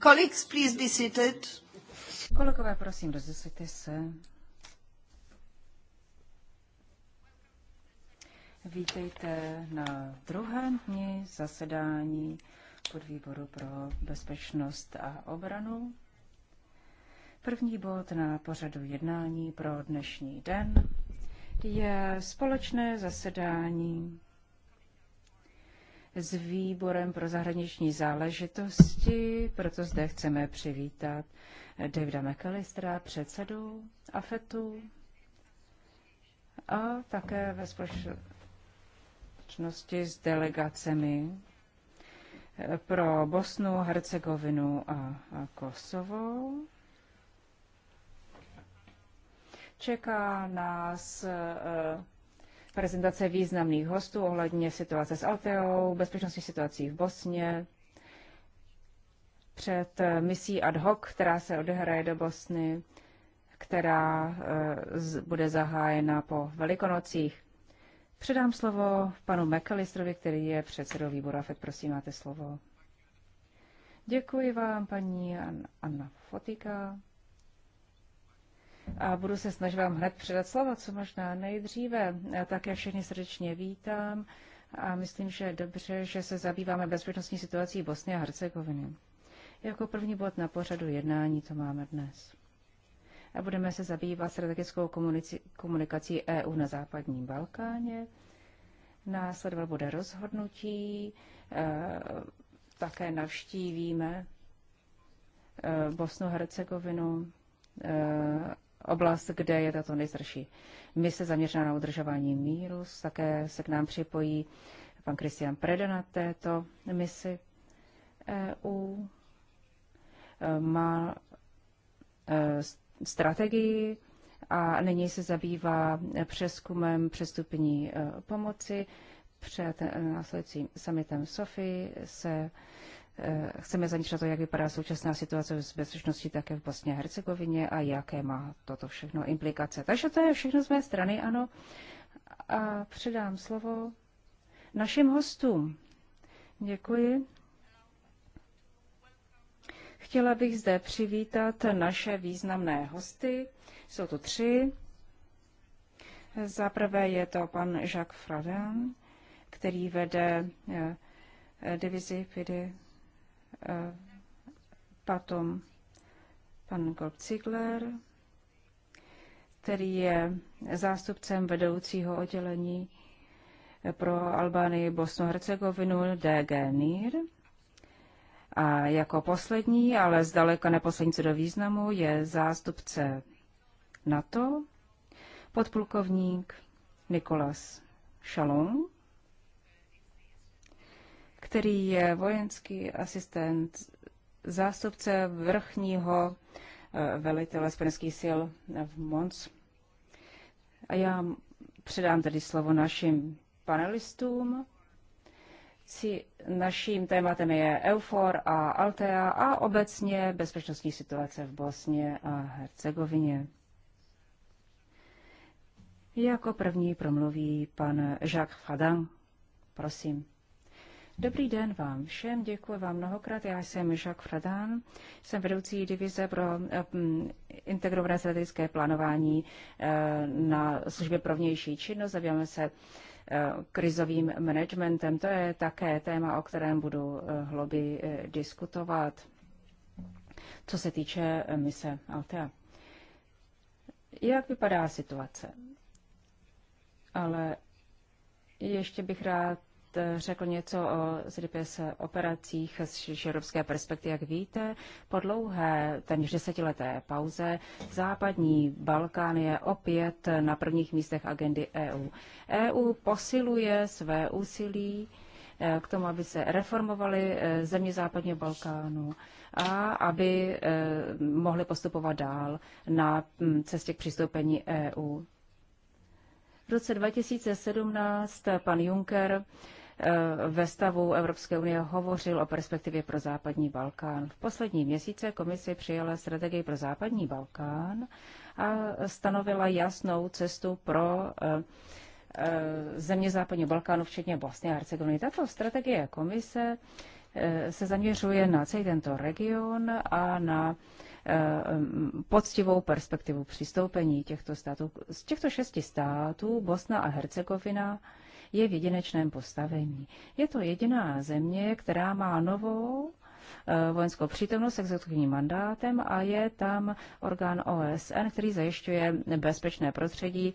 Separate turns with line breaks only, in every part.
Colleagues, please be seated. Kolegové, prosím, rozesuďte se. Vítejte na druhém dni zasedání podvýboru pro bezpečnost a obranu. První bod na pořadu jednání pro dnešní den je společné zasedání s výborem pro zahraniční záležitosti, proto zde chceme přivítat Davida McAllistera, předsedu AFETu a také ve společnosti s delegacemi pro Bosnu, Hercegovinu a, a Kosovo. Čeká nás eh, prezentace významných hostů ohledně situace s Alteou, bezpečnostní situací v Bosně, před eh, misí ad hoc, která se odehraje do Bosny, která eh, bude zahájena po Velikonocích. Předám slovo panu McAllisterovi, který je předsedou výboru AFED. Prosím, máte slovo. Děkuji vám, paní Anna Fotika a budu se snažit vám hned předat slovo, co možná nejdříve. Já také všechny srdečně vítám a myslím, že je dobře, že se zabýváme bezpečnostní situací Bosny a Hercegoviny. Jako první bod na pořadu jednání to máme dnes. A budeme se zabývat strategickou komunikací EU na západním Balkáně. Následovat bude rozhodnutí, e, také navštívíme e, Bosnu, Hercegovinu, e, oblast, kde je tato nejstarší mise zaměřená na udržování míru. Také se k nám připojí pan Kristian Preda na této misi EU. E, má e, strategii a nyní se zabývá přeskumem přestupní e, pomoci. Před následujícím summitem Sofii se Eh, chceme zanít to, jak vypadá současná situace v bezpečnosti také v Bosně a Hercegovině a jaké má toto všechno implikace. Takže to je všechno z mé strany, ano. A předám slovo našim hostům. Děkuji. Chtěla bych zde přivítat naše významné hosty. Jsou to tři. Zaprvé je to pan Jacques Fradin, který vede eh, divizi PIDY Eh, potom pan Gold Ziegler, který je zástupcem vedoucího oddělení pro Albánii, Bosnu Hercegovinu DG NIR. A jako poslední, ale zdaleka neposlední co do významu, je zástupce NATO, podplukovník Nikolas Šalon, který je vojenský asistent zástupce vrchního eh, velitele spojenských sil v Mons. A já předám tedy slovo našim panelistům. Naším tématem je EUFOR a Altea a obecně bezpečnostní situace v Bosně a Hercegovině. Jako první promluví pan Jacques Fadan. Prosím. Dobrý den vám všem, děkuji vám mnohokrát. Já jsem Jacques Fradan, jsem vedoucí divize pro eh, mm, integrované strategické plánování eh, na službě pro vnější činnost. Zabýváme se eh, krizovým managementem. To je také téma, o kterém budu hlouběji diskutovat, co se týče mise Altea. Jak vypadá situace? Ale ještě bych rád řekl něco o ZDPS operacích z širovské perspektivy. Jak víte, po dlouhé, téměř desetileté pauze, západní Balkán je opět na prvních místech agendy EU. EU posiluje své úsilí eh, k tomu, aby se reformovaly eh, země západního Balkánu a aby eh, mohly postupovat dál na mm, cestě k přistoupení EU. V roce 2017 pan Juncker Eh, ve stavu Evropské unie hovořil o perspektivě pro západní Balkán. V poslední měsíce komise přijala strategii pro západní Balkán a stanovila jasnou cestu pro eh, eh, země západního Balkánu, včetně Bosny a Hercegoviny. Tato strategie komise se zaměřuje na celý tento region a na mm, poctivou perspektivu přistoupení těchto států. Z těchto šesti států Bosna a Hercegovina je v jedinečném postavení. Je to jediná země, která má novou eh, vojenskou přítomnost s exekutivním mandátem a je tam orgán OSN, který zajišťuje bezpečné prostředí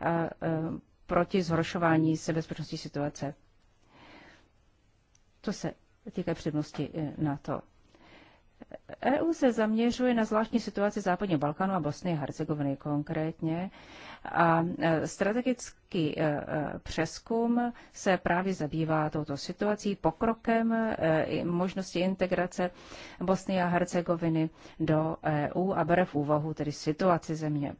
eh, eh, proti zhoršování se bezpečnostní situace. To se týká přednosti to. EU se zaměřuje na zvláštní situaci západního Balkánu a Bosny a Hercegoviny konkrétně a e, strategický e, e, přeskum se právě zabývá touto situací, pokrokem možnosti integrace Bosny a Hercegoviny do EU a bere v úvahu tedy situaci země.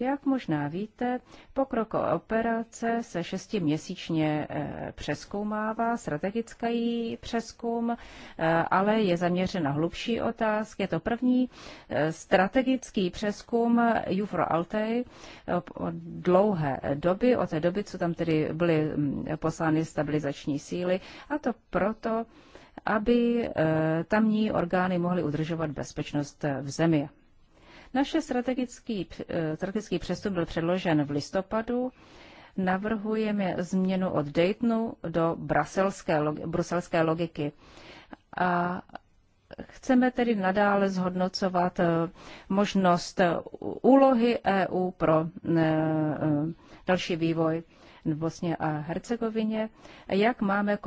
Jak možná víte, pokrokové operace se šestiměsíčně eh, přeskoumává, strategický přeskum, eh, ale je zaměřen na hlubší otázky. Je to první eh, strategický přeskum Jufro Altej od dlouhé doby, od té doby, co tam tedy byly mm, poslány stabilizační síly, a to proto, aby tamní orgány mohly udržovat bezpečnost v zemi naše strategický, eh, strategický přestup byl předložen v listopadu. Navrhujeme změnu od Daytonu do bruselské, bruselské logiky. A chceme tedy nadále zhodnocovat eh, možnost úlohy EU pro eh, další vývoj v Bosně a Hercegovině, jak máme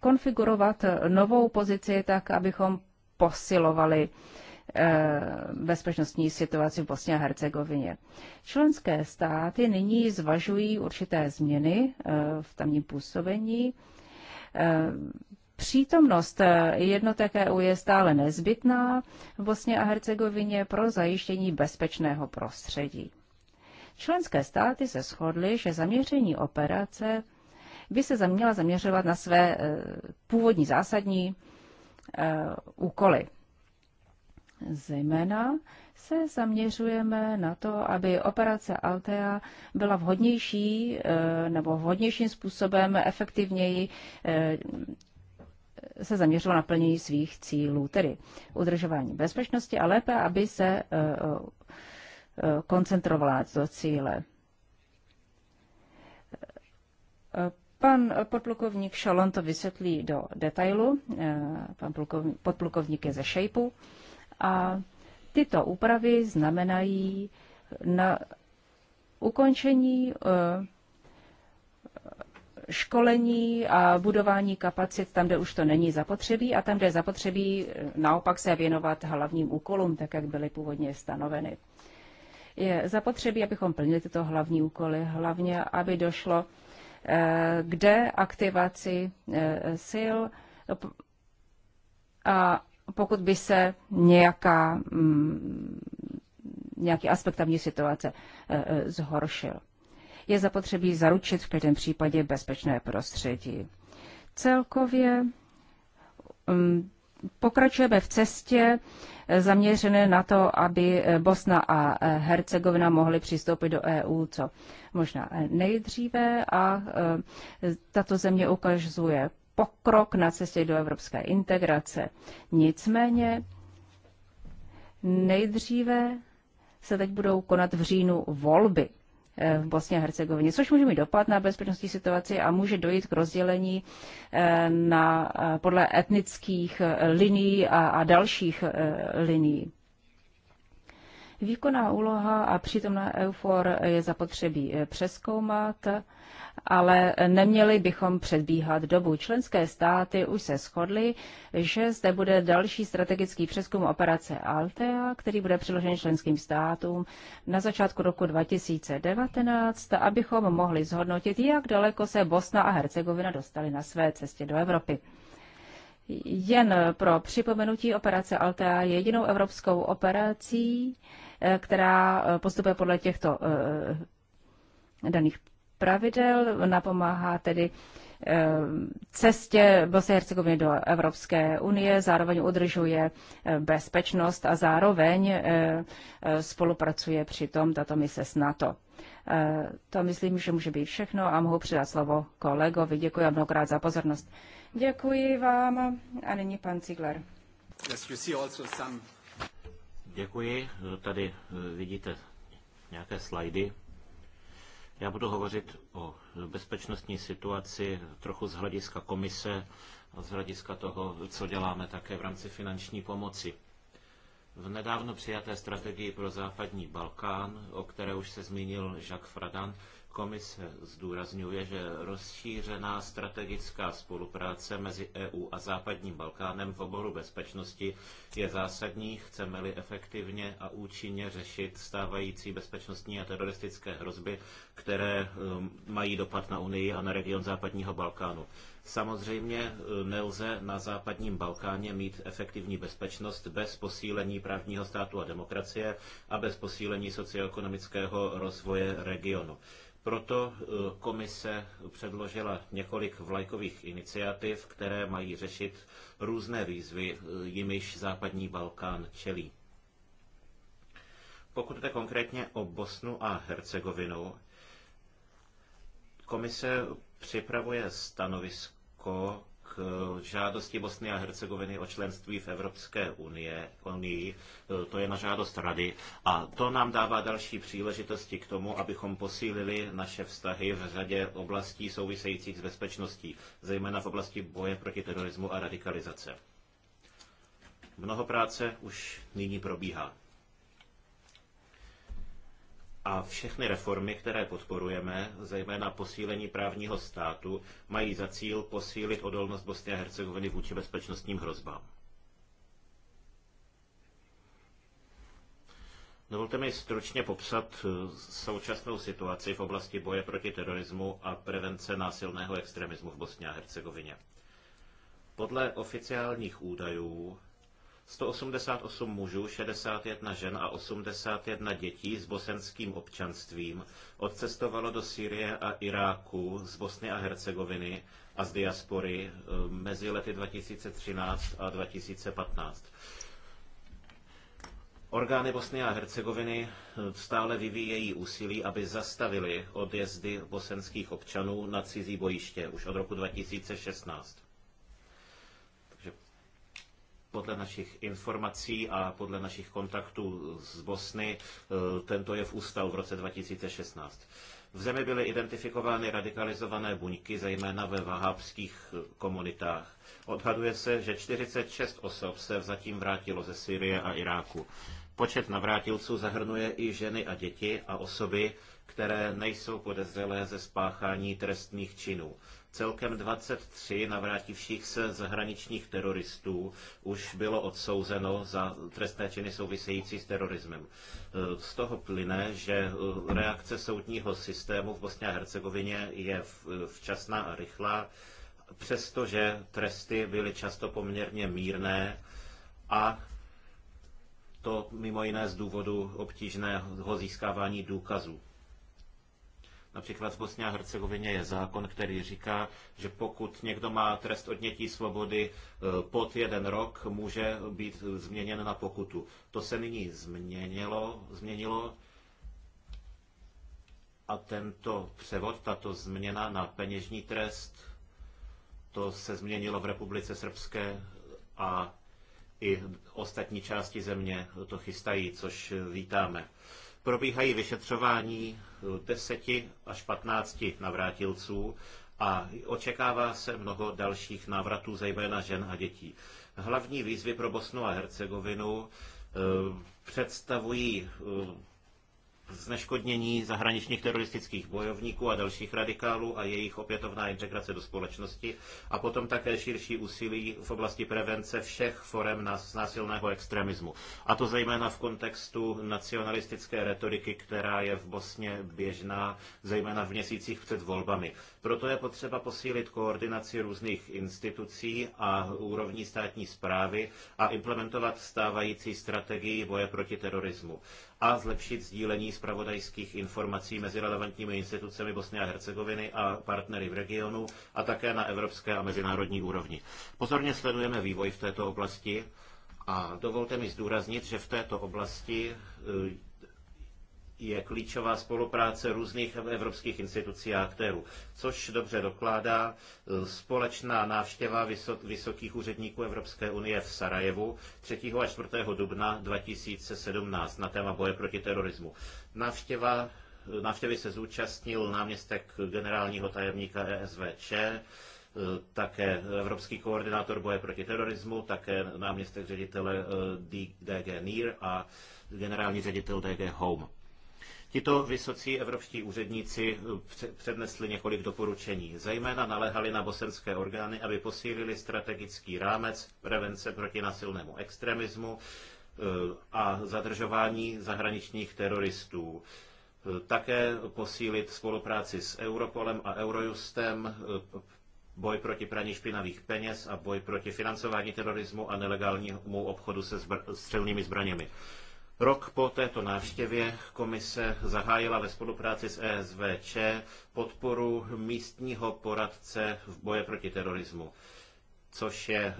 konfigurovat novou pozici tak, abychom posilovali Eh, bezpečnostní situaci v Bosně a Hercegovině. Členské státy nyní zvažují určité změny eh, v tamním působení. Eh, přítomnost jednotek EU je stále nezbytná v Bosně a Hercegovině pro zajištění bezpečného prostředí. Členské státy se shodly, že zaměření operace by se měla zaměřovat na své původní zásadní úkoly. Zejména se zaměřujeme na to, aby operace Altea byla vhodnější eh, nebo vhodnějším způsobem efektivněji eh, se zaměřilo na plnění svých cílů, tedy udržování bezpečnosti a lépe, aby se eh, koncentrovala do cíle. Pan podplukovník Šalon to vysvětlí do detailu. Pan podplukovník je ze šejpu. A tyto úpravy znamenají na ukončení eh, školení a budování kapacit tam, kde už to není zapotřebí a tam, kde je zapotřebí, eh, naopak se věnovat hlavním úkolům, tak jak byly původně stanoveny. Je zapotřebí, abychom plnili tyto hlavní úkoly, hlavně aby došlo eh, k deaktivaci sil a pokud by se nějaká, mm, nějaký aspekt tamní situace e, e, zhoršil. Je zapotřebí zaručit v každém případě bezpečné prostředí. Celkově mm, pokračujeme v cestě e, zaměřené na to, aby Bosna a Hercegovina mohly přistoupit do EU co možná nejdříve a tato země ukazuje pokrok na cestě do evropské integrace. Nicméně nejdříve se teď budou konat v říjnu volby eh, v Bosně a Hercegovině, což může mít dopad na bezpečnostní situaci a může dojít k rozdělení eh, na, eh, podle etnických linií a, a dalších linií. Výkonná úloha a přítomná EUFOR je zapotřebí eh, přeskoumat, ale neměli bychom předbíhat dobu. Členské státy už se shodly, že zde bude další strategický přeskum operace Altea, který bude přiložen členským státům na začátku roku 2019, abychom mohli zhodnotit, jak daleko se Bosna a Hercegovina dostali na své cestě do Evropy. Jen pro připomenutí operace Altea je jedinou evropskou operací, Eh, která eh, postupuje podle těchto eh, daných pravidel, napomáhá tedy cestě Bosny Hercegoviny do Evropské unie, zároveň udržuje bezpečnost a zároveň spolupracuje přitom tato mise s NATO. To myslím, že může být všechno a mohu předat slovo kolegovi. Děkuji a mnohokrát za pozornost. Děkuji vám a nyní pan Cigler.
Yes, Děkuji. Tady eh, vidíte nějaké slajdy. Já budu hovořit o bezpečnostní situaci trochu z hlediska komise a z hlediska toho, co děláme také v rámci finanční pomoci. V nedávno přijaté strategii pro západní Balkán, o které už se zmínil Jacques Fradan, Komise zdůrazňuje, že rozšířená strategická spolupráce mezi EU a Západním Balkánem v oboru bezpečnosti je zásadní, chceme-li efektivně a účinně řešit stávající bezpečnostní a teroristické hrozby, které um, mají dopad na Unii a na region Západního Balkánu. Samozřejmě um, nelze na západním Balkáně mít efektivní bezpečnost bez posílení právního státu a demokracie a bez posílení socioekonomického rozvoje regionu. Proto eh, komise předložila několik vlajkových iniciativ, které mají řešit různé výzvy, eh, jimiž západní Balkán čelí. Pokud jde konkrétně o Bosnu a Hercegovinu, komise připravuje stanovisko žádosti Bosny a Hercegoviny o členství v Evropské unie, unii. E, to je na žádost Rady. A to nám dává další příležitosti k tomu, abychom posílili naše vztahy v řadě oblastí souvisejících s bezpečností, zejména v oblasti boje proti terorismu a radikalizace. Mnoho práce už nyní probíhá. A všechny reformy, které podporujeme, zejména posílení právního státu, mají za cíl posílit odolnost Bosny a Hercegoviny vůči bezpečnostním hrozbám. Dovolte mi stručně popsat eh, současnou situaci v oblasti boje proti terorismu a prevence násilného extremismu v Bosně a Hercegovině. Podle oficiálních údajů 188 mužů, 61 žen a 81 dětí s bosenským občanstvím odcestovalo do Sýrie a Iráku z Bosny a Hercegoviny a z diaspory eh, mezi lety 2013 a 2015. Orgány Bosny a Hercegoviny eh, stále vyvíjejí úsilí, aby zastavili odjezdy bosenských občanů na cizí bojiště už od roku 2016. Podle našich informací a podle našich kontaktů z Bosny e, tento jev ustal v roce 2016. V zemi byly identifikovány radikalizované buňky, zejména ve vahábských komunitách. Odhaduje se, že 46 osob se zatím vrátilo ze Syrie a Iráku. Počet navrátilců zahrnuje i ženy a děti a osoby, které nejsou podezřelé ze spáchání trestných činů. Celkem 23 navrátivších se zahraničních teroristů už bylo odsouzeno za trestné činy související s terorismem. Z toho plyne, že eh, reakce soudního systému v Bosně a Hercegovině je eh, včasná a rychlá, přestože tresty byly často poměrně mírné a to mimo jiné z důvodu obtížného získávání důkazů. Například v Bosně a Hercegovině je zákon, který říká, že pokud někdo má trest odnětí svobody eh, pod jeden rok, může být změněn na pokutu. To se nyní změnilo, změnilo a tento převod, tato změna na peněžní trest, to se změnilo v Republice Srbské a i ostatní části země to chystají, což vítáme probíhají vyšetřování 10 eh, až 15 navrátilců a očekává se mnoho dalších návratů, zejména žen a dětí. Hlavní výzvy pro Bosnu a Hercegovinu eh, představují eh, zneškodnění zahraničních teroristických bojovníků a dalších radikálů a jejich opětovná integrace do společnosti a potom také širší úsilí v oblasti prevence všech forem násilného extremismu. A to zejména v kontextu nacionalistické retoriky, která je v Bosně běžná, zejména v měsících před volbami. Proto je potřeba posílit koordinaci různých institucí a úrovní státní správy a implementovat stávající strategii boje proti terorismu a zlepšit sdílení zpravodajských informací mezi relevantními institucemi Bosny a Hercegoviny a partnery v regionu a také na evropské a mezinárodní úrovni. Pozorně sledujeme vývoj v této oblasti a dovolte mi zdůraznit, že v této oblasti je klíčová spolupráce různých evropských institucí a aktérů, což dobře dokládá e, společná návštěva vysokých úředníků Evropské unie v Sarajevu 3. a 4. dubna 2017 na téma boje proti terorismu. Návštěva, e, návštěvy se zúčastnil náměstek generálního tajemníka ESVČ, e, také evropský koordinátor boje proti terorismu, také náměstek ředitele DG NIR a generální ředitel DG Home. Tito vysocí evropští úředníci eh, přednesli několik doporučení. Zejména naléhali na bosenské orgány, aby posílili strategický rámec prevence proti násilnému extremismu eh, a zadržování zahraničních teroristů. Eh, také posílit spolupráci s Europolem a Eurojustem, boj proti praní špinavých peněz a boj proti financování terorismu a nelegálnímu obchodu se střelnými zbraněmi. Rok po této návštěvě komise zahájila ve spolupráci s ESVČ podporu místního poradce v boji proti terorismu, což je eh,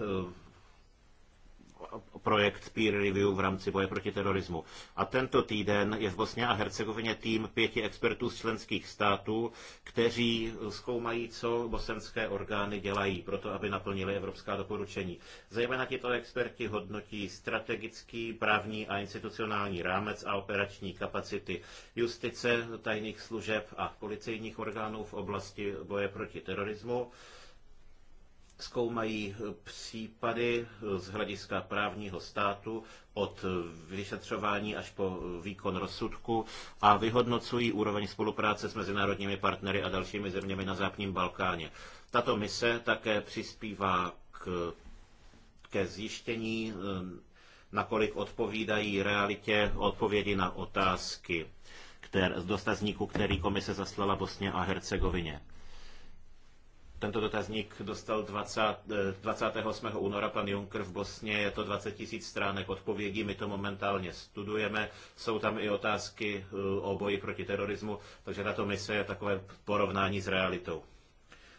projekt peer review v rámci boje proti terorismu. A tento týden je v Bosně a Hercegovině tým pěti expertů z členských států, kteří zkoumají, co bosenské orgány dělají pro to, aby naplnili evropská doporučení. Zejména tito experti hodnotí strategický, právní a institucionální rámec a operační kapacity justice, tajných služeb a policejních orgánů v oblasti boje proti terorismu zkoumají eh, případy eh, z hlediska právního státu od eh, vyšetřování až po výkon rozsudku a vyhodnocují úroveň spolupráce s mezinárodními partnery a dalšími zeměmi na západním Balkáně. Tato mise také přispívá k, ke zjištění, nakolik odpovídají realitě odpovědi na otázky které z dostazníku, který komise zaslala Bosně a Hercegovině. Tento dotazník dostal 20, 28. Eh, února pan Juncker v Bosně. Je to 20 tisíc stránek odpovědí, my to momentálně studujeme. Jsou tam i otázky eh, o boji proti terorismu, takže tato mise je takové porovnání s realitou.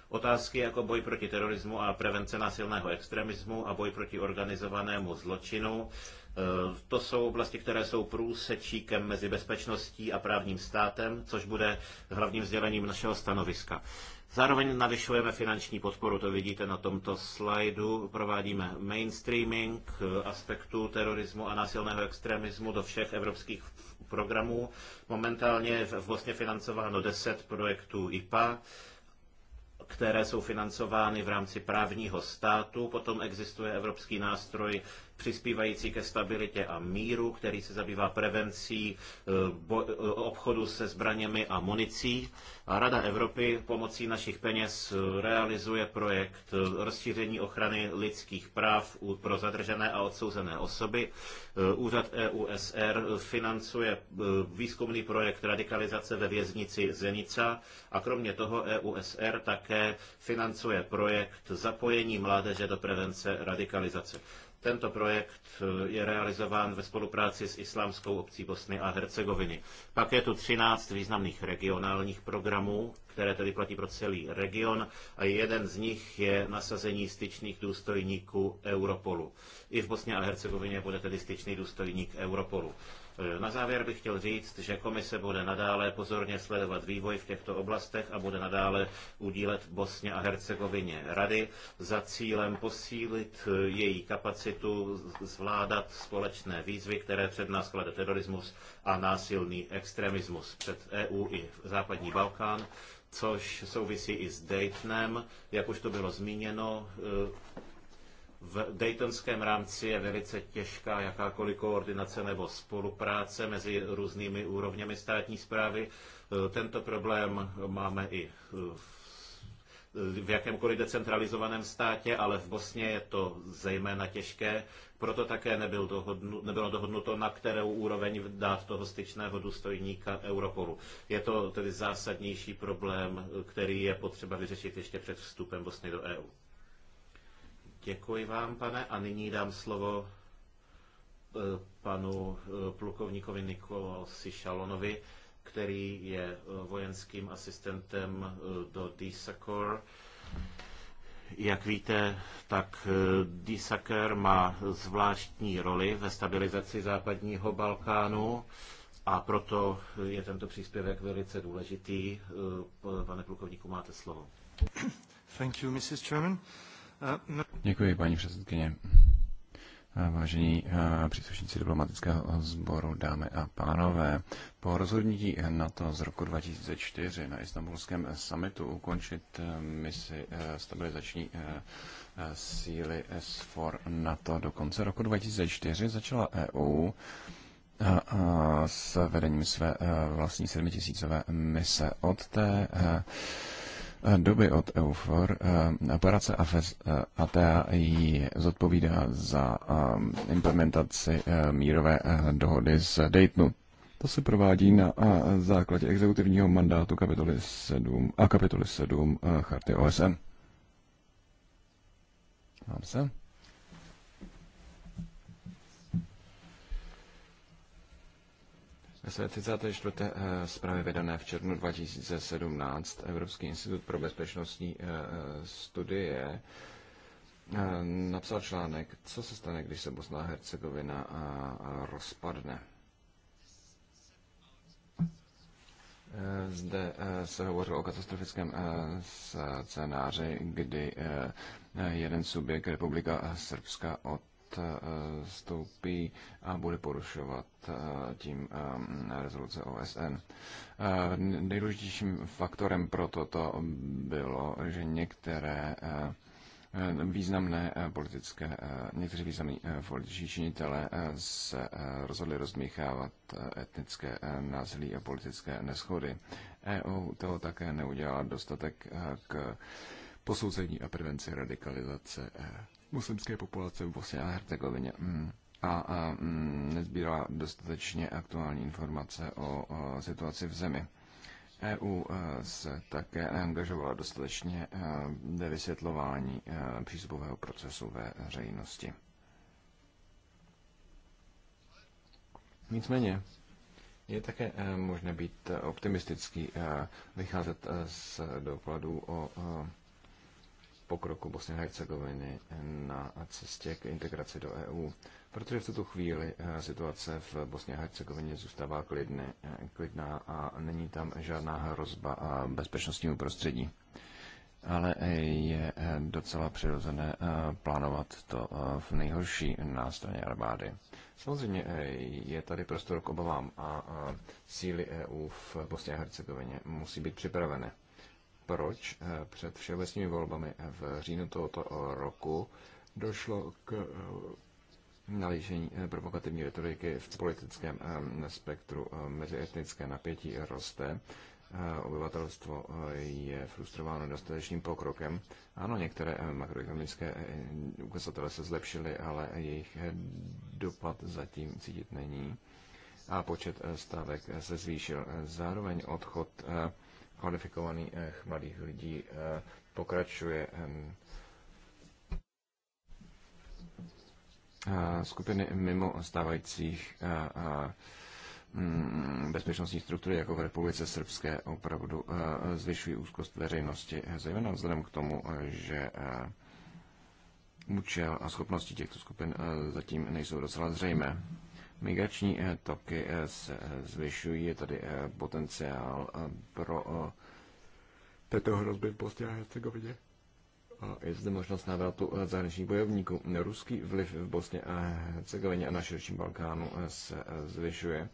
Otázky jako boj proti terorismu a prevence násilného extremismu a boj proti organizovanému zločinu. Eh, to jsou oblasti, které jsou průsečíkem mezi bezpečností a právním státem, což bude hlavním sdělením našeho stanoviska. Zároveň navyšujeme finanční podporu, to vidíte na tomto slajdu. Provádíme mainstreaming aspektů terorismu a násilného extremismu do všech evropských programů. Momentálně je vlastně financováno 10 projektů IPA které jsou financovány v rámci právního státu. Potom existuje evropský nástroj přispívající ke stabilitě a míru, který se zabývá prevencí eh, eh, obchodu se zbraněmi a municí. A Rada Evropy pomocí našich peněz eh, realizuje projekt rozšíření ochrany lidských práv pro zadržené a odsouzené osoby. Úřad EUSR financuje výzkumný projekt radikalizace ve věznici Zenica a kromě toho EUSR také financuje projekt zapojení mládeže do prevence radikalizace. Tento projekt eh, je realizován ve spolupráci s Islámskou obcí Bosny a Hercegoviny. Pak je tu 13 významných regionálních programů, které tedy platí pro celý region a jeden z nich je nasazení styčných důstojníků Europolu. I v Bosně a Hercegovině bude tedy styčný důstojník Europolu. Eh, na závěr bych chtěl říct, že komise bude nadále pozorně sledovat vývoj v těchto oblastech a bude nadále udílet Bosně a Hercegovině rady za cílem posílit eh, její kapacitu zvládat společné výzvy, které před nás klade terorismus a násilný extremismus před EU i západní Balkán což souvisí i s Daytonem, jak už to bylo zmíněno, eh, v Daytonském rámci je velice těžká jakákoliv koordinace nebo spolupráce mezi různými úrovněmi státní zprávy. E, tento problém máme i v jakémkoliv decentralizovaném státě, ale v Bosně je to zejména těžké, proto také nebyl dohodnu, nebylo dohodnuto, na kterou úroveň dát toho styčného důstojníka Europolu. Je to tedy zásadnější problém, který je potřeba vyřešit ještě před vstupem Bosny do EU. Děkuji vám, pane, a nyní dám slovo eh, panu eh, plukovníkovi Nikolosi Šalonovi, který je eh, vojenským asistentem do DISACOR. Jak víte, tak DISACOR má zvláštní roli ve stabilizaci západního Balkánu a proto je tento příspěvek velice důležitý. Pane plukovníku, máte slovo. Thank you, Mrs. Chairman.
Děkuji, paní předsedkyně. Vážení příslušníci diplomatického sboru, dámy a pánové, po rozhodnutí NATO z roku 2004 na istambulském summitu ukončit e, misi e, stabilizační e, síly S4 NATO do konce roku 2004 začala EU s vedením své vlastní sedmitisícové mise. Od té doby od EUFOR eh, operace eh, ATA ji zodpovídá za eh, implementaci mírové dohody z Daytonu. To se provádí na základě exekutivního mandátu kapitoly 7 a kapitoly 7 Charty OSN. Mám se? Ve své 34. Eh, zprávě vydané v červnu 2017 Evropský institut pro bezpečnostní eh, eh, studie napsal článek, co se stane, když se Bosna a Hercegovina rozpadne. Zde se hovořilo o katastrofickém scénáři, kdy jeden subjekt, Republika Srbska, od Eh, stoupí a bude porušovat eh, tím eh, rezoluce OSN. Nejdůležitějším faktorem pro toto bylo, že některé významné politické, někteří významní političní činitelé se rozhodli rozmíchávat etnické násilí a politické neschody. EU toho také neudělala dostatek k posouzení a prevenci radikalizace muslimské populace v Bosně a Hercegovině. Mm. A, a mm, nezbírala dostatečně aktuální informace o, o situaci v zemi. EU e, se také neangažovala dostatečně e, ve vysvětlování e, přístupového procesu ve veřejnosti. Nicméně je také možné být optimistický, vycházet z dokladů o pokroku Bosny a Hercegoviny na cestě k integraci do EU, protože v tuto chvíli eh, situace v Bosně a Hercegovině zůstává klidny, eh, klidná a není tam žádná hrozba a eh, bezpečnostnímu prostředí. Ale je docela přirozené plánovat to v nejhorší na straně armády. Samozřejmě je tady prostor k obavám a síly EU v Bosně a Hercegovině musí být připravené proč eh, před všeobecnými volbami v říjnu tohoto roku došlo k eh, nalížení eh, provokativní retoriky v politickém spektru. Mezietnické napětí roste, obyvatelstvo je frustrováno dostatečným pokrokem. Ano, některé makroekonomické ukazatele se zlepšily, ale jejich dopad zatím cítit není a počet stávek se zvýšil. Zároveň odchod kvalifikovaných eh, mladých lidí eh, pokračuje. Eh, skupiny mimo stávajících mm, bezpečnostní struktury jako v Republice Srbské opravdu zvyšují úzkost veřejnosti, zejména vzhledem k tomu, že účel a schopnosti těchto skupin zatím nejsou docela zřejmé. Migrační eh, toky eh, se eh, zvyšují, je tady potenciál pro této hrozby v Bosně a Hercegovině. Je zde možnost návratu zahraničních bojovníků. Ruský vliv v Bosně a Hercegovině a na širším Balkánu se zvyšuje,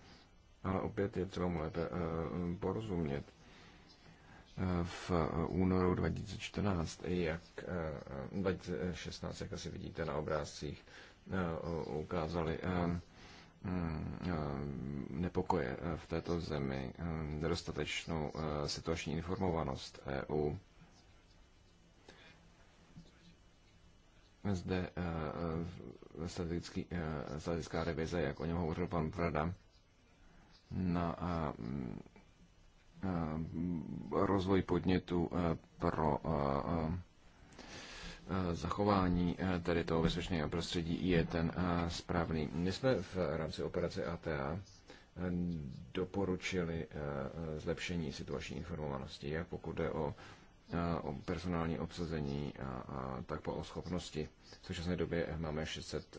ale opět je třeba mu lépe porozumět. V únoru 2014, jak 2016, jak asi vidíte na obrázcích, ukázali Hmm, eh, nepokoje eh, v této zemi, eh, nedostatečnou situační informovanost EU. Zde strategická revize, jak o něm hovořil pan Prada, na rozvoj podnětu pro Eh, zachování eh, tedy toho bezpečného prostředí je ten eh, správný. My jsme v rámci operace ATA doporučili zlepšení situační informovanosti, jak pokud jde o o personální obsazení a, a tak po o schopnosti. V současné době máme 600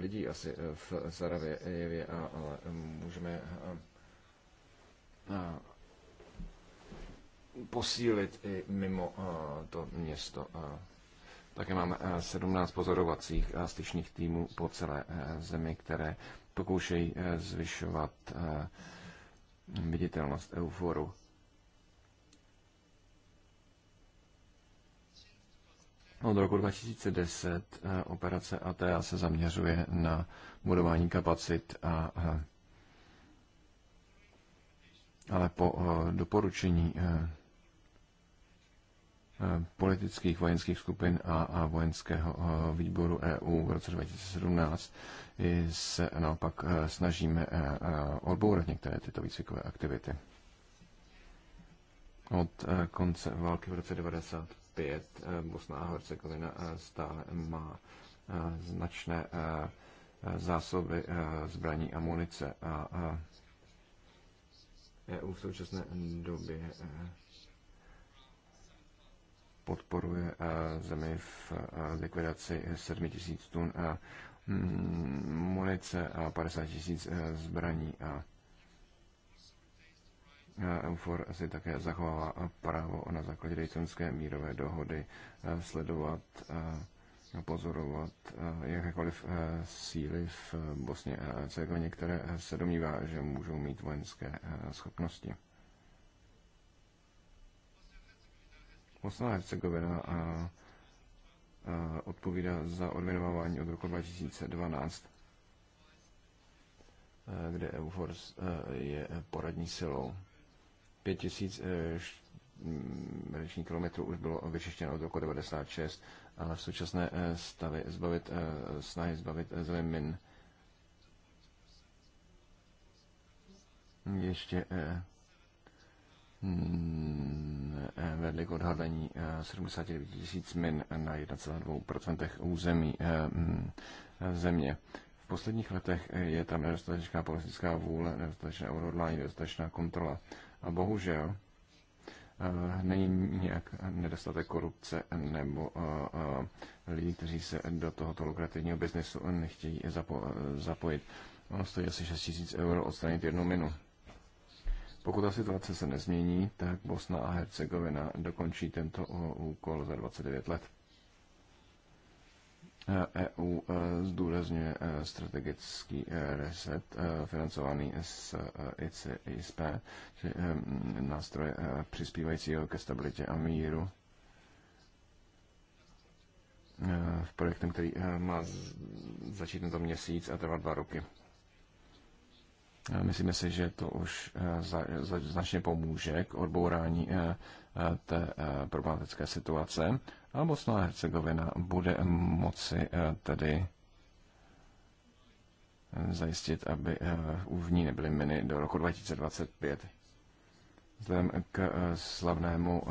lidí asi v Sarajevě, ale můžeme posílit i mimo eh, to město. Eh, také máme 17 eh, pozorovacích a styčných týmů po celé zemi, které pokoušejí zvyšovat viditelnost euforu. Od roku 2010 operace ATA se zaměřuje na budování kapacit a ale po doporučení Eh, politických vojenských skupin a, a vojenského eh, výboru EU v roce 2017 se naopak eh, snažíme odbourat některé tyto výcvikové aktivity. Od konce války v roce 1995 Bosna a Hercegovina stále má značné zásoby zbraní a munice a EU e v současné době podporuje eh, zemi v eh, likvidaci 7 tisíc tun eh, mm, munice a 50 tisíc zbraní a EUFOR si také zachovává právo na základě Daytonské mírové dohody sledovat a pozorovat jakékoliv síly v Bosně a Cegoně, které se domnívá, že můžou mít vojenské schopnosti. Bosna a Hercegovina a, a odpovídá za odměnování od roku 2012, e, kde EUFORS e, je poradní silou. 5000 e, milečních kilometrů už bylo vyčištěno od roku 96, ale v současné stavě zbavit, snahy zbavit zemi min ještě Hmm, vedly k 79 eh, tisíc min na 1,2% území eh, hmm, země. V posledních letech eh, je tam nedostatečná politická vůle, nedostatečná odhodlání, nedostatečná kontrola. A bohužel není nějak nedostatek korupce nebo lidí, kteří se do tohoto lukrativního biznesu nechtějí zapojit. Ono stojí asi 6 tisíc euro odstranit jednu minu. Pokud ta situace se nezmění, tak Bosna a Hercegovina dokončí tento uh, úkol za 29 let. EU eh, e eh, zdůrazňuje eh, strategický reset financovaný z ICISP, či nástroje přispívajícího ke stabilitě a míru v projektem, který má začít tento měsíc a trvat dva roky. Eh, myslíme si, že to už eh, značně pomůže k odbourání eh, té problematické situace a Bosna a Hercegovina bude moci tedy zajistit, aby v ní nebyly miny do roku 2025. Vzhledem k slavnému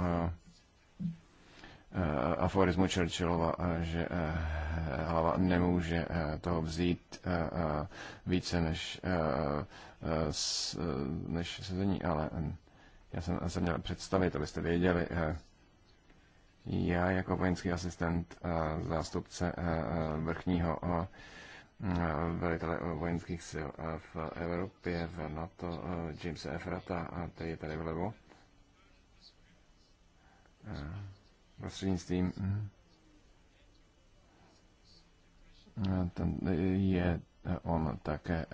Eh, aforismu Churchillova, eh, že eh, hlava nemůže toho vzít více než, než sezení, ale já jsem se měl představit, abyste věděli. Já jako vojenský asistent, zástupce vrchního velitele vojenských sil v Evropě, v NATO, Jamesa Efrata, a tady je tady vlevo prostřednictvím eh, ten eh, je eh, on také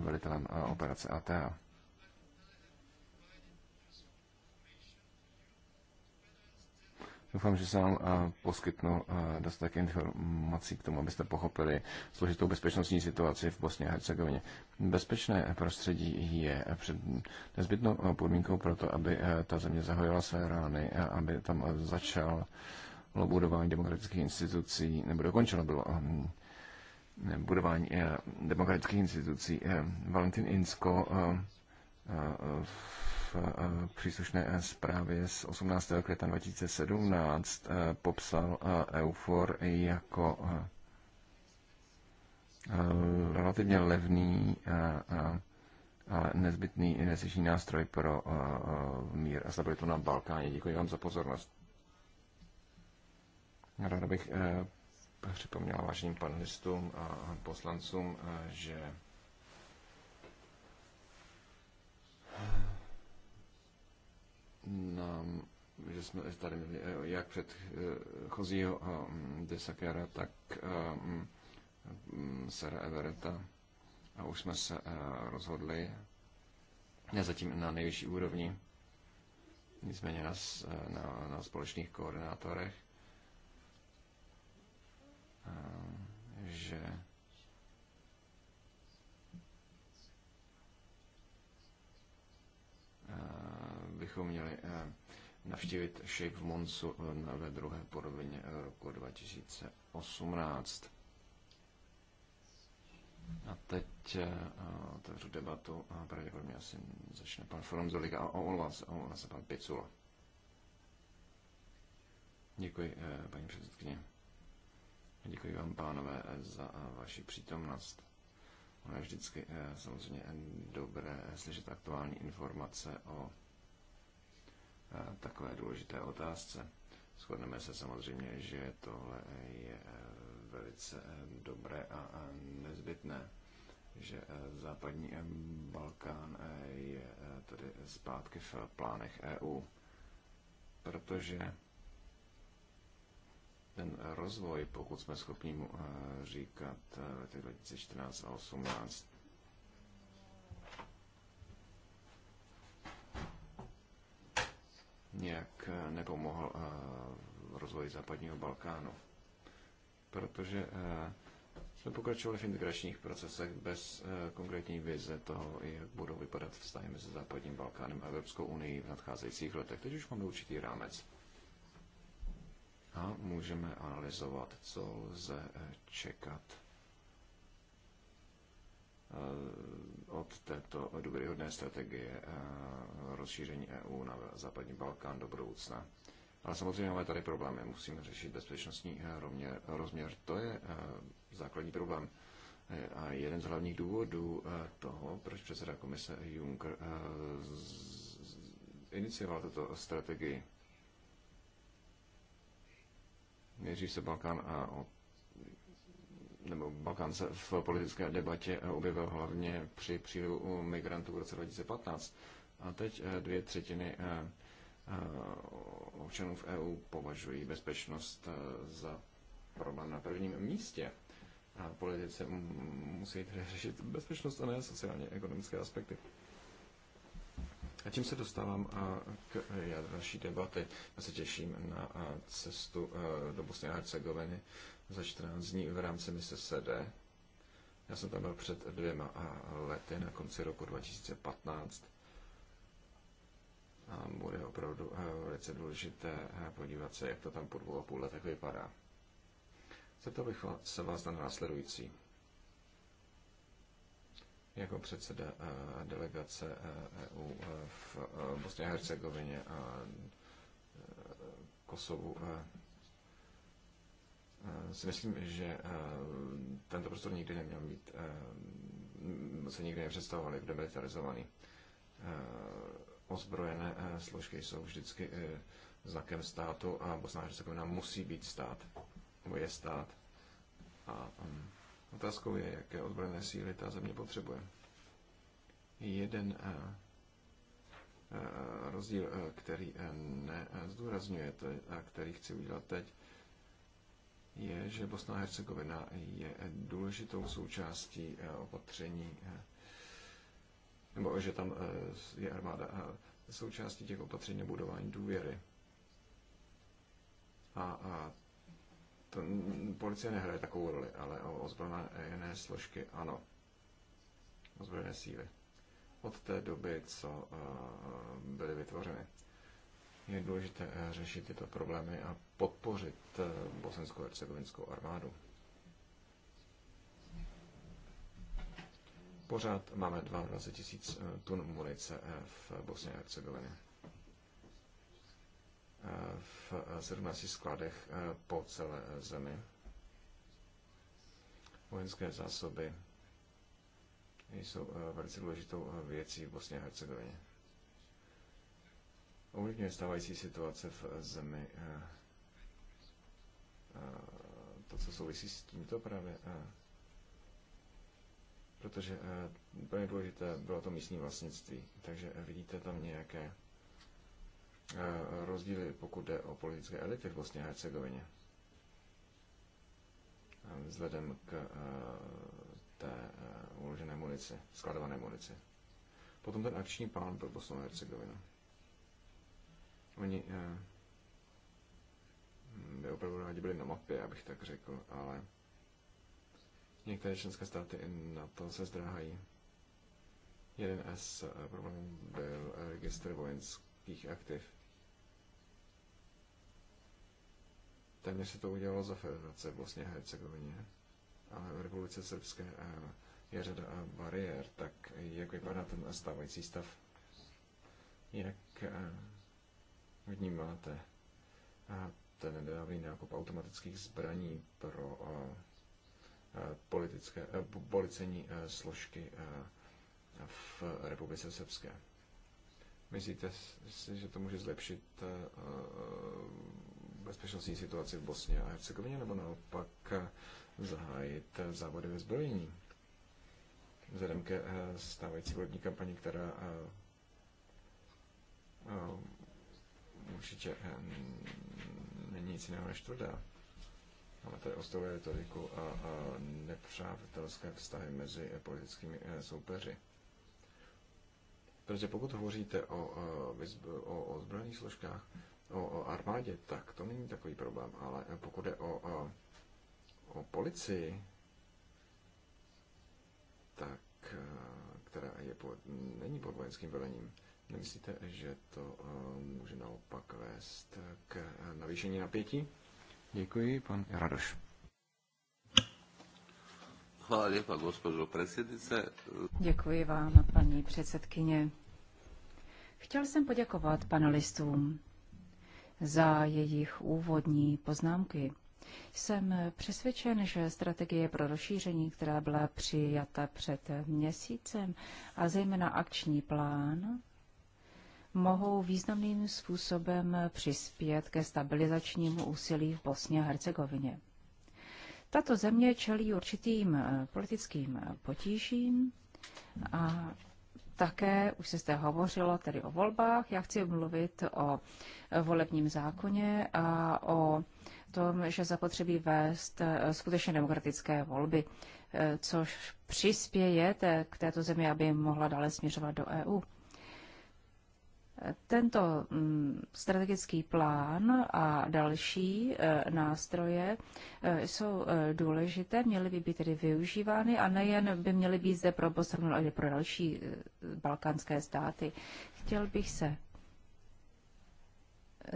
velitelem operace ATA. Doufám, že se vám poskytnu dost také informací k tomu, abyste pochopili složitou bezpečnostní situaci v Bosně a Hercegovině. Bezpečné prostředí je před nezbytnou podmínkou pro to, aby ta země zahojila své rány a aby tam začal budování demokratických institucí, nebo dokončeno bylo hm, budování demokratických institucí. Valentin Insko Eh, příslušné eh, zprávě z 18. května 2017 eh, popsal EUFOR jako relativně levný, ale nezbytný investiční nástroj pro mír a stabilitu na Balkáně. Děkuji vám za pozornost. Ráda bych připomněla vašim panelistům a poslancům, že nám, že jsme tady měli eh, jak předchozího eh, mm, Desakera, tak eh, mm, mm, Sara Evereta. a už jsme se rozhodli, ne zatím na nejvyšší úrovni, nicméně na, na, na společných koordinátorech, že uh, bychom měli eh, navštívit Shape v Monsu eh, ve druhé polovině eh, roku 2018. A teď otevřu debatu a pravděpodobně asi začne pan Foronzolika a omlouvá se, omlouvá se pan Picula. Děkuji, paní předsedkyně. Děkuji vám, pánové, za vaši přítomnost. Ono je vždycky samozřejmě dobré slyšet aktuální informace o takové důležité otázce. Shodneme se samozřejmě, že tohle je eh, velice eh, dobré a nezbytné, že eh, západní Balkán je tedy zpátky v plánech EU, protože ten rozvoj, pokud jsme schopni mu říkat v 2014 a 2018, nějak eh, nepomohl eh, rozvoji západního Balkánu. Protože eh, jsme pokračovali v integračních procesech bez konkrétní vize toho, jak budou vypadat vztahy mezi západním Balkánem a Evropskou unii v nadcházejících letech. Teď už máme určitý rámec. A můžeme analyzovat, co lze čekat Eh, od této důvěryhodné strategie eh, rozšíření EU na západní Balkán do budoucna. Ale samozřejmě máme tady problémy. Musíme řešit bezpečnostní eh, rozměr. rozměr. To je základní problém. A jeden z hlavních důvodů toho, proč předseda komise Juncker inicioval tuto strategii. Nejdřív se Balkán a nebo Balkán se v politické debatě objevil hlavně při přílivu migrantů v roce 2015. A teď eh, dvě třetiny eh, eh, občanů v EU považují bezpečnost za problém na prvním místě. A politice musí tedy řešit bezpečnost a ne sociálně ekonomické aspekty. A tím se dostávám k další debaty. Já se těším na cestu do Bosny a Hercegoviny za 14 dní v rámci mise SED. Já jsem tam byl před dvěma lety na konci roku 2015 a bude opravdu eh, velice důležité eh, podívat se, jak to tam po dvou a půl letech vypadá. Zeptal bych se vás na následující. Jako předseda eh, delegace EU e v Bosně a Hercegovině a Kosovu Eh, si myslím, že eh, tento prostor nikdy neměl být, eh, se nikdy nepředstavoval jako demilitarizovaný. Ozbrojené složky jsou vždycky znakem státu a Bosna a Hercegovina musí být stát, nebo je stát. A mm, otázkou je, jaké ozbrojené síly ta země potřebuje. Jeden rozdíl, který nezdůrazňujete a který chci udělat teď, je, že Bosna a Hercegovina je důležitou součástí eh, opatření, eh, nebo že tam eh, je armáda součástí těch opatření a budování důvěry. A, a to, policie nehraje takovou roli, ale ozbrojené složky ano. Ozbrojené síly. Od té doby, co byly vytvořeny je důležité eh, řešit tyto problémy a podpořit eh, bosensko hercegovinskou armádu. Pořád máme 22 tisíc eh, tun munice v Bosně a Hercegovině. V 17 skladech po celé zemi. Vojenské zásoby jsou velice důležitou věcí v Bosně a Hercegovině ovlivňuje stávající situace v eh, zemi. Eh, eh, to, co souvisí s tímto právě, protože úplně důležité bylo to místní vlastnictví. Takže vidíte tam nějaké rozdíly, pokud jde o politické elity v Bosně a Hercegovině. Vzhledem k té uložené munici, skladované munici. Potom ten akční plán pro Bosnu a Hercegovinu. Oni eh, by opravdu rádi byli na mapě, abych tak řekl, ale některé členské státy na to se zdráhají. Jeden z eh, problémů byl registr vojenských aktiv. Téměř se to udělalo za federace v Bosně a Hercegovině, ale v Republice Srbské eh, je řada bariér, tak jak vypadá ten stávající stav? Jak vnímáte a ten nedávný nákup automatických zbraní pro politické, a, složky v Republice Srbské. Myslíte si, že to může zlepšit bezpečnostní situaci v Bosně a Hercegovině, nebo naopak zahájit závody ve zbrojení? Vzhledem ke stávající volební kampani, která určitě eh, není nic jiného než tvrdá. Máme tady ostrovou retoriku a, a nepřátelské vztahy mezi eh, politickými eh, soupeři. Protože pokud hovoříte o, o, o zbrojních složkách, o, o armádě, tak to není takový problém, ale pokud je o, o, o policii, tak která je pod, není pod vojenským velením, Nemyslíte, že to eh, může naopak vést k eh, navýšení napětí? Děkuji, pan
Radoš.
Hvala gospođo
predsjednice. Děkuji vám, paní předsedkyně. Chtěl jsem poděkovat panelistům za jejich úvodní poznámky. Jsem přesvědčen, že strategie pro rozšíření, která byla přijata před měsícem, a zejména akční plán, mohou významným způsobem přispět ke stabilizačnímu úsilí v Bosně a Hercegovině. Tato země čelí určitým eh, politickým eh, potížím a také, už se zde hovořilo tedy o volbách, já chci mluvit o eh, volebním zákoně a o tom, že zapotřebí vést skutečně demokratické volby, což přispěje k této zemi, aby mohla dále směřovat do EU. Tento mm, strategický plán a další e, nástroje e, jsou e, důležité, měly by být tedy využívány a nejen by měly být zde pro Bosnu, ale i pro další balkánské státy. Chtěl bych se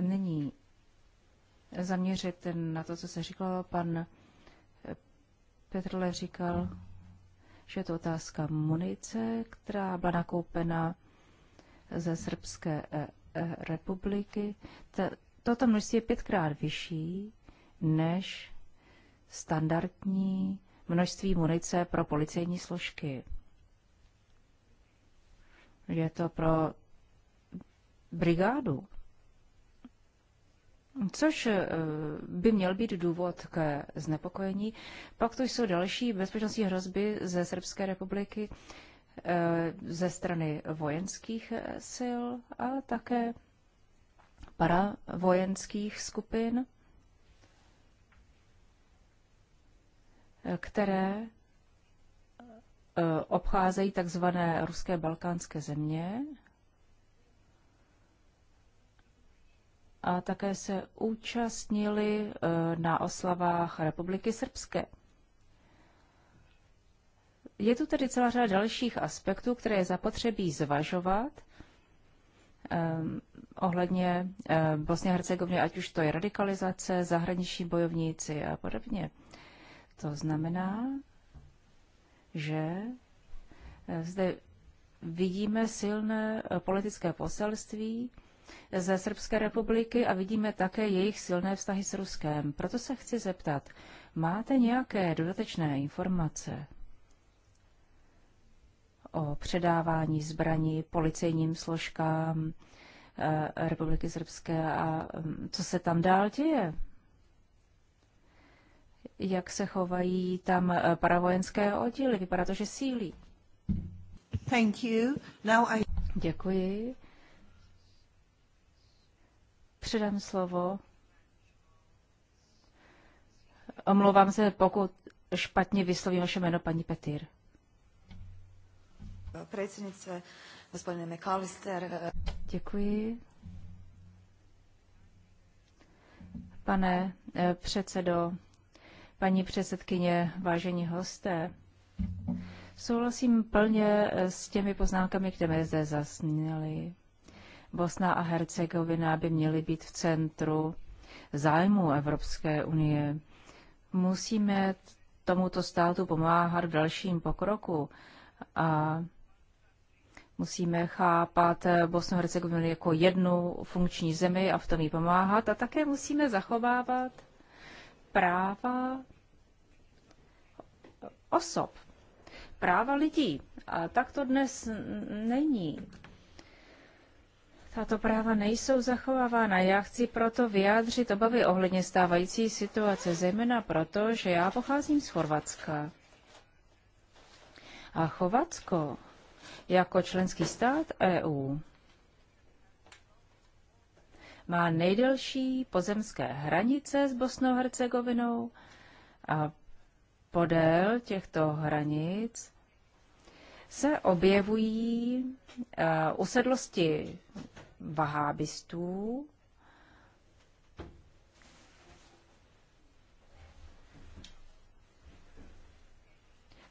nyní zaměřit na to, co se říkalo. Pan Petrle říkal, že je to otázka munice, která byla nakoupena ze Srbské eh, eh, republiky. Toto množství je pětkrát vyšší než standardní množství munice pro policejní složky. Je to pro brigádu. Což eh, by měl být důvod k znepokojení. Pak to jsou další bezpečnostní hrozby ze Srbské republiky, Eh, ze strany vojenských eh, sil a také paravojenských skupin, eh, které obcházejí takzvané ruské balkánské země a také se účastnili na oslavách Republiky Srbské. Je tu tedy celá řada dalších aspektů, které je zapotřebí zvažovat eh, ohledně eh, Bosně a Hercegoviny, ať už to je radikalizace, zahraniční bojovníci a podobně. To znamená, že eh, zde vidíme silné eh, politické poselství ze Srbské republiky a vidíme také jejich silné vztahy s Ruskem. Proto se chci zeptat, máte nějaké dodatečné informace o předávání zbraní policejním složkám eh, Republiky Srbské a mm, co se tam dál děje. Jak se chovají tam eh, paravojenské oddíly? Vypadá to, že sílí. Thank you. Now I... Děkuji. Předám slovo. Omlouvám se, pokud špatně vyslovím vaše jméno, paní Petýr
predsjednice, gospodine McAllister.
Děkuji. Pane eh, předsedo, paní předsedkyně, vážení hosté, souhlasím plně eh, s těmi poznámkami, které zde zasněly. Bosna a Hercegovina by měly být v centru zájmu Evropské unie. Musíme tomuto státu pomáhat v dalším pokroku a Musíme chápat Bosnu a Hercegovinu jako jednu funkční zemi a v tom jí pomáhat. A také musíme zachovávat práva osob, práva lidí. A tak to dnes není. Tato práva nejsou zachovávána. Já chci proto vyjádřit obavy ohledně stávající situace, zejména proto, že já pocházím z Chorvatska. A Chovatsko jako členský stát EU má nejdelší pozemské hranice s Bosnou Hercegovinou a podél těchto hranic se objevují uh, usedlosti vahábistů,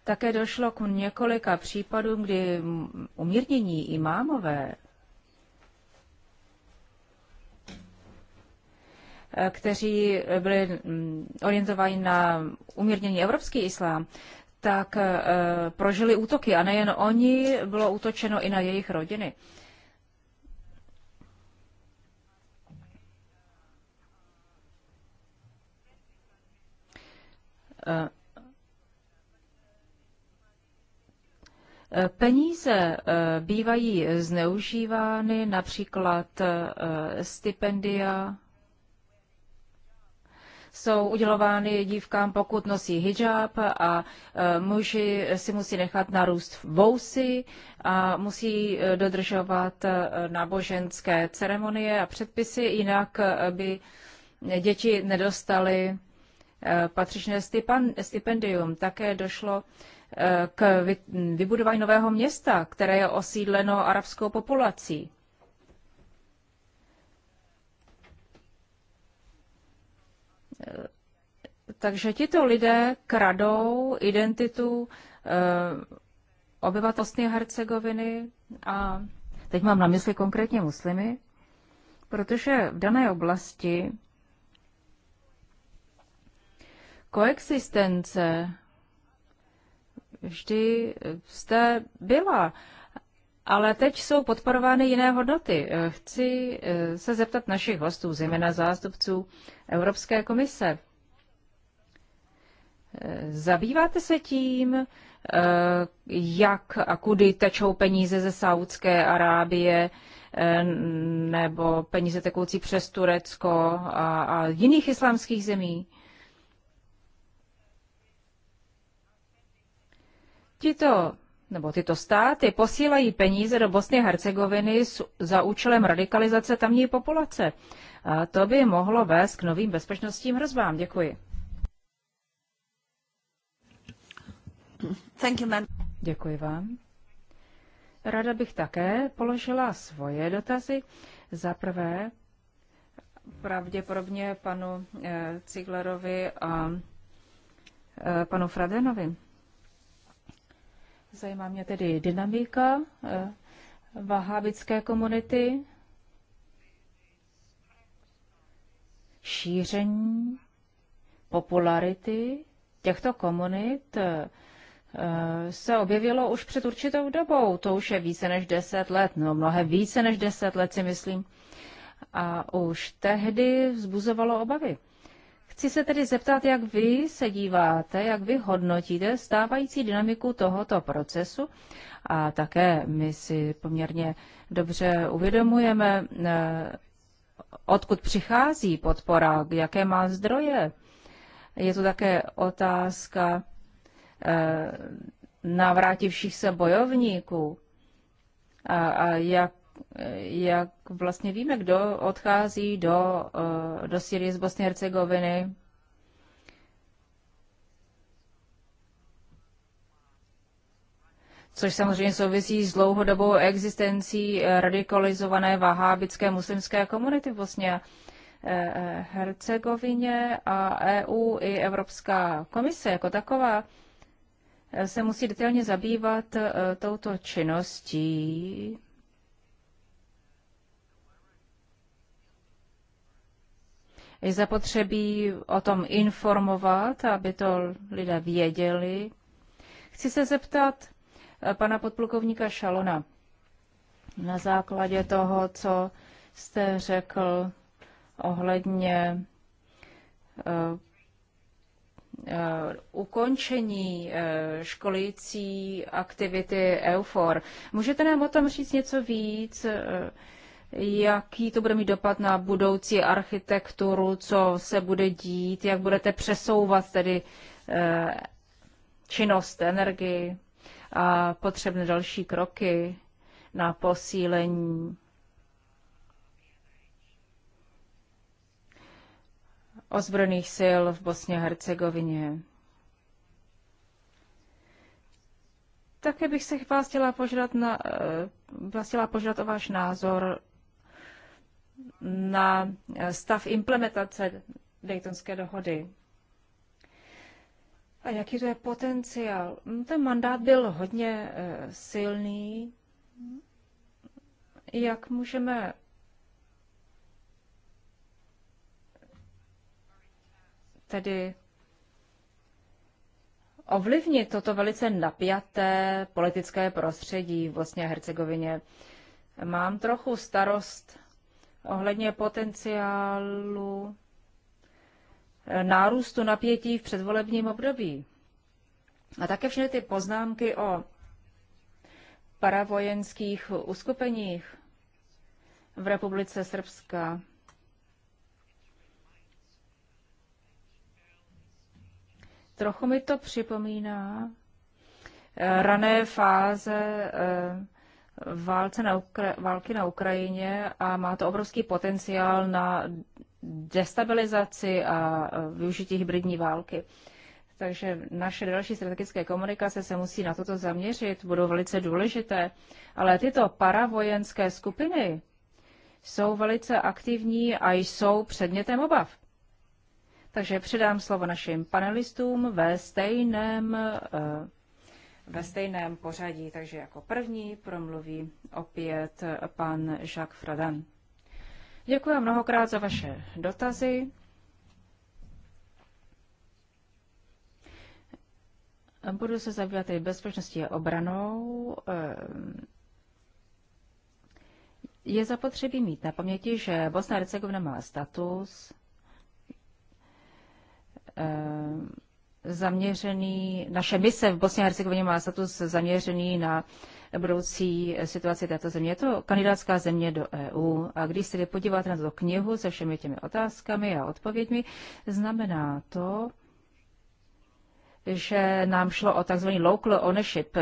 Také došlo k několika případům, kdy umírnění imámové, kteří byli mm, orientováni na umírnění evropský islám, tak e, prožili útoky a nejen oni, bylo útočeno i na jejich rodiny. E, Peníze eh, bývají zneužívány, například eh, stipendia jsou udělovány dívkám, pokud nosí hijab a eh, muži si musí nechat narůst vousy a musí dodržovat náboženské ceremonie a předpisy, jinak by děti nedostaly patřičné stipendium. Také došlo k vybudování nového města, které je osídleno arabskou populací. Takže tito lidé kradou identitu eh, obyvatelství Hercegoviny a teď mám na mysli konkrétně muslimy, protože v dané oblasti koexistence vždy jste byla. Ale teď jsou podporovány jiné hodnoty. Eh, chci eh, se zeptat našich hostů, zejména zástupců Evropské komise. Eh, zabýváte se tím, jak a kudy tečou peníze ze Saudské Arábie nebo peníze tekoucí přes Turecko a, a jiných islámských zemí? Tito nebo tyto státy posílají peníze do Bosny a Hercegoviny za účelem radikalizace tamní populace. A to by mohlo vést k novým bezpečnostním hrozbám. Děkuji. Thank you, Děkuji vám. Rada bych také položila svoje dotazy. Za prvé, pravděpodobně panu eh, Ciglerovi a eh, panu Fradenovi. Zajímá mě tedy dynamika eh, vahábické komunity, šíření popularity těchto komunit eh, eh, se objevilo už před určitou dobou. To už je více než deset let, no mnohem více než deset let si myslím. A už tehdy vzbuzovalo obavy. Chci se tedy zeptat, jak vy se díváte, jak vy hodnotíte stávající dynamiku tohoto procesu a také my si poměrně dobře uvědomujeme, eh, odkud přichází podpora, jaké má zdroje. Je to také otázka eh, navrátivších se bojovníků a, a jak jak vlastně víme, kdo odchází do, eh, do Syrie z Bosny a Hercegoviny. což samozřejmě souvisí s dlouhodobou existencí eh, radikalizované vahábické muslimské komunity v Bosně a eh, Hercegovině a EU i Evropská komise jako taková se musí detailně zabývat touto činností je zapotřebí o tom informovat, aby to lidé věděli. Chci se zeptat eh, pana podplukovníka Šalona na základě toho, co jste řekl ohledně eh, eh, ukončení školící aktivity EUFOR. Můžete nám o tom říct něco víc? jaký to bude mít dopad na budoucí architekturu, co se bude dít, jak budete přesouvat tedy eh, činnost, energii a potřebné další kroky na posílení ozbrojených sil v Bosně a Hercegovině. Také bych se vás chtěla požádat, na, eh, vás chtěla požádat o váš názor na eh, stav implementace Daytonské dohody. A jaký to je potenciál? No, ten mandát byl hodně eh, silný. Jak můžeme tedy ovlivnit toto velice napjaté politické prostředí v Bosně a Hercegovině? Mám trochu starost ohledně potenciálu eh, nárůstu napětí v předvolebním období. A také všechny ty poznámky o paravojenských uskupeních v Republice Srbska. Trochu mi to připomíná
eh, rané
fáze eh, válce na Ukra- války na Ukrajině a má to obrovský potenciál na destabilizaci a využití hybridní války. Takže naše další strategické komunikace se musí na toto zaměřit, budou velice důležité, ale tyto paravojenské skupiny jsou velice aktivní a jsou předmětem obav. Takže předám slovo našim panelistům ve stejném eh, ve stejném pořadí, takže jako první promluví opět pan Jacques Fradan. Děkuji mnohokrát za vaše dotazy. Budu se zabývat i bezpečností a obranou. Ehm, je zapotřebí mít na paměti, že Bosna a Hercegovina má status ehm, zaměřený, naše mise v Bosně a Hercegovině má status zaměřený na budoucí situaci této země. Je to kandidátská země do EU. A když se podíváte na tuto knihu se všemi těmi otázkami a odpověďmi, znamená to, že nám šlo o tzv. local ownership,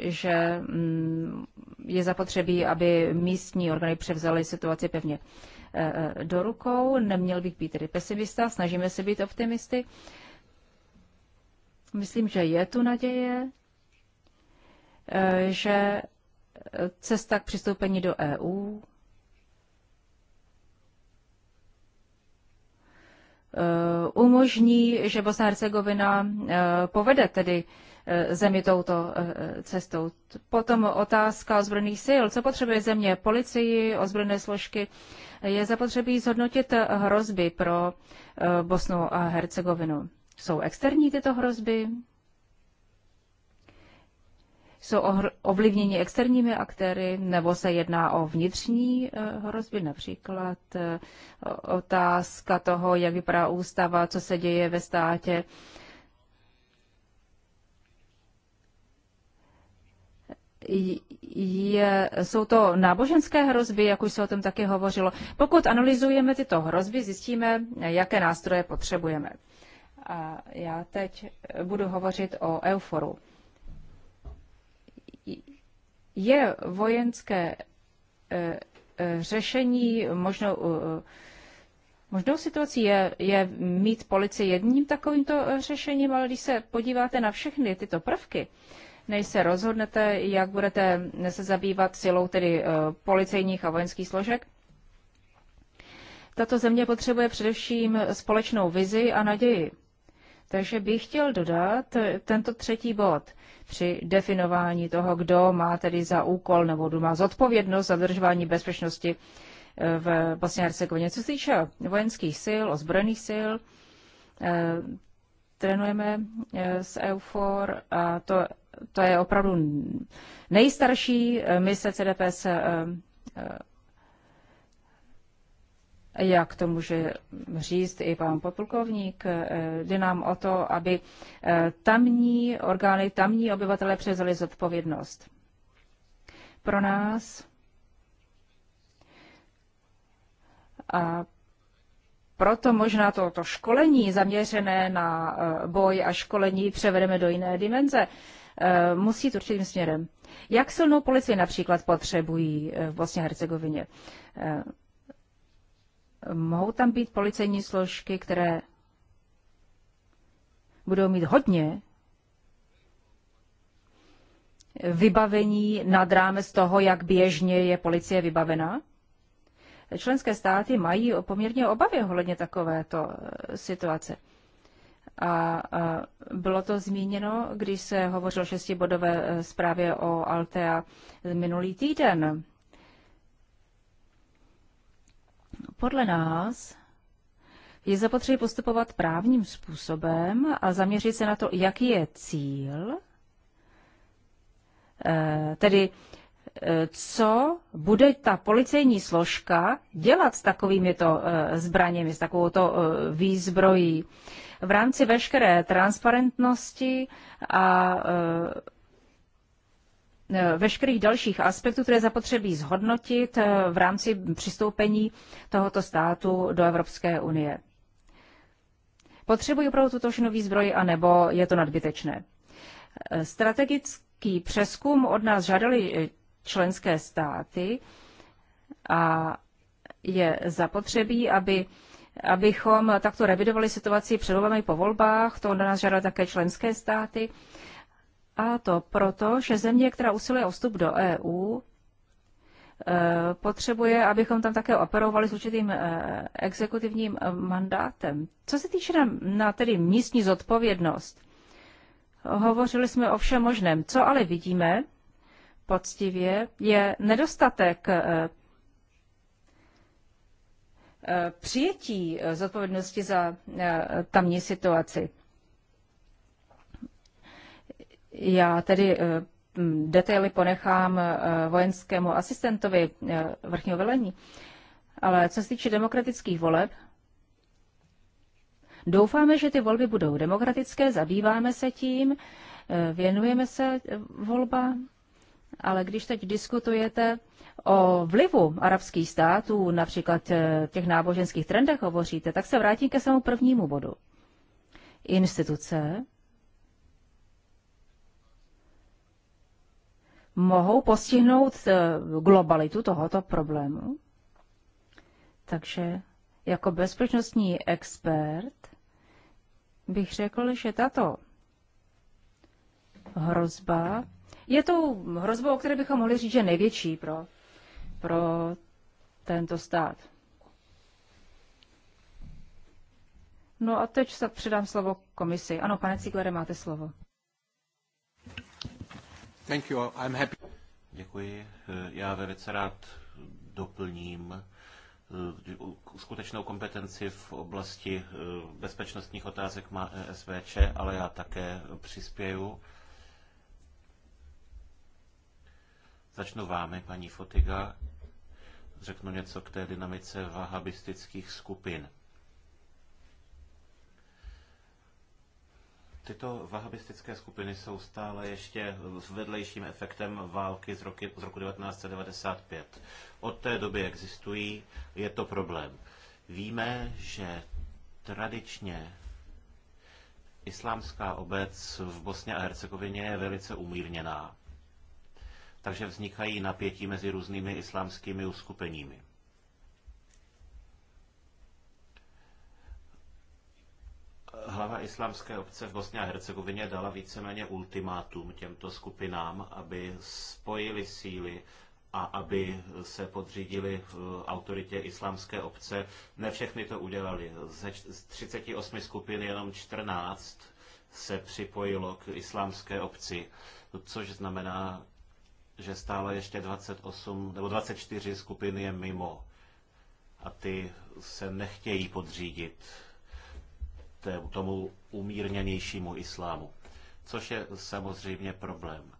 že mm, je zapotřebí, aby místní orgány převzaly situaci pevně e, e, do rukou. Neměl bych být tedy pesimista, snažíme se být optimisty. Myslím, že je tu naděje, eh, že cesta k přistoupení do EU eh, umožní, že Bosna Hercegovina eh, povede tedy zemi touto cestou. Potom otázka ozbrojených sil. Co potřebuje země? Policii, ozbrojené složky. Je zapotřebí zhodnotit hrozby pro Bosnu a Hercegovinu. Jsou externí tyto hrozby? Jsou ovlivněni externími aktéry, nebo se jedná o vnitřní eh, hrozby, například eh, otázka toho, jak vypadá ústava, co se děje ve státě. je, jsou to náboženské hrozby, jak už se o tom taky hovořilo. Pokud analyzujeme tyto hrozby, zjistíme, jaké nástroje potřebujeme. A já teď budu hovořit o Euforu. Je vojenské e, e, řešení možnou, e, možnou situací je, je mít policii jedním takovýmto řešením, ale když se podíváte na všechny tyto prvky, než se rozhodnete, jak budete se zabývat silou tedy policejních a vojenských složek, tato země potřebuje především společnou vizi a naději. Takže bych chtěl dodat eh, tento třetí bod při definování toho, kdo má tedy za úkol nebo kdo má zodpovědnost za držování bezpečnosti eh, v Bosně a Hercegovině. Co se týče vojenských sil, ozbrojených sil, eh, trénujeme s EUFOR a to, to je opravdu nejstarší mise CDPS jak to může říct i pan poplukovník, eh, jde nám o to, aby eh, tamní orgány, tamní obyvatele převzali zodpovědnost. Pro nás a proto možná toto to školení zaměřené na eh, boj a školení převedeme do jiné dimenze. Musí jít určitým směrem. Jak silnou policii například potřebují v Bosně a Hercegovině? mohou tam být policejní složky, které budou mít hodně vybavení nad rámec toho, jak běžně je policie vybavena. Členské státy mají poměrně obavy ohledně takovéto eh, situace. A bylo to zmíněno, když se hovořilo o šestibodové eh, zprávě o Altea minulý týden. Podle nás je zapotřebí postupovat právním způsobem a zaměřit se na to, jaký je cíl, eh, tedy eh, co bude ta policejní složka dělat s takovýmito eh, zbraněmi, s takovouto výzbrojí v rámci veškeré transparentnosti a Eh, veškerých dalších aspektů, které zapotřebí zhodnotit eh, v rámci přistoupení tohoto státu do Evropské unie. Potřebují opravdu tuto nový zbroj, anebo je to nadbytečné? Eh, strategický přeskum od nás žádali členské státy a je zapotřebí, aby abychom takto revidovali situaci před volbami po volbách, to od nás žádali také členské státy. A to proto, že země, která usiluje o vstup do EU, eh, potřebuje, abychom tam také operovali s určitým eh, exekutivním eh, mandátem. Co se týče na, na tedy místní zodpovědnost, hovořili jsme o všem možném. Co ale vidíme poctivě, je nedostatek přijetí zodpovědnosti za tamní situaci. Já tedy eh, detaily ponechám eh, vojenskému asistentovi eh, vrchního velení. Ale co se týče demokratických voleb, doufáme, že ty volby budou demokratické, zabýváme se tím, věnujeme se volbám, ale když teď diskutujete o vlivu arabských států, například těch náboženských trendech hovoříte, tak se vrátím ke svému prvnímu bodu. Instituce, mohou postihnout eh, globalitu tohoto problému. Takže jako bezpečnostní expert bych řekl, že tato hrozba je tou hrozbou, o které bychom mohli říct, že největší pro, pro tento stát. No a teď se předám slovo komisi. Ano, pane Ciglere, máte slovo.
Thank you. I'm happy. Děkuji. Já velice rád doplním eh, skutečnou kompetenci v oblasti eh, bezpečnostních otázek má ESVČ, ale já také přispěju. Začnu vámi, paní Fotiga. Řeknu něco k té dynamice vahabistických skupin. Tyto vahabistické skupiny jsou stále ještě s vedlejším efektem války z, roky, z roku 1995. Od té doby existují, je to problém. Víme, že tradičně islámská obec v Bosně a Hercegovině je velice umírněná. Takže vznikají napětí mezi různými islámskými uskupeními. Hlava islámské obce v Bosně a Hercegovině dala víceméně ultimátum těmto skupinám, aby spojili síly a aby se podřídili eh, autoritě islámské obce. Ne všechny to udělali. Ze 38 skupin jenom 14 se připojilo k islámské obci, což znamená, že stále ještě 28 nebo 24 skupin je mimo a ty se nechtějí podřídit tomu umírněnějšímu islámu, což je samozřejmě problém.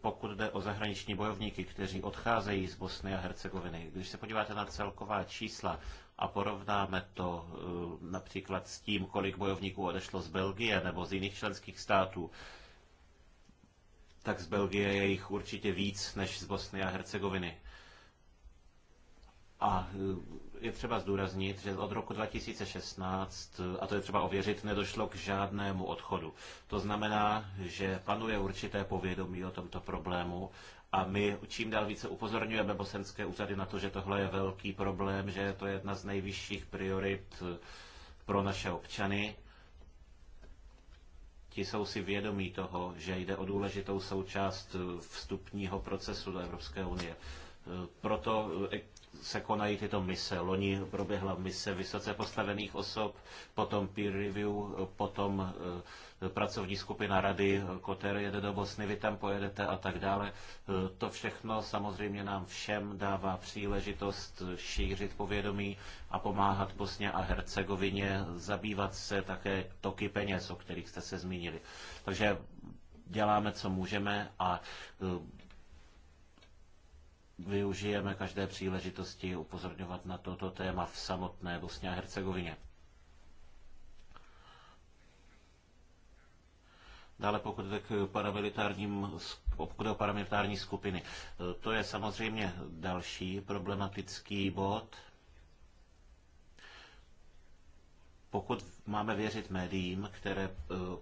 Pokud jde o zahraniční bojovníky, kteří odcházejí z Bosny a Hercegoviny, když se podíváte na celková čísla a porovnáme to eh, například s tím, kolik bojovníků odešlo z Belgie nebo z jiných členských států, tak z Belgie je jich určitě víc než z Bosny a Hercegoviny. A eh, je třeba zdůraznit, že od roku 2016, eh, a to je třeba ověřit, nedošlo k žádnému odchodu. To znamená, že panuje určité povědomí o tomto problému a my čím dál více upozorňujeme bosenské úřady na to, že tohle je velký problém, že to je jedna z nejvyšších priorit eh, pro naše občany. Ti jsou si vědomí toho, že jde o důležitou součást vstupního procesu do Evropské unie. Proto se konají tyto mise. Loni proběhla mise vysoce postavených osob, potom peer review, potom e, pracovní skupina rady, Koter jede do Bosny, vy tam pojedete a tak dále. E, to všechno samozřejmě nám všem dává příležitost šířit povědomí a pomáhat Bosně a Hercegovině zabývat se také toky peněz, o kterých jste se zmínili. Takže děláme, co můžeme a e, využijeme každé příležitosti upozorňovat na toto téma v samotné Bosně a Hercegovině. Dále pokud jde k paramilitárním, pokud o paramilitární skupiny. E, to je samozřejmě další problematický bod. Pokud máme věřit médiím, které eh,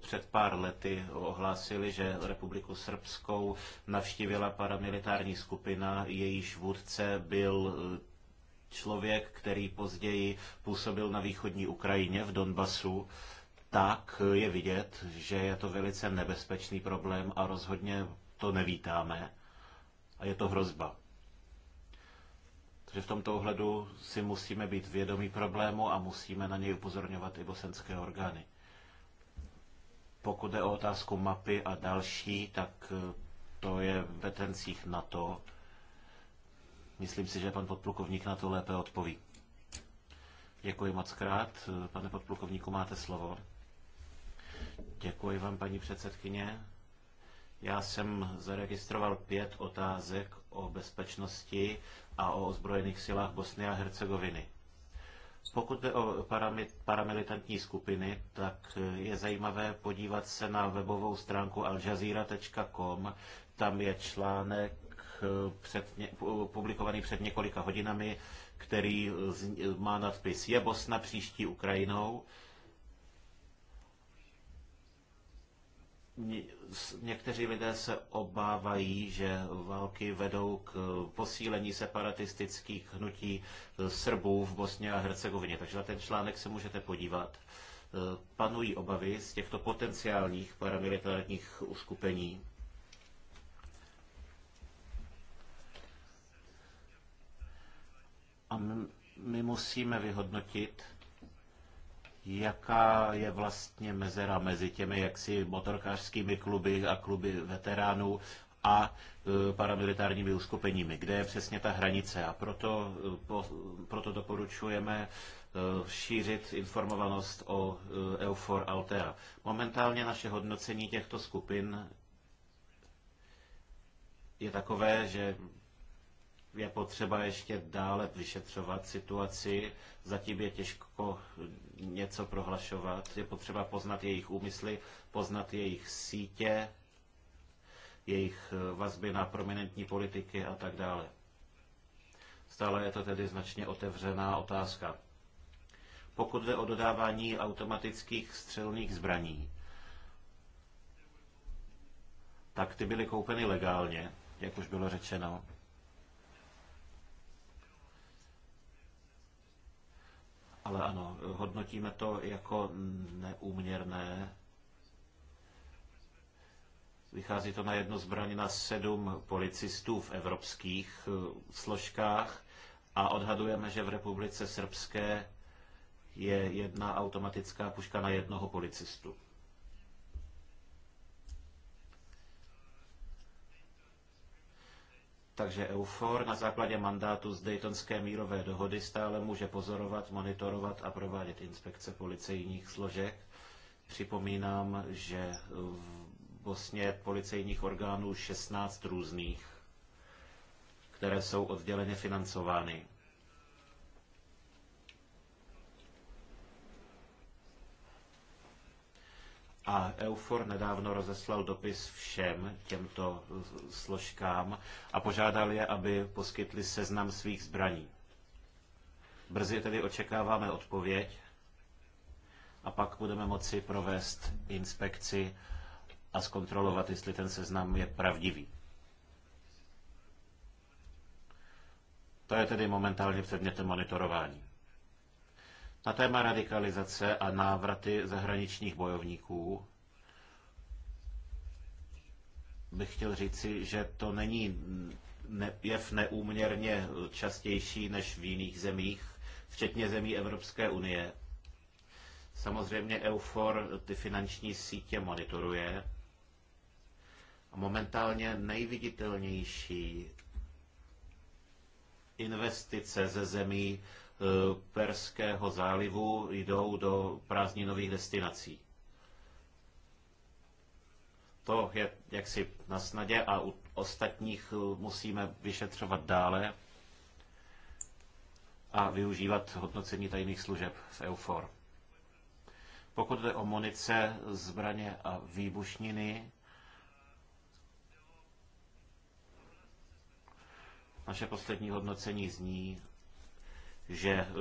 před pár lety ohlásili, že Republiku Srbskou navštívila paramilitární skupina, jejíž vůdce byl eh, člověk, který později působil na východní Ukrajině v Donbasu, tak eh, je vidět, že je to velice nebezpečný problém a rozhodně to nevítáme. A je to hrozba. Takže v tomto ohledu si musíme být vědomí problému a musíme na něj upozorňovat i bosenské orgány. Pokud jde o otázku mapy a další, tak eh, to je v vetencích NATO. Myslím si, že pan podplukovník na to lépe odpoví. Děkuji moc krát. Pane podplukovníku, máte slovo. Děkuji vám, paní předsedkyně. Já jsem zaregistroval pět otázek o bezpečnosti a o ozbrojených silách Bosny a Hercegoviny. Pokud jde o paramilitantní skupiny, tak eh, je zajímavé podívat se na webovou stránku aljazeera.com. Tam je článek eh, před, publikovaný před několika hodinami, který eh, má nadpis Je Bosna příští Ukrajinou? někteří lidé se obávají, že války vedou k posílení separatistických hnutí eh, Srbů v Bosně a Hercegovině. Takže na ten článek se můžete podívat. Eh, panují obavy z těchto potenciálních paramilitárních uskupení. A my musíme vyhodnotit, jaká je vlastně mezera mezi těmi jaksi motorkářskými kluby a kluby veteránů a e, paramilitárními uskupeními, kde je přesně ta hranice. A proto, e, po, proto doporučujeme e, šířit informovanost o EUFOR Altea. Momentálně naše hodnocení těchto skupin je takové, že je potřeba ještě dále vyšetřovat situaci, zatím je těžko něco prohlašovat, je potřeba poznat jejich úmysly, poznat jejich sítě, jejich vazby na prominentní politiky a tak dále. Stále je to tedy značně otevřená otázka. Pokud jde o dodávání automatických střelných zbraní, tak ty byly koupeny legálně, jak už bylo řečeno. ale ano, hodnotíme to jako neúměrné. Vychází to na jednu zbraně na sedm policistů v evropských eh, složkách a odhadujeme, že v republice srbské je jedna automatická puška na jednoho policistu. Takže EUFOR na základě mandátu z Daytonské mírové dohody stále může pozorovat, monitorovat a provádět inspekce policejních složek. Připomínám, že v Bosně policejních orgánů 16 různých, které jsou odděleně financovány. A EUFOR nedávno rozeslal dopis všem těmto složkám a požádal je, aby poskytli seznam svých zbraní. Brzy tedy očekáváme odpověď a pak budeme moci provést inspekci a zkontrolovat, jestli ten seznam je pravdivý. To je tedy momentálně předmětem monitorování. Na téma radikalizace a návraty zahraničních bojovníků bych chtěl říci, že to není jev neúměrně častější než v jiných zemích, včetně zemí Evropské unie. Samozřejmě EUFOR ty finanční sítě monitoruje. Momentálně nejviditelnější investice ze zemí Eh, Perského zálivu jdou do prázdninových destinací. To je jaksi na snadě a u ostatních eh, musíme vyšetřovat dále a využívat hodnocení tajných služeb v EUFOR. Pokud jde o munice, zbraně a výbušniny, naše poslední hodnocení zní, že eh,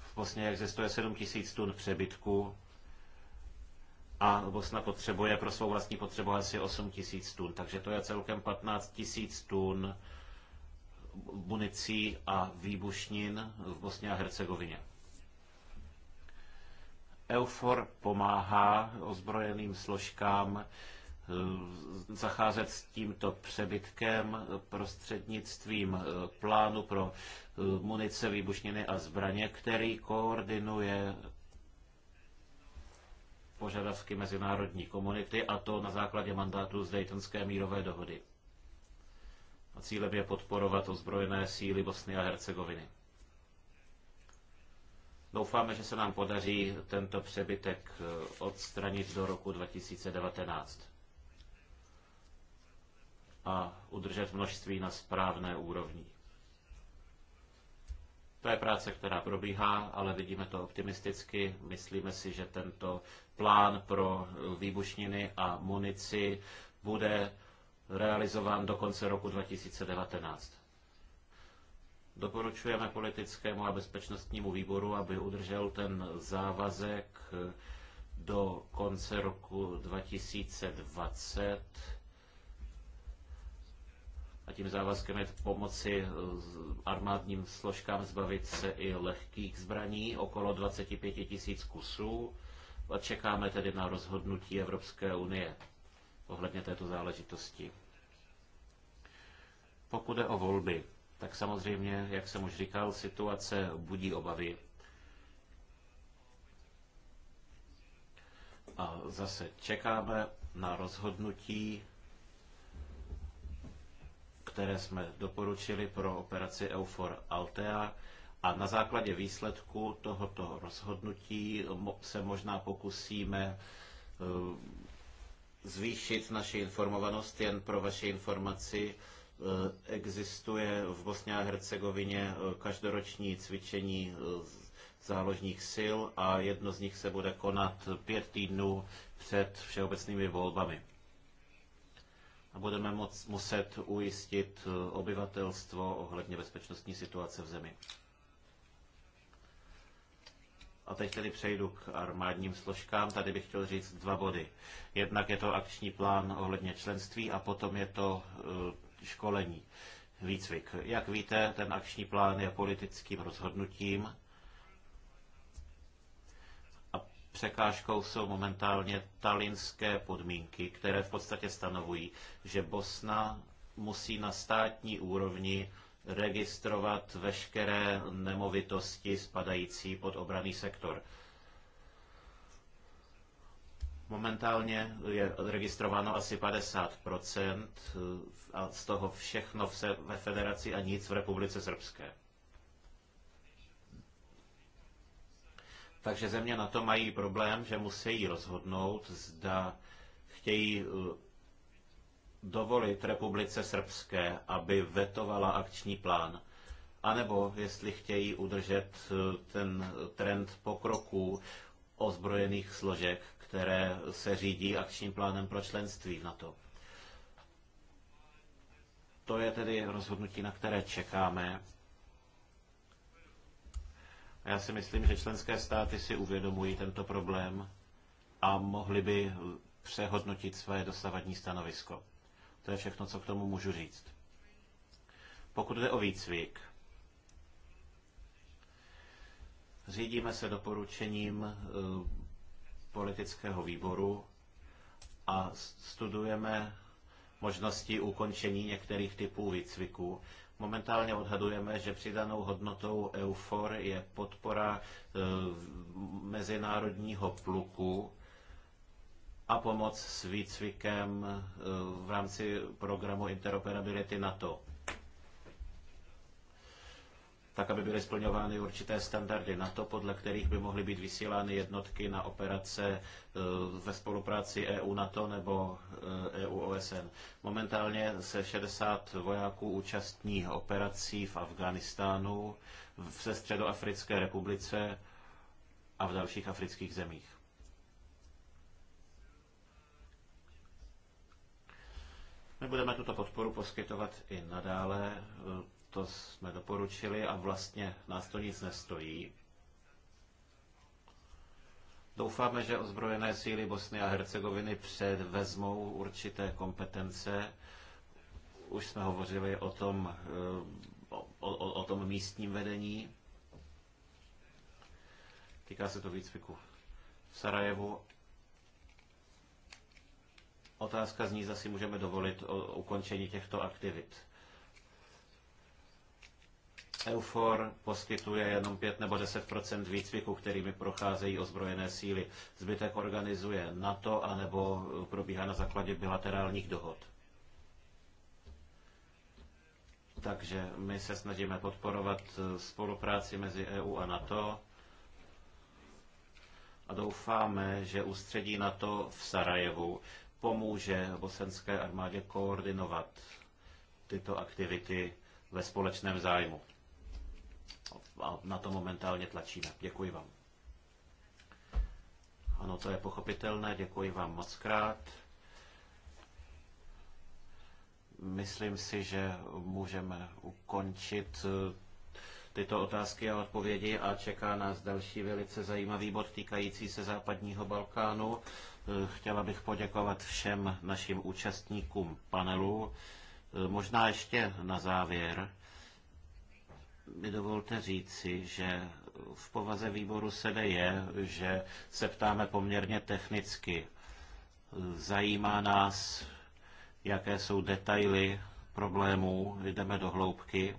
v Bosně existuje 7 tisíc tun přebytku a Bosna potřebuje pro svou vlastní potřebu asi 8 tisíc tun, takže to je celkem 15 tisíc tun municí a výbušnin v Bosně a Hercegovině. EUFOR pomáhá ozbrojeným složkám Eh, zacházet s tímto přebytkem prostřednictvím eh, plánu pro eh, munice, výbušniny a zbraně, který koordinuje požadavky mezinárodní komunity a to na základě mandátu z Daytonské mírové dohody. A cílem je podporovat ozbrojené síly Bosny a Hercegoviny. Doufáme, že se nám podaří tento přebytek odstranit do roku 2019 a udržet množství na správné úrovni. To je práce, která probíhá, ale vidíme to optimisticky. Myslíme si, že tento plán pro výbušniny a munici bude realizován do konce roku 2019. Doporučujeme politickému a bezpečnostnímu výboru, aby udržel ten závazek do konce roku 2020 a tím závazkem je pomoci eh, armádním složkám zbavit se i lehkých zbraní, okolo 25 tisíc kusů. A čekáme tedy na rozhodnutí Evropské unie ohledně této záležitosti. Pokud jde o volby, tak samozřejmě, jak jsem už říkal, situace budí obavy. A zase čekáme na rozhodnutí které jsme doporučili pro operaci EUFOR Altea a na základě výsledku tohoto rozhodnutí se možná pokusíme eh, zvýšit naši informovanost. Jen pro vaše informaci eh, existuje v Bosně a Hercegovině eh, každoroční cvičení záložních sil a jedno z nich se bude konat pět týdnů před všeobecnými volbami. A budeme moc muset ujistit eh, obyvatelstvo ohledně bezpečnostní situace v zemi. A teď tedy přejdu k armádním složkám. Tady bych chtěl říct dva body. Jednak je to akční plán ohledně členství a potom je to eh, školení, výcvik. Jak víte, ten akční plán je politickým rozhodnutím Překážkou jsou momentálně talinské podmínky, které v podstatě stanovují, že Bosna musí na státní úrovni registrovat veškeré nemovitosti spadající pod obraný sektor. Momentálně je registrováno asi 50% a z toho všechno ve federaci a nic v Republice Srbské. Takže země na to mají problém, že musí rozhodnout, zda chtějí eh, dovolit Republice Srbské, aby vetovala akční plán, anebo jestli chtějí udržet eh, ten trend pokroku ozbrojených složek, které se řídí akčním plánem pro členství v NATO. To je tedy rozhodnutí, na které čekáme. A já si myslím, že členské státy si uvědomují tento problém a mohli by přehodnotit své dosavadní stanovisko. To je všechno, co k tomu můžu říct. Pokud jde o výcvik, řídíme se doporučením eh, politického výboru a studujeme možnosti ukončení některých typů výcviku, Momentálně odhadujeme, že přidanou hodnotou EUFOR je podpora e, mezinárodního pluku a pomoc s výcvikem e, v rámci programu interoperability NATO tak aby byly splňovány určité standardy NATO, podle kterých by mohly být vysílány jednotky na operace e, ve spolupráci EU-NATO nebo EU-OSN. E Momentálně se 60 vojáků účastní operací v Afghánistánu, ve Středoafrické republice a v dalších afrických zemích. My budeme tuto podporu poskytovat i nadále to jsme doporučili a vlastně nás to nic nestojí. Doufáme, že ozbrojené síly Bosny a Hercegoviny předvezmou určité kompetence. Už jsme hovořili o tom, eh, o, o, o tom místním vedení. Týká se to výcviku v Sarajevu. Otázka zní, zda si můžeme dovolit o ukončení těchto aktivit. EUFOR poskytuje jenom 5 nebo 10 výcviku, kterými procházejí ozbrojené síly. Zbytek organizuje NATO anebo probíhá na základě bilaterálních dohod. Takže my se snažíme podporovat spolupráci mezi EU a NATO a doufáme, že ústředí NATO v Sarajevu pomůže bosenské armádě koordinovat tyto aktivity ve společném zájmu a na to momentálně tlačíme. Děkuji vám. Ano, to je pochopitelné, děkuji vám moc krát. Myslím si, že můžeme ukončit eh, tyto otázky a odpovědi a čeká nás další velice zajímavý bod týkající se západního Balkánu. Eh, chtěla bych poděkovat všem našim účastníkům panelu. Eh, možná ještě na závěr mi dovolte říci, že v povaze výboru sebe je, že se ptáme poměrně technicky. Zajímá nás, jaké jsou detaily problémů, jdeme do hloubky.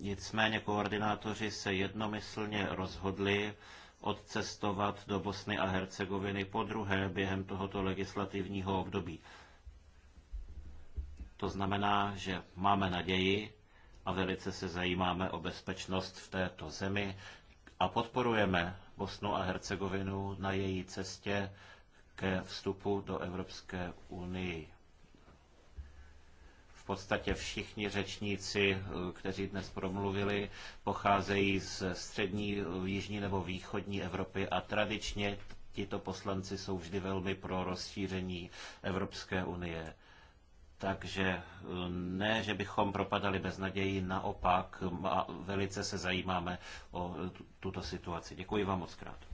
Nicméně koordinátoři se jednomyslně rozhodli odcestovat do Bosny a Hercegoviny po druhé během tohoto legislativního období. To znamená, že máme naději, a velice se zajímáme o bezpečnost v této zemi a podporujeme Bosnu a Hercegovinu na její cestě ke vstupu do Evropské unii. V podstatě všichni řečníci, kteří dnes promluvili, pocházejí z střední, jižní nebo východní Evropy a tradičně tito poslanci jsou vždy velmi pro rozšíření Evropské unie. Takže eh, ne, že bychom propadali bez naději, naopak velice se zajímáme o eh, tuto situaci. Děkuji vám moc krát.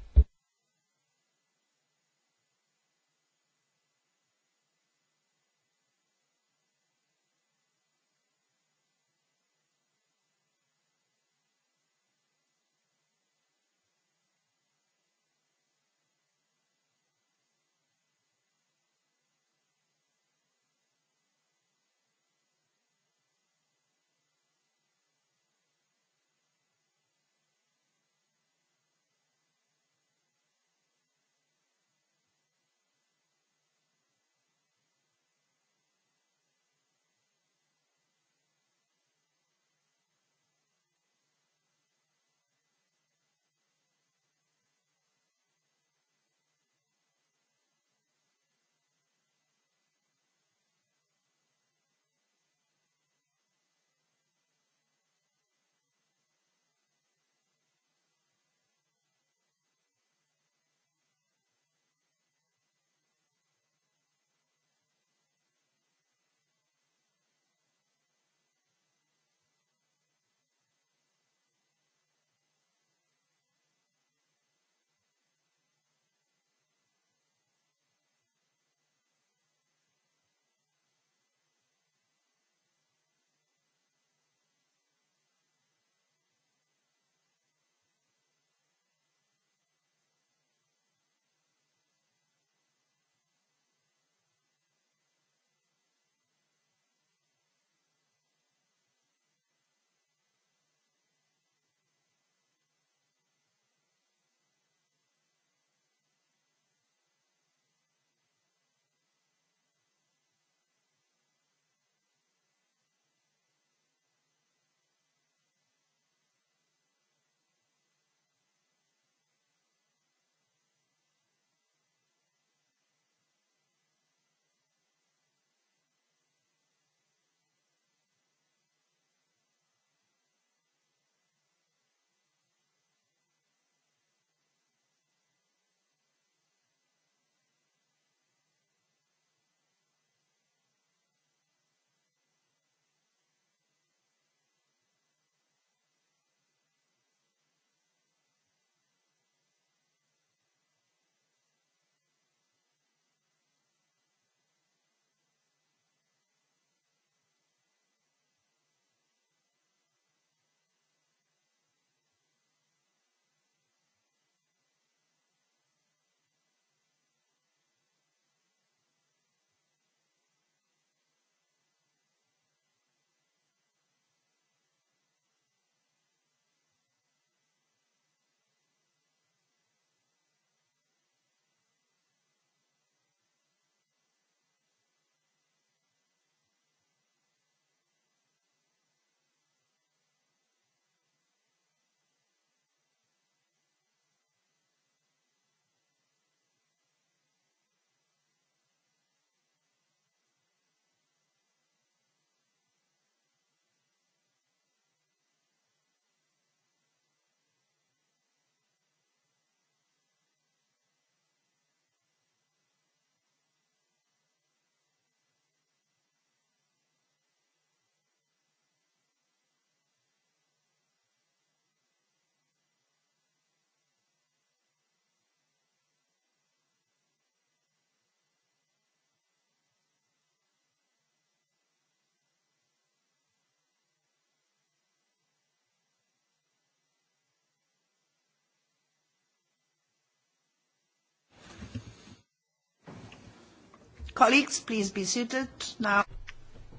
Colleagues, please be seated now.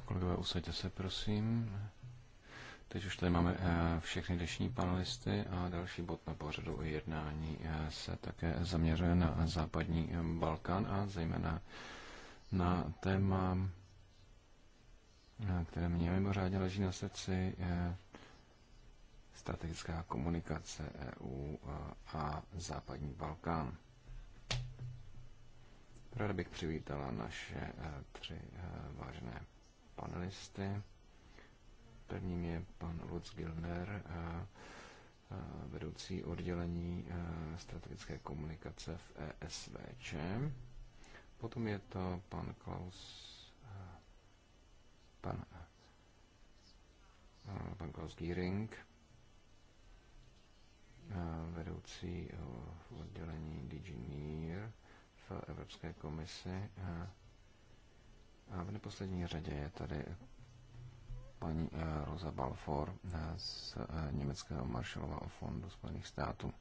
Kolegové, usaďte se, prosím. Teď už tady máme eh, všechny dnešní panelisty a další bod na pořadu jednání eh, se také zaměřuje na západní eh, Balkán a zejména na téma, které mě mimořádně leží na srdci, strategická komunikace EU a západní Balkán. Ráda bych přivítala naše eh, tři eh, vážné panelisty. Prvním je pan Lutz Gilner, eh, vedoucí oddělení strategické komunikace v ESVČ. Potom je to pan Klaus pan, pan Klaus Giering, vedoucí oddělení DigiNear v Evropské komisi. A v neposlední řadě je tady paní eh, Rosa Balfour eh, z eh, Německého Marshallova fondu Spojených států.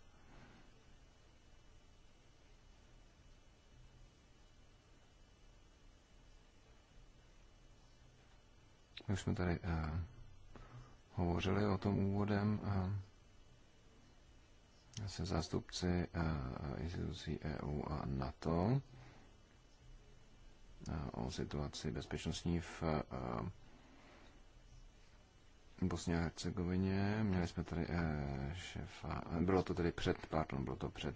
My už jsme tady hovořili o tom úvodem se zástupci eh, institucí EU a NATO eh, o situaci bezpečnostní v eh, Bosně a Hercegovině. Měli jsme tady šefa, bylo to tedy před, pardon, bylo to před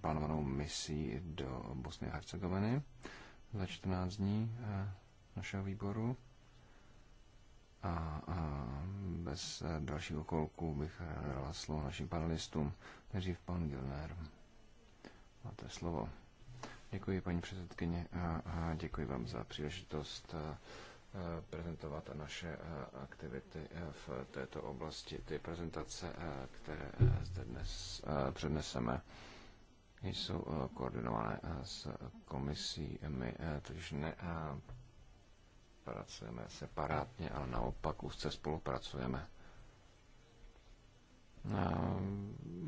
plánovanou misí do Bosny a Hercegoviny za 14 dní našeho výboru a, a bez dalších okolků bych dala slovo našim panelistům. Nejdřív pan Gilner. Máte slovo. Děkuji, paní předsedkyně, a, a děkuji vám za příležitost prezentovat naše aktivity v této oblasti. Ty prezentace, které zde dnes předneseme, jsou koordinované s komisí. My totiž ne nepracujeme separátně, ale naopak úzce spolupracujeme.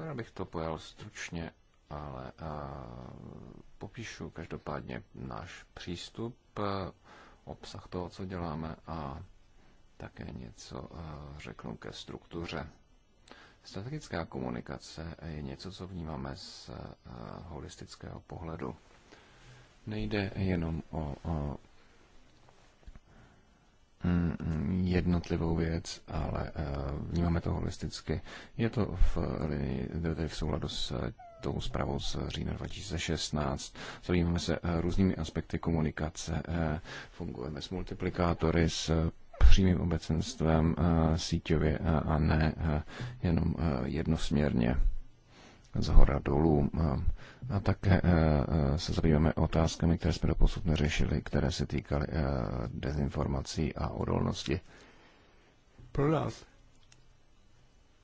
Já bych to pojal stručně, ale popíšu každopádně náš přístup, obsah toho, co děláme a také něco řeknu ke struktuře. Strategická komunikace je něco, co vnímáme z holistického pohledu. Nejde jenom o, o Mm, jednotlivou věc, ale eh, vnímáme to holisticky. Je to v, linii, tedy v souladu s eh, tou zprávou z října 2016. Zabýváme se eh, různými aspekty komunikace, fungujeme s multiplikátory, s přímým obecenstvem síťově a ne jenom jednosměrně z hora dolů. A také eh, eh, se zabýváme otázkami, které jsme doposud neřešili, které se týkaly eh, dezinformací a odolnosti. Pro nás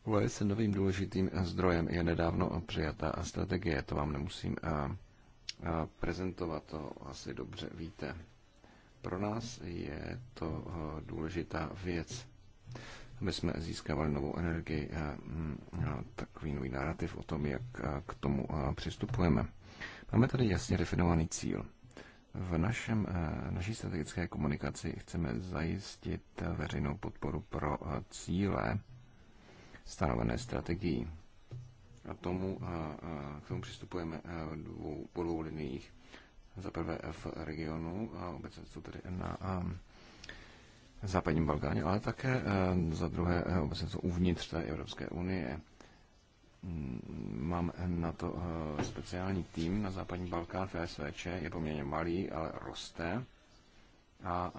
velice novým důležitým zdrojem je nedávno přijatá strategie, to vám nemusím prezentovat, to asi dobře víte. Pro nás je to důležitá věc aby jsme získávali novou energii a, mm, a takový nový narrativ o tom, jak k tomu přistupujeme. Máme tady jasně definovaný cíl. V našem, naší strategické komunikaci chceme zajistit veřejnou podporu pro cíle stanovené strategií. A, tomu, a k tomu přistupujeme dvou, po dvou liniích. Za prvé v regionu a obecně jsou tedy na západním Balkáně, ale také eh, za druhé to eh, uvnitř té Evropské unie. Mm, mám na to eh, speciální tým na západní Balkán FSVČ, je poměrně malý, ale roste. A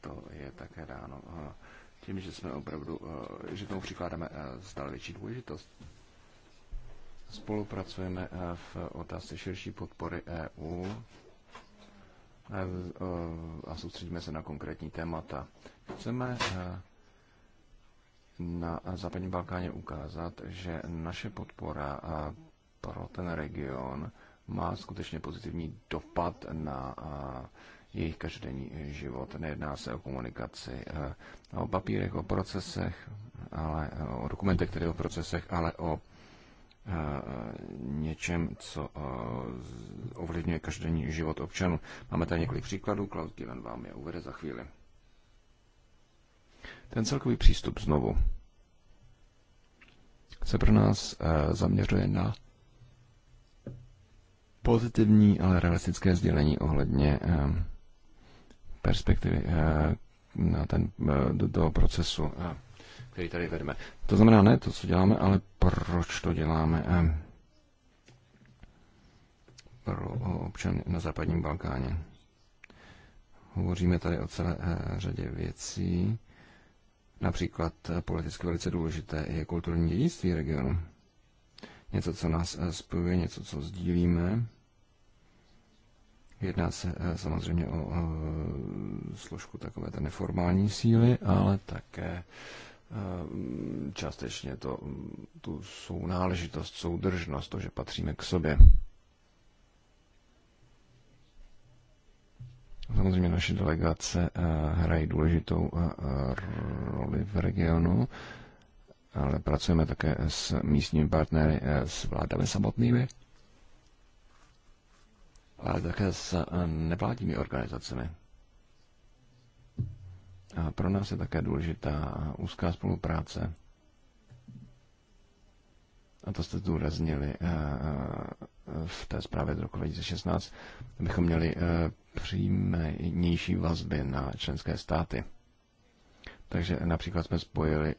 to je také dáno tím, že jsme opravdu, že tomu přikládáme stále větší důležitost. Spolupracujeme v otázce širší podpory EU Eh, a soustředíme se na konkrétní témata. Chceme eh, na západním Balkáně ukázat, že naše podpora eh, pro ten region má skutečně pozitivní dopad na jejich každodenní život. Nejedná se o komunikaci, o papírech, o procesech, ale o dokumentech, které o procesech, ale o Eh, něčem, co eh, ovlivňuje každodenní život občanů. Máme tady několik příkladů, Klaus Given vám je uvede za chvíli. Ten celkový přístup znovu se pro nás eh, zaměřuje na pozitivní, ale realistické sdělení ohledně perspektivy na ten, do, do procesu který tady vedeme. To znamená ne to, co děláme, ale proč to děláme eh, pro občany na západním Balkáně. Hovoříme tady o celé eh, řadě věcí. Například eh, politicky velice důležité je kulturní dědictví regionu. Něco, co nás spojuje, něco, co sdílíme. Jedná se samozřejmě o složku takové té neformální síly, ale také Eh, částečně to, tu sounáležitost, soudržnost, to, že patříme k sobě. Samozřejmě naše delegace eh, hrají důležitou eh, roli v regionu, ale pracujeme také s místními partnery, s vládami samotnými, ale také s nevládními organizacemi. A pro nás je také důležitá úzká spolupráce. A to jste zdůraznili eh, eh, v té zprávě z roku 2016, abychom měli eh, přímější vazby na členské státy. Takže například jsme spojili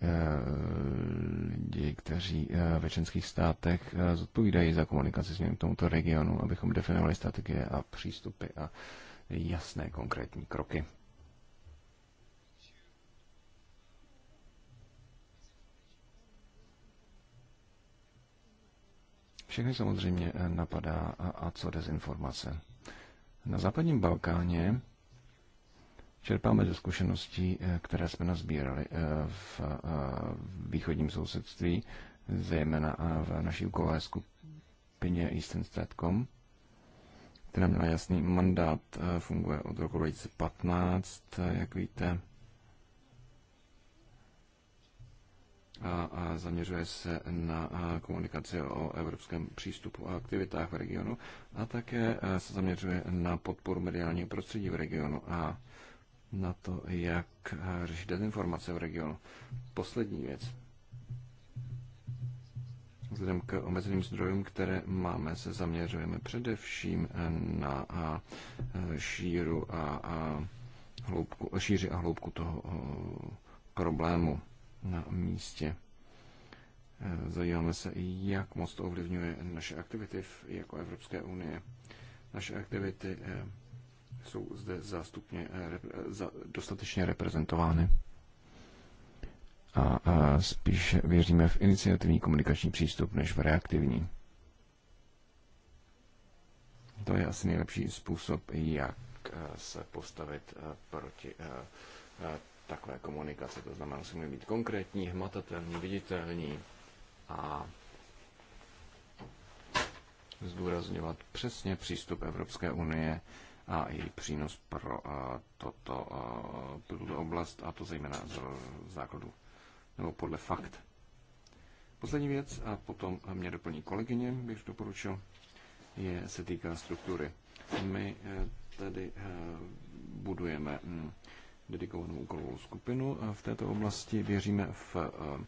lidi, kteří ve členských státech zodpovídají za komunikaci s k tomuto regionu, abychom definovali strategie a přístupy a jasné konkrétní kroky. Všechny samozřejmě eh, napadá a, a co dezinformace. Na západním Balkáně čerpáme ze zkušeností, eh, které jsme nazbírali eh, v východním sousedství, zejména v naší úkolové skupině Eastern Statcom, která měla jasný mandát, funguje od roku 2015, jak víte. a, a zaměřuje se na komunikaci o evropském přístupu a aktivitách v regionu a také se zaměřuje na podporu mediálního prostředí v regionu a na to, jak řešit dezinformace v regionu. Poslední věc. Vzhledem k omezeným zdrojům, které máme, se zaměřujeme především na šíru a, a hloubku, šíři a hloubku toho problému na místě. E, zajímáme se, jak moc to ovlivňuje naše aktivity jako Evropské unie. Naše aktivity e, jsou zde zástupně e, dostatečně reprezentovány. A, a spíš věříme v iniciativní komunikační přístup než v reaktivní. To je asi nejlepší způsob, jak se postavit proti takové komunikace. To znamená, musíme být konkrétní, hmatatelní, viditelní a zdůrazňovat přesně přístup Evropské unie a její přínos pro a, eh, toto, a, eh, tuto oblast, a to zejména z základu nebo podle fakt. Poslední věc, a potom mě doplní kolegyně, bych doporučil, je, se týká struktury. My eh, tady budujeme hm, dedikovanou úkolovou skupinu a v této oblasti věříme v eh,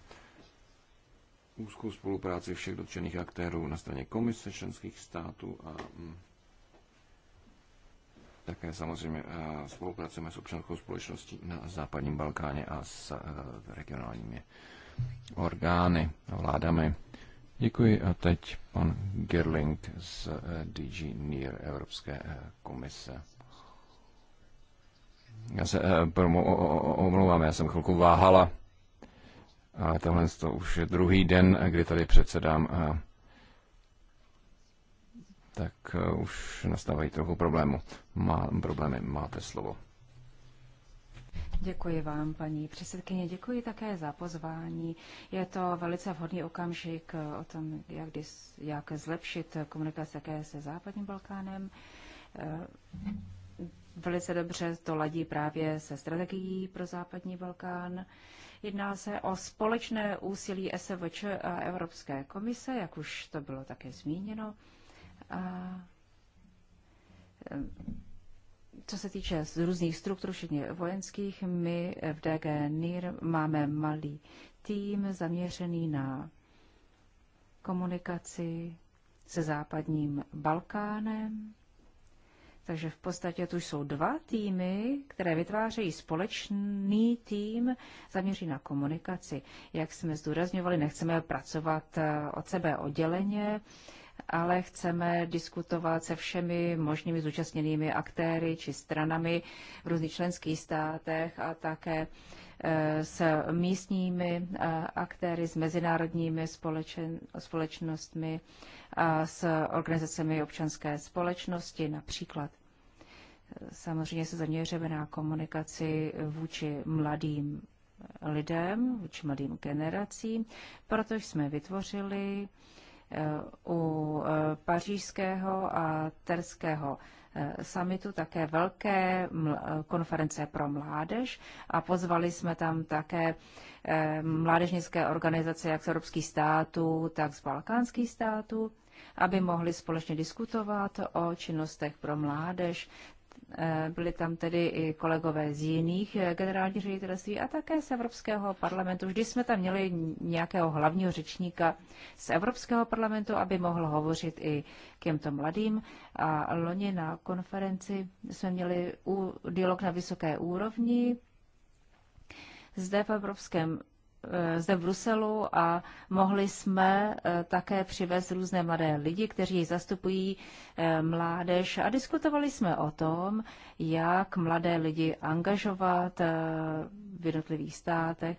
úzkou spolupráci všech dotčených aktérů na straně komise členských států a hm, také samozřejmě eh, spolupracujeme s občanskou společností na západním Balkáně a s eh, regionálními orgány a vládami. Děkuji a teď pan Gerling z DG NIR Evropské komise. Já se eh, omlouvám, já jsem chvilku váhala, ale tohle to už je druhý den, kdy tady předsedám a eh, tak eh, už nastávají trochu problému. Má, problémy, máte slovo.
Děkuji vám, paní předsedkyně. Děkuji také za pozvání. Je to velice vhodný okamžik o tom, jak, jak zlepšit komunikaci také se Západním Balkánem velice dobře to ladí právě se strategií pro západní Balkán. Jedná se o společné úsilí SVČ a Evropské komise, jak už to bylo také zmíněno. A co se týče z různých struktur, včetně vojenských, my v DG NIR máme malý tým zaměřený na komunikaci se západním Balkánem takže v podstatě tu jsou dva týmy, které vytvářejí společný tým zaměří na komunikaci. Jak jsme zdůrazňovali, nechceme pracovat eh, od sebe odděleně, ale chceme diskutovat se všemi možnými zúčastněnými aktéry či stranami v různých členských státech a také eh, s místními eh, aktéry, s mezinárodními společen, společnostmi, a s organizacemi občanské společnosti například. Samozřejmě se zaměříme na komunikaci vůči mladým lidem, vůči mladým generacím, protože jsme vytvořili eh, u eh, pařížského a terského eh, samitu také velké konference pro mládež a pozvali jsme tam také mládežnické organizace jak z evropských států, tak z balkánských států aby mohli společně diskutovat o činnostech pro mládež, Eh, byli tam tedy i kolegové z jiných eh, generálních ředitelství a také z Evropského parlamentu. Vždy jsme tam měli nějakého hlavního řečníka z Evropského parlamentu, aby mohl hovořit i k těmto mladým. A loni na konferenci jsme měli dialog na vysoké úrovni zde v Evropském Eh, zde v Bruselu a mohli jsme eh, také přivést různé mladé lidi, kteří zastupují eh, mládež a diskutovali jsme o tom, jak mladé lidi angažovat v jednotlivých státech,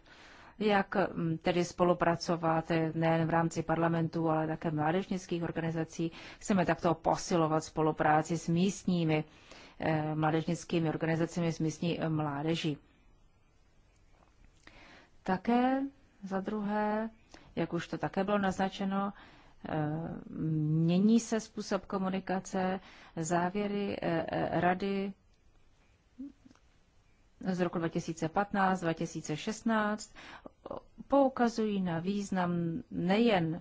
jak mm, tedy spolupracovat nejen v rámci parlamentu, ale také mládežnických organizací. Chceme takto posilovat spolupráci s místními mládežnickými organizacemi, s místní mládeží. Také za druhé, jak už to také bylo naznačeno, eh, mění se způsob komunikace, závěry eh, eh, rady z roku 2015-2016 poukazují na význam nejen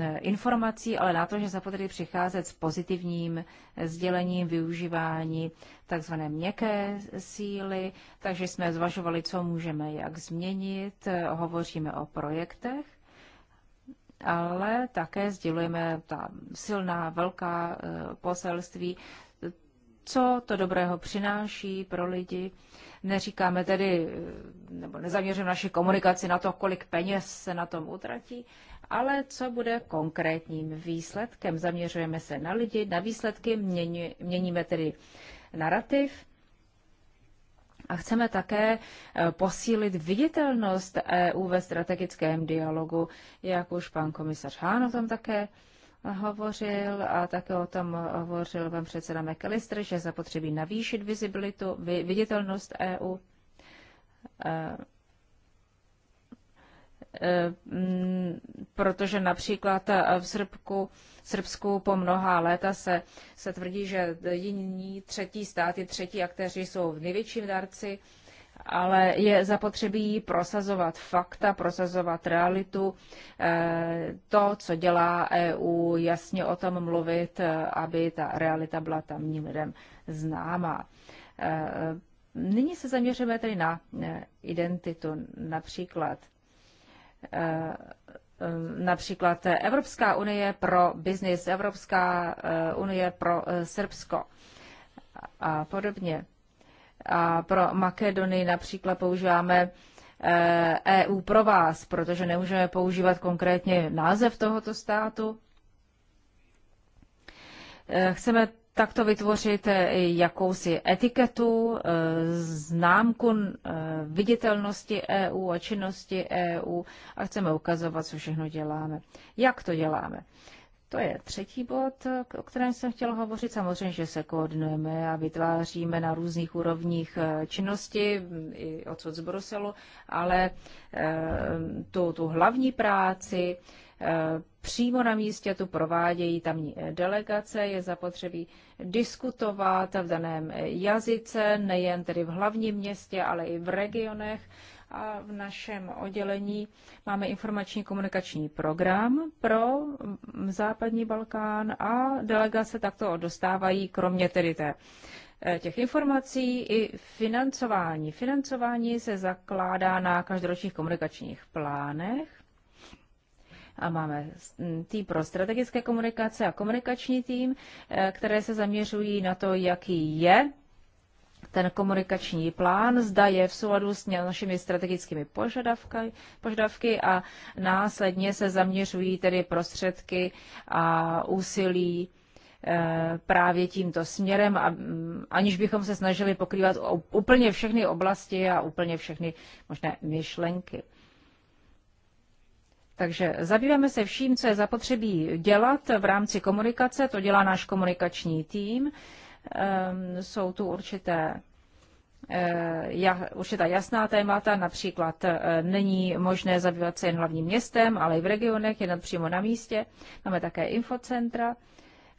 Eh, informací, ale na to, že zapotřebí přicházet s pozitivním eh, sdělením využívání tzv. měkké síly, takže jsme zvažovali, co můžeme jak změnit, eh, hovoříme o projektech, ale také sdělujeme ta silná, velká poselství, co to dobrého přináší pro lidi. Neříkáme tedy, nebo nezaměřujeme naši komunikaci na to, kolik peněz se na tom utratí, ale co bude konkrétním výsledkem. Zaměřujeme se na lidi, na výsledky, mění, měníme tedy narrativ a chceme také eh, posílit viditelnost EU ve strategickém dialogu, jak už pan komisař Hán o tom také hovořil a také o tom hovořil pan předseda McAllister, že zapotřebí navýšit vizibilitu, viditelnost EU eh, Eh, mm, protože například eh, v Srbku, Srbsku po mnoha léta se, se tvrdí, že jiní třetí státy, třetí aktéři jsou v největším darci, ale je zapotřebí prosazovat fakta, prosazovat realitu. Eh, to, co dělá EU, jasně o tom mluvit, aby ta realita byla tamním lidem známá. Nyní se zaměříme tedy na identitu. Například Eh, například Evropská unie pro biznis, Evropská eh, unie pro eh, Srbsko a podobně. A pro Makedonii například používáme EU e pro vás, protože nemůžeme používat konkrétně název tohoto státu. Chceme takto vytvořit eh, jakousi etiketu, eh, známku eh, viditelnosti EU a činnosti EU a chceme ukazovat, co všechno děláme. Jak to děláme? To je třetí bod, o kterém jsem chtěla hovořit. Samozřejmě, že se koordinujeme a vytváříme na různých úrovních činnosti, mm, i odsud z Bruselu, ale tu, tu hlavní práci přímo na místě, tu provádějí tamní delegace, je zapotřebí diskutovat v daném jazyce, nejen tedy v hlavním městě, ale i v regionech. A v našem oddělení máme informační komunikační program pro západní Balkán a delegace takto dostávají, kromě tedy té eh, těch informací i financování. Financování se zakládá na každoročních komunikačních plánech a máme tým pro strategické komunikace a komunikační tým, eh, které se zaměřují na to, jaký je ten komunikační plán, zda je v souladu s našimi strategickými požadavky, požadavky a následně se zaměřují tedy prostředky a úsilí eh, právě tímto směrem, a, mm, aniž bychom se snažili pokrývat úplně všechny oblasti a úplně všechny možné myšlenky. Takže zabýváme se vším, co je zapotřebí dělat v rámci komunikace, to dělá náš komunikační tým. Ehm, jsou tu určité eh, určitá jasná témata, například eh, není možné zabývat se jen hlavním městem, ale i v regionech, jednat přímo na místě. Máme také infocentra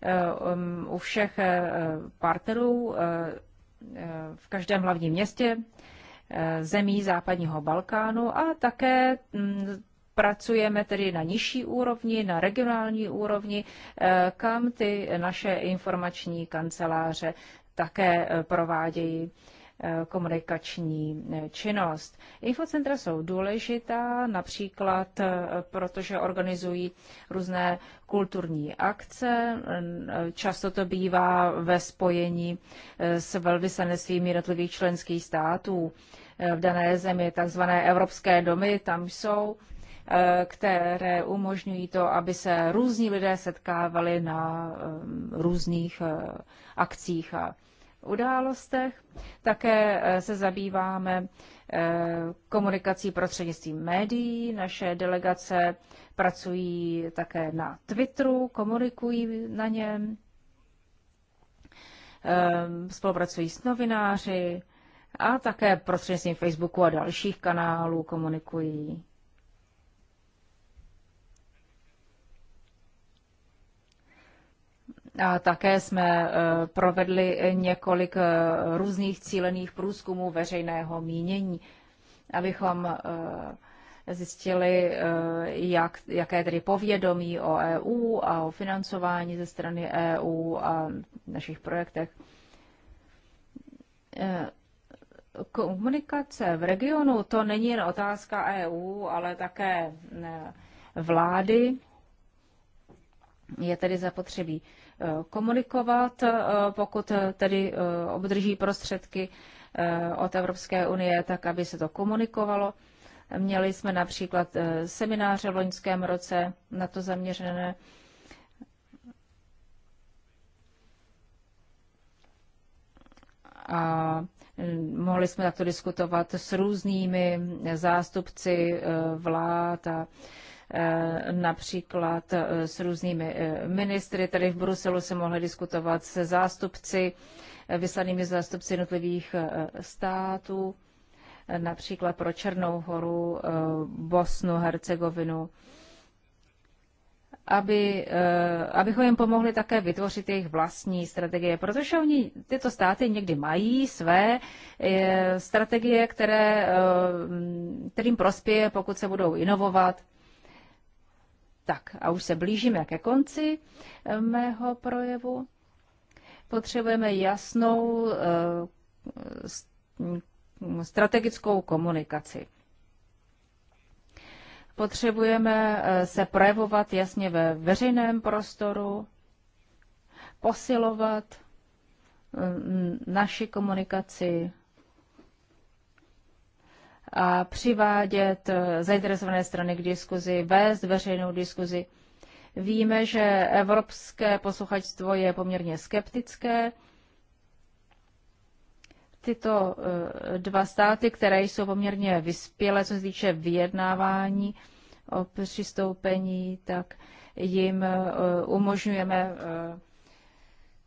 eh, um, u všech partnerů v každém hlavním městě zemí západního Balkánu a také mm, Pracujeme tedy na nižší úrovni, na regionální úrovni, eh, kam ty naše informační kanceláře také eh, provádějí eh, komunikační činnost. Infocentra jsou důležitá například, protože organizují různé kulturní akce. Často to bývá ve spojení s velvyslanectvím jednotlivých členských států v dané zemi, takzvané evropské domy, tam jsou Eh, které umožňují to, aby se různí lidé setkávali na eh, různých eh, akcích a událostech. Také se zabýváme komunikací prostřednictvím médií. Naše delegace pracují také na Twitteru, komunikují na něm, spolupracují s novináři a také prostřednictvím Facebooku a dalších kanálů komunikují. A také jsme e, provedli několik e, různých cílených průzkumů veřejného mínění, abychom e, zjistili, jak, jaké tedy povědomí o EU a o financování ze strany EU a našich projektech. Komunikace v regionu to není jen otázka EU, ale také vlády. Je tedy zapotřebí komunikovat, eh, pokud eh, tedy eh, obdrží prostředky od Evropské unie, tak aby se to komunikovalo. Měli jsme například semináře v loňském roce na to zaměřené. A mm, mohli jsme takto diskutovat s různými zástupci vlád a Eh, například eh, s různými eh, ministry. Tady v Bruselu se mohly diskutovat se zástupci, vyslanými zástupci jednotlivých států, například pro Černou horu, Bosnu, Hercegovinu, aby, abychom jim pomohli také vytvořit jejich vlastní strategie, protože oni tyto státy někdy mají své strategie, které, kterým prospěje, pokud se budou inovovat tak a už se blížíme ke konci eh, mého projevu. Potřebujeme jasnou eh, strategickou komunikaci. Potřebujeme eh, se projevovat jasně ve veřejném prostoru, posilovat naši komunikaci a přivádět eh, zainteresované strany k diskuzi, vést veřejnou diskuzi. Víme, že evropské posluchačstvo je poměrně skeptické. Tyto eh, dva státy, které jsou poměrně vyspělé, co se týče vyjednávání o přistoupení, tak jim eh, umožňujeme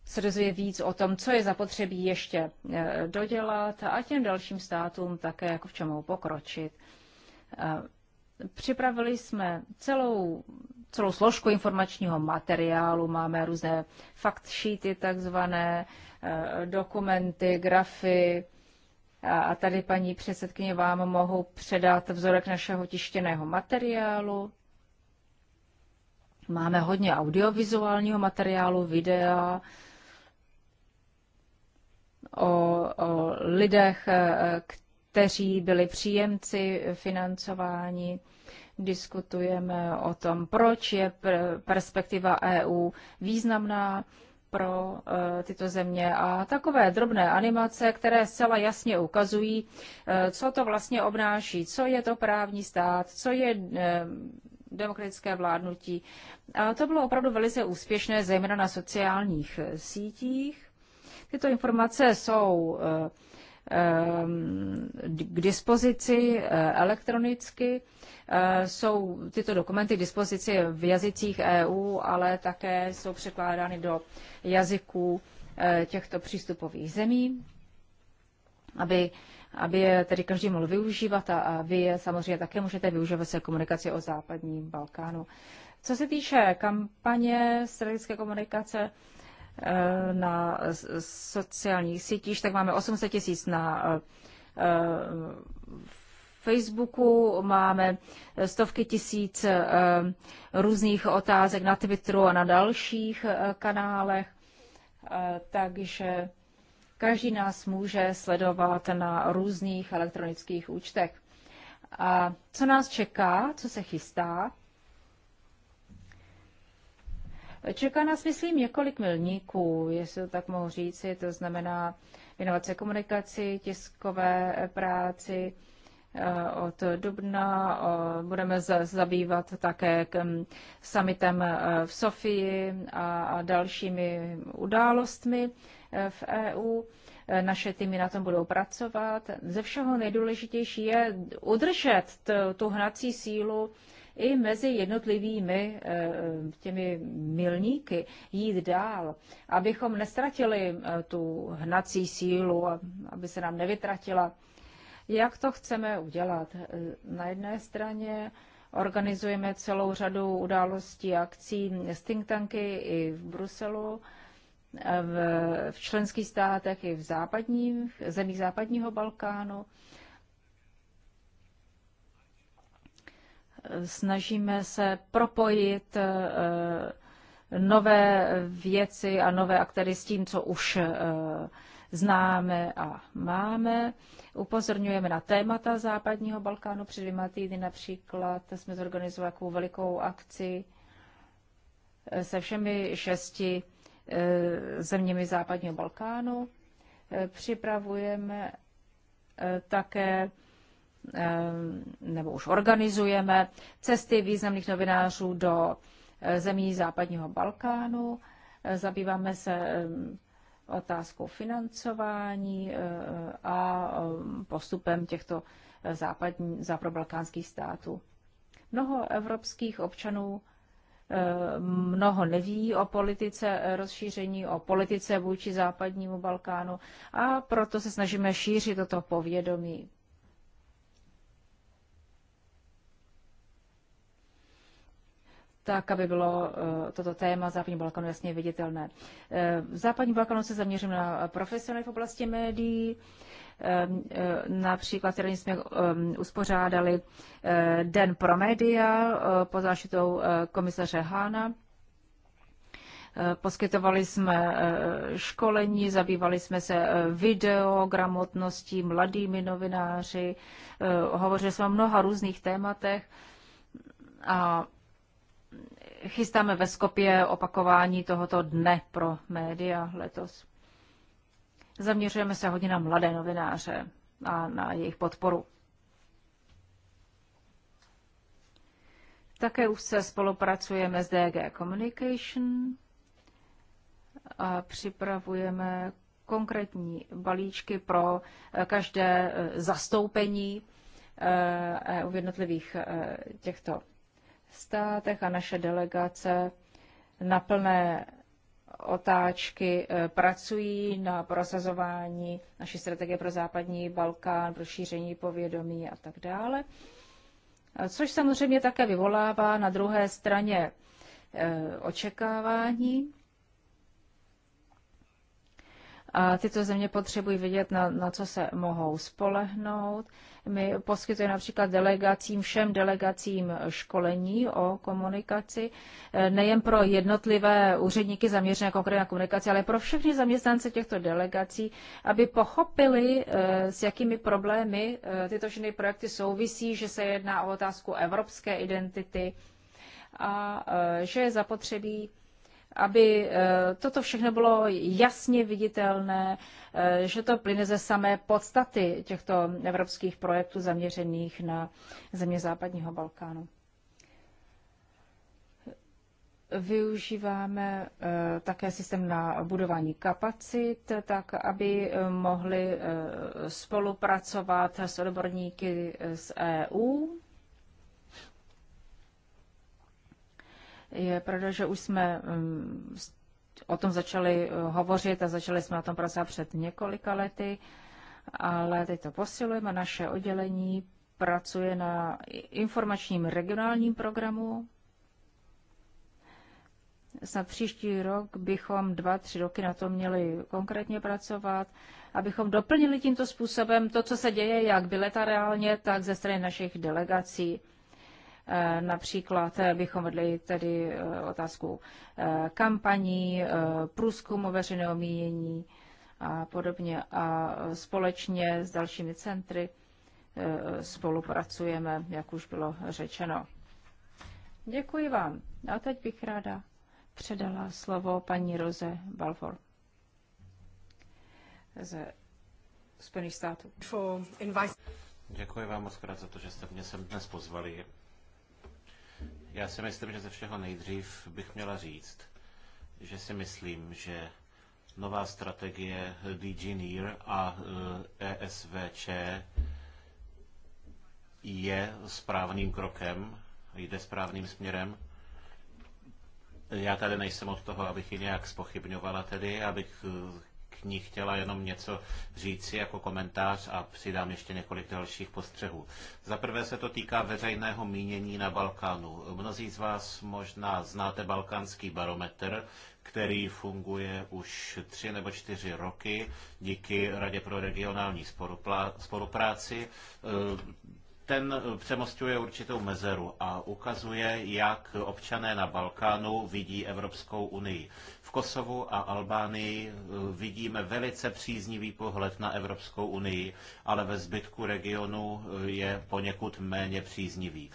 se dozvědět víc o tom, co je zapotřebí ještě eh, dodělat a těm dalším státům také jako v čem mohou pokročit. Eh, připravili jsme celou, celou složku informačního materiálu, máme různé fact sheety takzvané, eh, dokumenty, grafy, a tady paní předsedkyně vám mohou předat vzorek našeho tištěného materiálu. Máme hodně audiovizuálního materiálu, videa, o, o lidech, e, kteří byli příjemci financování. Diskutujeme o tom, proč je perspektiva EU významná pro e, tyto země a takové drobné animace, které zcela jasně ukazují, e, co to vlastně obnáší, co je to právní stát, co je demokratické vládnutí. A to bylo opravdu velice úspěšné, zejména na sociálních sítích. Tyto informace jsou eh, eh, k dispozici eh, elektronicky. Jsou tyto dokumenty k dispozici v jazycích EU, ale také jsou překládány do jazyků těchto přístupových zemí, aby, aby je tedy každý mohl využívat a, vy je samozřejmě také můžete využívat se komunikaci o západním Balkánu. Co se týče kampaně strategické komunikace, Eh, na sociálních sítích, tak máme 800 tisíc na eh, Facebooku, máme stovky tisíc eh, různých otázek na Twitteru a na dalších kanálech, takže každý nás může sledovat na různých elektronických účtech. A co nás čeká, co se chystá? Čeká nás, myslím, několik milníků, jestli to tak mohu říci, to znamená věnovat se komunikaci, tiskové práci, eh, od dubna. Budeme zabývat také mm, summitem eh, v Sofii a dalšími událostmi eh, v EU. Naše týmy na tom budou pracovat. Ze všeho nejdůležitější je udržet tu hnací sílu i mezi jednotlivými eh, eh, těmi milníky jít dál, abychom nestratili eh, tu hnací sílu, aby se nám nevytratila. Jak to chceme udělat? Na jedné straně organizujeme celou řadu událostí a akcí z think tanky i v Bruselu, v, v členských státech i v západních, zemích západního Balkánu. snažíme se propojit eh, nové věci a nové aktéry s tím, co už eh, známe a máme. Upozorňujeme na témata západního Balkánu. Před dvěma týdny například jsme zorganizovali takovou velikou akci eh, se všemi šesti zeměmi západního Balkánu. Připravujeme také Eh, nebo už organizujeme cesty významných novinářů do eh, zemí západního Balkánu. Eh, zabýváme se otázkou financování a postupem těchto západní, záprobalkánských států. Mnoho evropských občanů mnoho neví o politice rozšíření, o politice vůči západnímu Balkánu a proto se snažíme šířit toto povědomí. tak, aby bylo eh, toto téma Západní Balkanu jasně viditelné. Eh, v Západní Balkanu se zaměřím na profesionály v oblasti médií. Eh, například tady jsme uspořádali Den pro média pod zášitou komisaře Hána. Poskytovali jsme školení, zabývali jsme se videogramotností, mladými novináři, hovořili jsme o mnoha různých tématech a chystáme ve Skopě opakování tohoto dne pro média letos. Zaměřujeme se hodně na mladé novináře a na jejich podporu. Také už se spolupracujeme s DG Communication a připravujeme konkrétní balíčky pro eh, každé eh, zastoupení eh, v jednotlivých těchto státech a naše delegace na plné otáčky eh, pracují na prosazování naší strategie pro západní Balkán, pro šíření povědomí a tak dále. Eh, což samozřejmě také vyvolává na druhé straně eh, očekávání. A tyto země potřebují vědět, na, na co se mohou spolehnout. My poskytujeme například delegacím, všem delegacím školení o komunikaci, eh, nejen pro jednotlivé úředníky zaměřené konkrétně na komunikaci, ale pro všechny zaměstnance těchto delegací, aby pochopili, eh, s jakými problémy eh, tyto všechny projekty souvisí, že se jedná o otázku evropské identity a že je zapotřebí aby eh, toto všechno bylo jasně viditelné, eh, že to plyne ze samé podstaty těchto evropských projektů zaměřených na země západního Balkánu. Využíváme eh, také systém na budování kapacit, tak aby mohli spolupracovat s odborníky z EU Je pravda, že už jsme mm, o tom začali eh, hovořit a začali jsme o tom pracovat před několika lety, ale teď to posilujeme. Naše oddělení pracuje na informačním regionálním programu. Snad příští rok bychom dva, tři roky na to měli konkrétně pracovat, abychom doplnili tímto způsobem to, co se děje jak reálně, tak ze strany našich delegací Eh, například eh, bychom vedli tedy eh, otázku kampaní, průzkumu veřejného mínění a podobně. A společně s dalšími centry spolupracujeme, jak už bylo řečeno. Děkuji vám. A teď bych ráda předala slovo paní Roze Balfour ze Spojených států.
Děkuji vám moc krát za to, že jste mě sem dnes pozvali. Já si myslím, že ze všeho nejdřív bych měla říct, že si myslím, že nová strategie DG NIR a ESVČ e je správným krokem, jde správným směrem. Já tady nejsem od toho, abych ji nějak spochybňovala tedy, abych ní chtěla jenom něco říci jako komentář a přidám ještě několik dalších postřehů. Za prvé se to týká veřejného mínění na Balkánu. Mnozí z vás možná znáte balkánský barometr, který funguje už tři nebo čtyři roky díky Radě pro regionální spolupráci ten eh, přemostuje určitou mezeru a ukazuje, jak občané na Balkánu vidí Evropskou unii. V Kosovu a Albánii eh, vidíme velice příznivý pohled na Evropskou unii, ale ve zbytku regionu eh, je poněkud méně příznivý.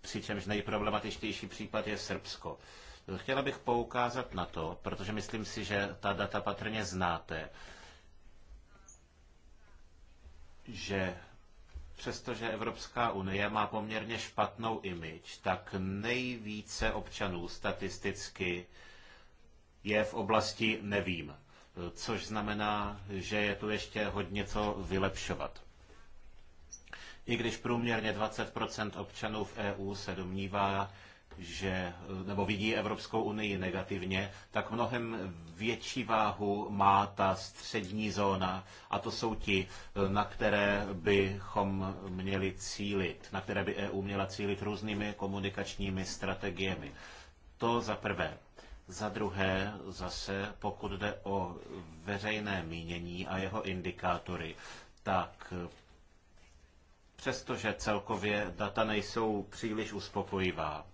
Přičemž nejproblematičtější případ je Srbsko. Chtěla bych poukázat na to, protože myslím si, že ta data patrně znáte, že přestože Evropská unie má poměrně špatnou imič, tak nejvíce občanů statisticky je v oblasti nevím, což znamená, že je tu ještě hodně co vylepšovat. I když průměrně 20 občanů v EU se domnívá, že, nebo vidí Evropskou unii negativně, tak mnohem větší váhu má ta střední zóna a to jsou ti, na které bychom měli cílit, na které by EU měla cílit různými komunikačními strategiemi. To za prvé. Za druhé, zase pokud jde o veřejné mínění a jeho indikátory, tak přestože celkově data nejsou příliš uspokojivá,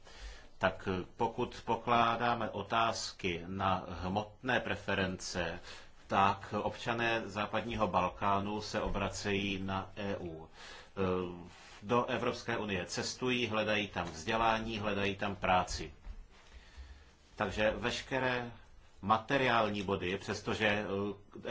tak eh, pokud pokládáme otázky na hmotné preference, tak občané západního Balkánu se obracejí na EU. Eh, do Evropské unie cestují, hledají tam vzdělání, hledají tam práci. Takže veškeré materiální body, přestože eh,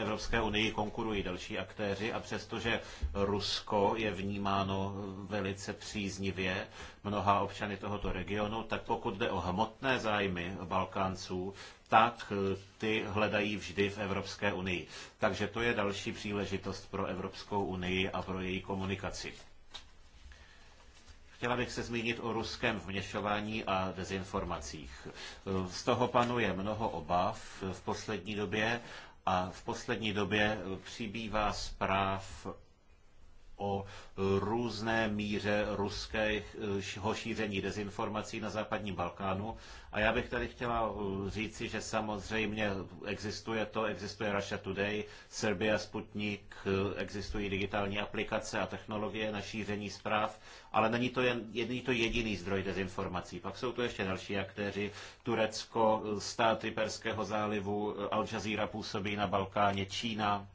Evropské unii konkurují další aktéři a přestože Rusko je vnímáno eh, velice příznivě mnoha občany tohoto regionu, tak pokud jde o hmotné zájmy Balkánců, tak eh, ty hledají vždy v Evropské unii. Takže to je další příležitost pro Evropskou unii a pro její komunikaci. Chtěla bych se zmínit o ruském vměšování a dezinformacích. Z toho panuje mnoho obav v poslední době a v poslední době přibývá zpráv o e, různé míře ruského šíření dezinformací na západním Balkánu. A já bych tady chtěla e, říci, že samozřejmě existuje to, existuje Russia Today, Serbia Sputnik, e, existují digitální aplikace a technologie na šíření zpráv, ale není to, jen, není to jediný zdroj dezinformací. Pak jsou tu ještě další aktéři, Turecko, státy Perského zálivu, Al Jazeera působí na Balkáně, Čína,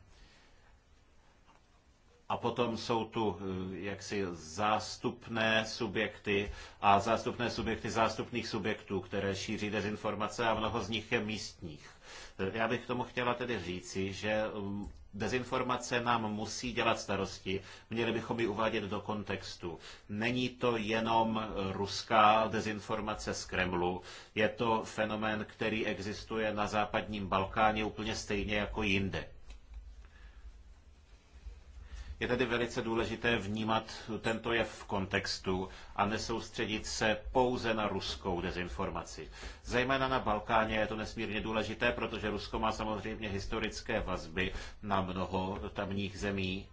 a potom jsou tu eh, jaksi zástupné subjekty a zástupné subjekty zástupných subjektů, které šíří dezinformace a mnoho z nich je místních. Eh, já bych k tomu chtěla tedy říci, že mm, Dezinformace nám musí dělat starosti, měli bychom ji uvádět do kontextu. Není to jenom eh, ruská dezinformace z Kremlu, je to fenomén, který existuje na západním Balkáně úplně stejně jako jinde. Je tedy velice důležité vnímat tento jev v kontextu a nesoustředit se pouze na ruskou dezinformaci. Zejména na Balkáně je to nesmírně důležité, protože Rusko má samozřejmě historické vazby na mnoho tamních zemí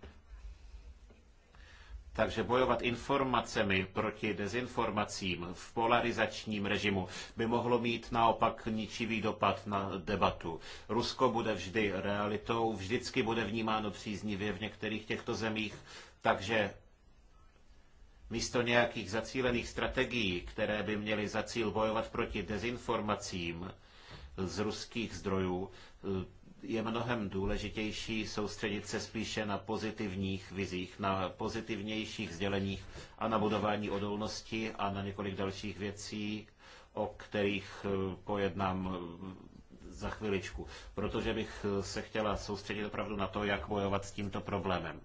takže bojovat informacemi proti dezinformacím v polarizačním režimu by mohlo mít naopak ničivý dopad na debatu. Rusko bude vždy realitou, vždycky bude vnímáno příznivě v některých těchto zemích, takže místo nějakých zacílených strategií, které by měly za cíl bojovat proti dezinformacím z ruských zdrojů, je mnohem důležitější soustředit se spíše na pozitivních vizích, na pozitivnějších sděleních a na budování odolnosti a na několik dalších věcí, o kterých eh, pojednám eh, za chviličku, protože bych eh, se chtěla soustředit opravdu na to, jak bojovat s tímto problémem.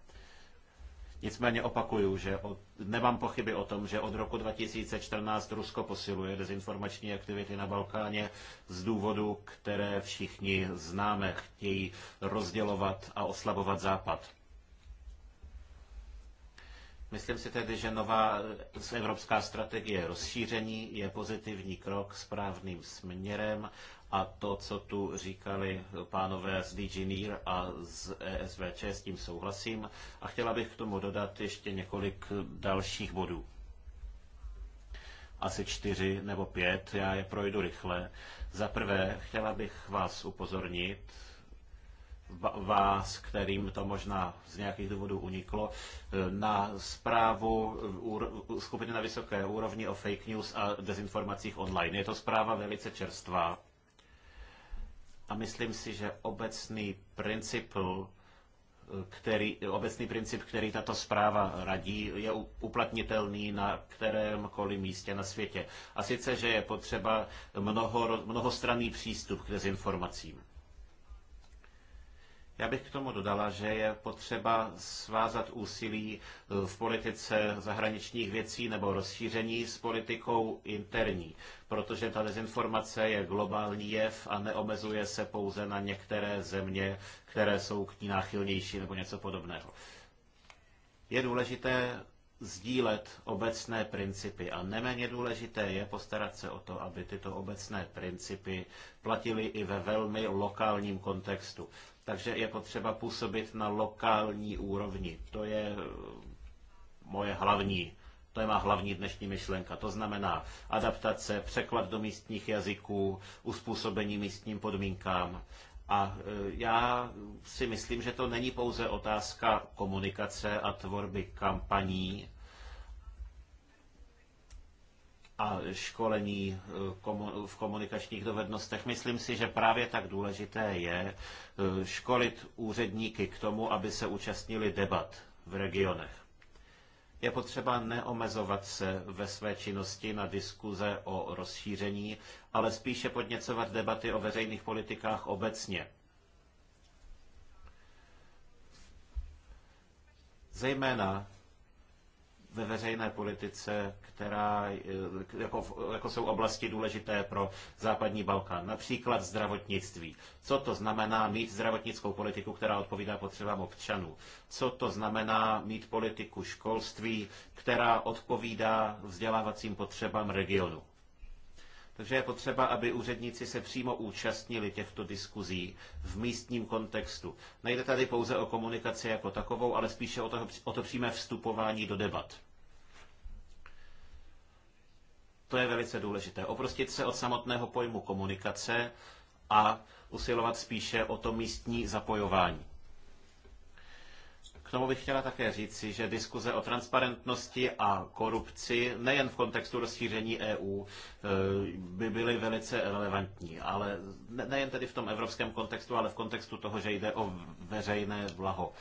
Nicméně opakuju, že od nemám pochyby o tom, že od roku 2014 Rusko posiluje dezinformační aktivity na Balkáně z důvodu, které všichni známe. Chtějí rozdělovat a oslabovat Západ. Myslím si tedy, že nová eh, evropská strategie rozšíření je pozitivní krok správným směrem a to, co tu říkali pánové z DG NIR a z ESVČ, s tím souhlasím. A chtěla bych k tomu dodat ještě několik dalších bodů. Asi čtyři nebo pět, já je projdu rychle. Za prvé, chtěla bych vás upozornit, vás, kterým to možná z nějakých důvodů uniklo, na zprávu skupiny na vysoké úrovni o fake news a dezinformacích online. Je to zpráva velice čerstvá a myslím si, že obecný princip, eh, který, obecný princip, který tato zpráva radí, je uplatnitelný na kterémkoliv místě na světě. A sice, že je potřeba mnoho, mnohostranný přístup k dezinformacím. Já bych k tomu dodala, že je potřeba svázat úsilí eh, v politice zahraničních věcí nebo rozšíření s politikou interní, protože ta dezinformace je globální jev a neomezuje se pouze na některé země, které jsou k ní náchylnější nebo něco podobného. Je důležité sdílet obecné principy a neméně důležité je postarat se o to, aby tyto obecné principy platily i ve velmi lokálním kontextu. Takže je potřeba působit na lokální úrovni. To je eh, moje hlavní to je má hlavní dnešní myšlenka. To znamená adaptace, překlad do místních jazyků, uspůsobení místním podmínkám. A eh, já si myslím, že to není pouze otázka komunikace a tvorby kampaní, a školení eh, v komunikačních dovednostech. Myslím si, že právě tak důležité je eh, školit úředníky k tomu, aby se účastnili debat v regionech. Je potřeba neomezovat se ve své činnosti na diskuze o rozšíření, ale spíše podněcovat debaty o veřejných politikách obecně. Zejména ve veřejné politice, která, eh, jako, jako jsou oblasti důležité pro západní Balkán, například zdravotnictví. Co to znamená mít zdravotnickou politiku, která odpovídá potřebám občanů? Co to znamená mít politiku školství, která odpovídá vzdělávacím potřebám regionu? Takže je potřeba, aby úředníci se přímo účastnili těchto diskuzí v místním kontextu. Nejde tady pouze o komunikaci jako takovou, ale spíše o to, o to přímé vstupování do debat. To je velice důležité. Oprostit se od samotného pojmu komunikace a usilovat spíše o to místní zapojování tomu bych chtěla také říci, že diskuze o transparentnosti a korupci nejen v kontextu rozšíření EU eh, by byly velice relevantní, ale nejen tedy v tom evropském kontextu, ale v kontextu toho, že jde o veřejné blaho.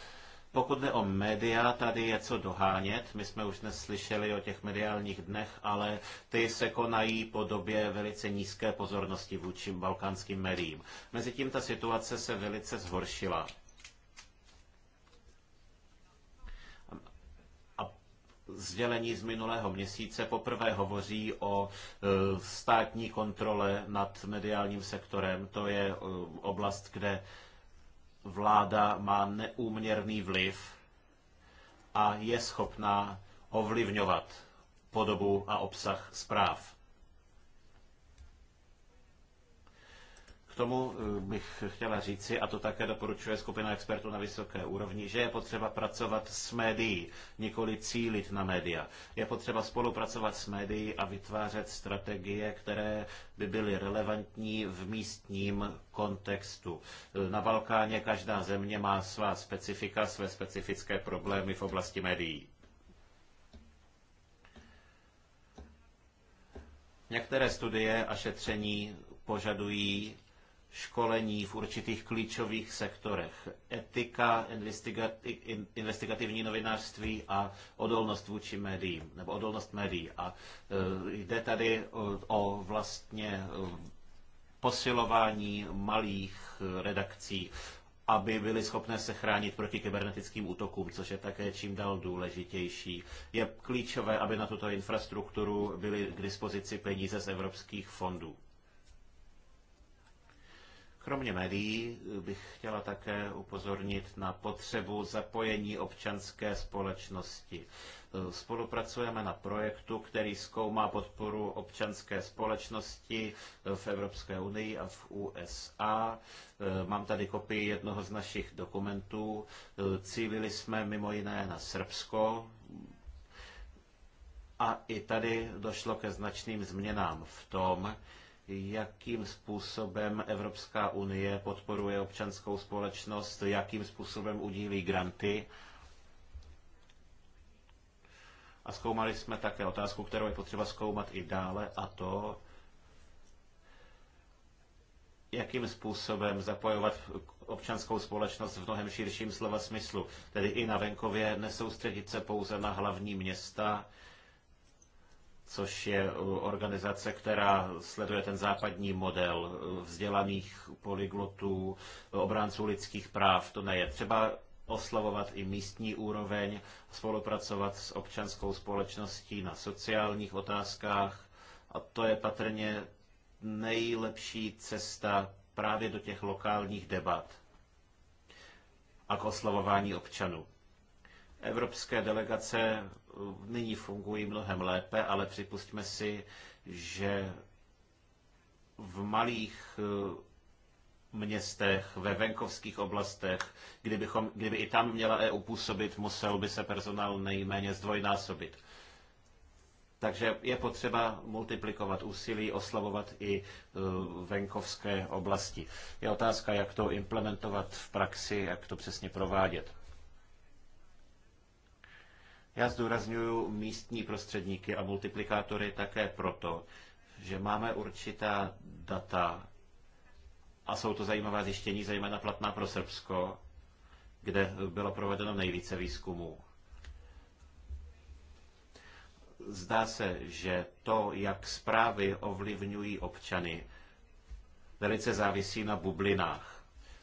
Pokud jde o média, tady je co dohánět. My jsme už dnes slyšeli o těch mediálních dnech, ale ty se konají po době velice nízké pozornosti vůči balkánským médiím. Mezitím ta situace se velice zhoršila. sdělení z minulého měsíce poprvé hovoří o e, státní kontrole nad mediálním sektorem. To je e, oblast, kde vláda má neúměrný vliv a je schopná ovlivňovat podobu a obsah zpráv. K tomu eh, bych chtěla říci, a to také doporučuje skupina expertů na vysoké úrovni, že je potřeba pracovat s médií, nikoli cílit na média. Je potřeba spolupracovat s médií a vytvářet strategie, které by byly relevantní v místním kontextu. Eh, na Balkáně každá země má svá specifika, své specifické problémy v oblasti médií. Některé studie a šetření požadují školení v určitých klíčových sektorech. Etika, investigativní novinářství a odolnost vůči médiím, nebo odolnost médií. A e, jde tady o vlastně e, posilování malých e, redakcí, aby byly schopné se chránit proti kybernetickým útokům, což je také čím dál důležitější. Je klíčové, aby na tuto infrastrukturu byly k dispozici peníze z evropských fondů. Kromě médií bych chtěla také upozornit na potřebu zapojení občanské společnosti. Spolupracujeme na projektu, který zkoumá podporu občanské společnosti v Evropské unii a v USA. Mám tady kopii jednoho z našich dokumentů. Cílili jsme mimo jiné na Srbsko, a i tady došlo ke značným změnám v tom, jakým způsobem Evropská unie podporuje občanskou společnost, jakým způsobem udílí granty. A zkoumali jsme také otázku, kterou je potřeba zkoumat i dále, a to, jakým způsobem zapojovat občanskou společnost v mnohem širším slova smyslu, tedy i na venkově, nesoustředit se pouze na hlavní města, což je uh, organizace, která sleduje ten západní model uh, vzdělaných polyglotů, uh, obránců lidských práv. To ne je třeba oslavovat i místní úroveň, spolupracovat s občanskou společností na sociálních otázkách. A to je patrně nejlepší cesta právě do těch lokálních debat a k oslavování občanů. Evropské delegace eh, nyní fungují mnohem lépe, ale připustíme si, že v malých eh, městech, ve venkovských oblastech, kdybychom, kdyby i tam měla EU působit, musel by se personál nejméně zdvojnásobit. Takže je potřeba multiplikovat úsilí, oslavovat i eh, venkovské oblasti. Je otázka, jak to implementovat v praxi, jak to přesně provádět. Já zdůrazňuji místní prostředníky a multiplikátory také proto, že máme určitá data a jsou to zajímavá zjištění, zejména platná pro Srbsko, kde bylo provedeno nejvíce výzkumů. Zdá se, že to, jak zprávy ovlivňují občany, velice závisí na bublinách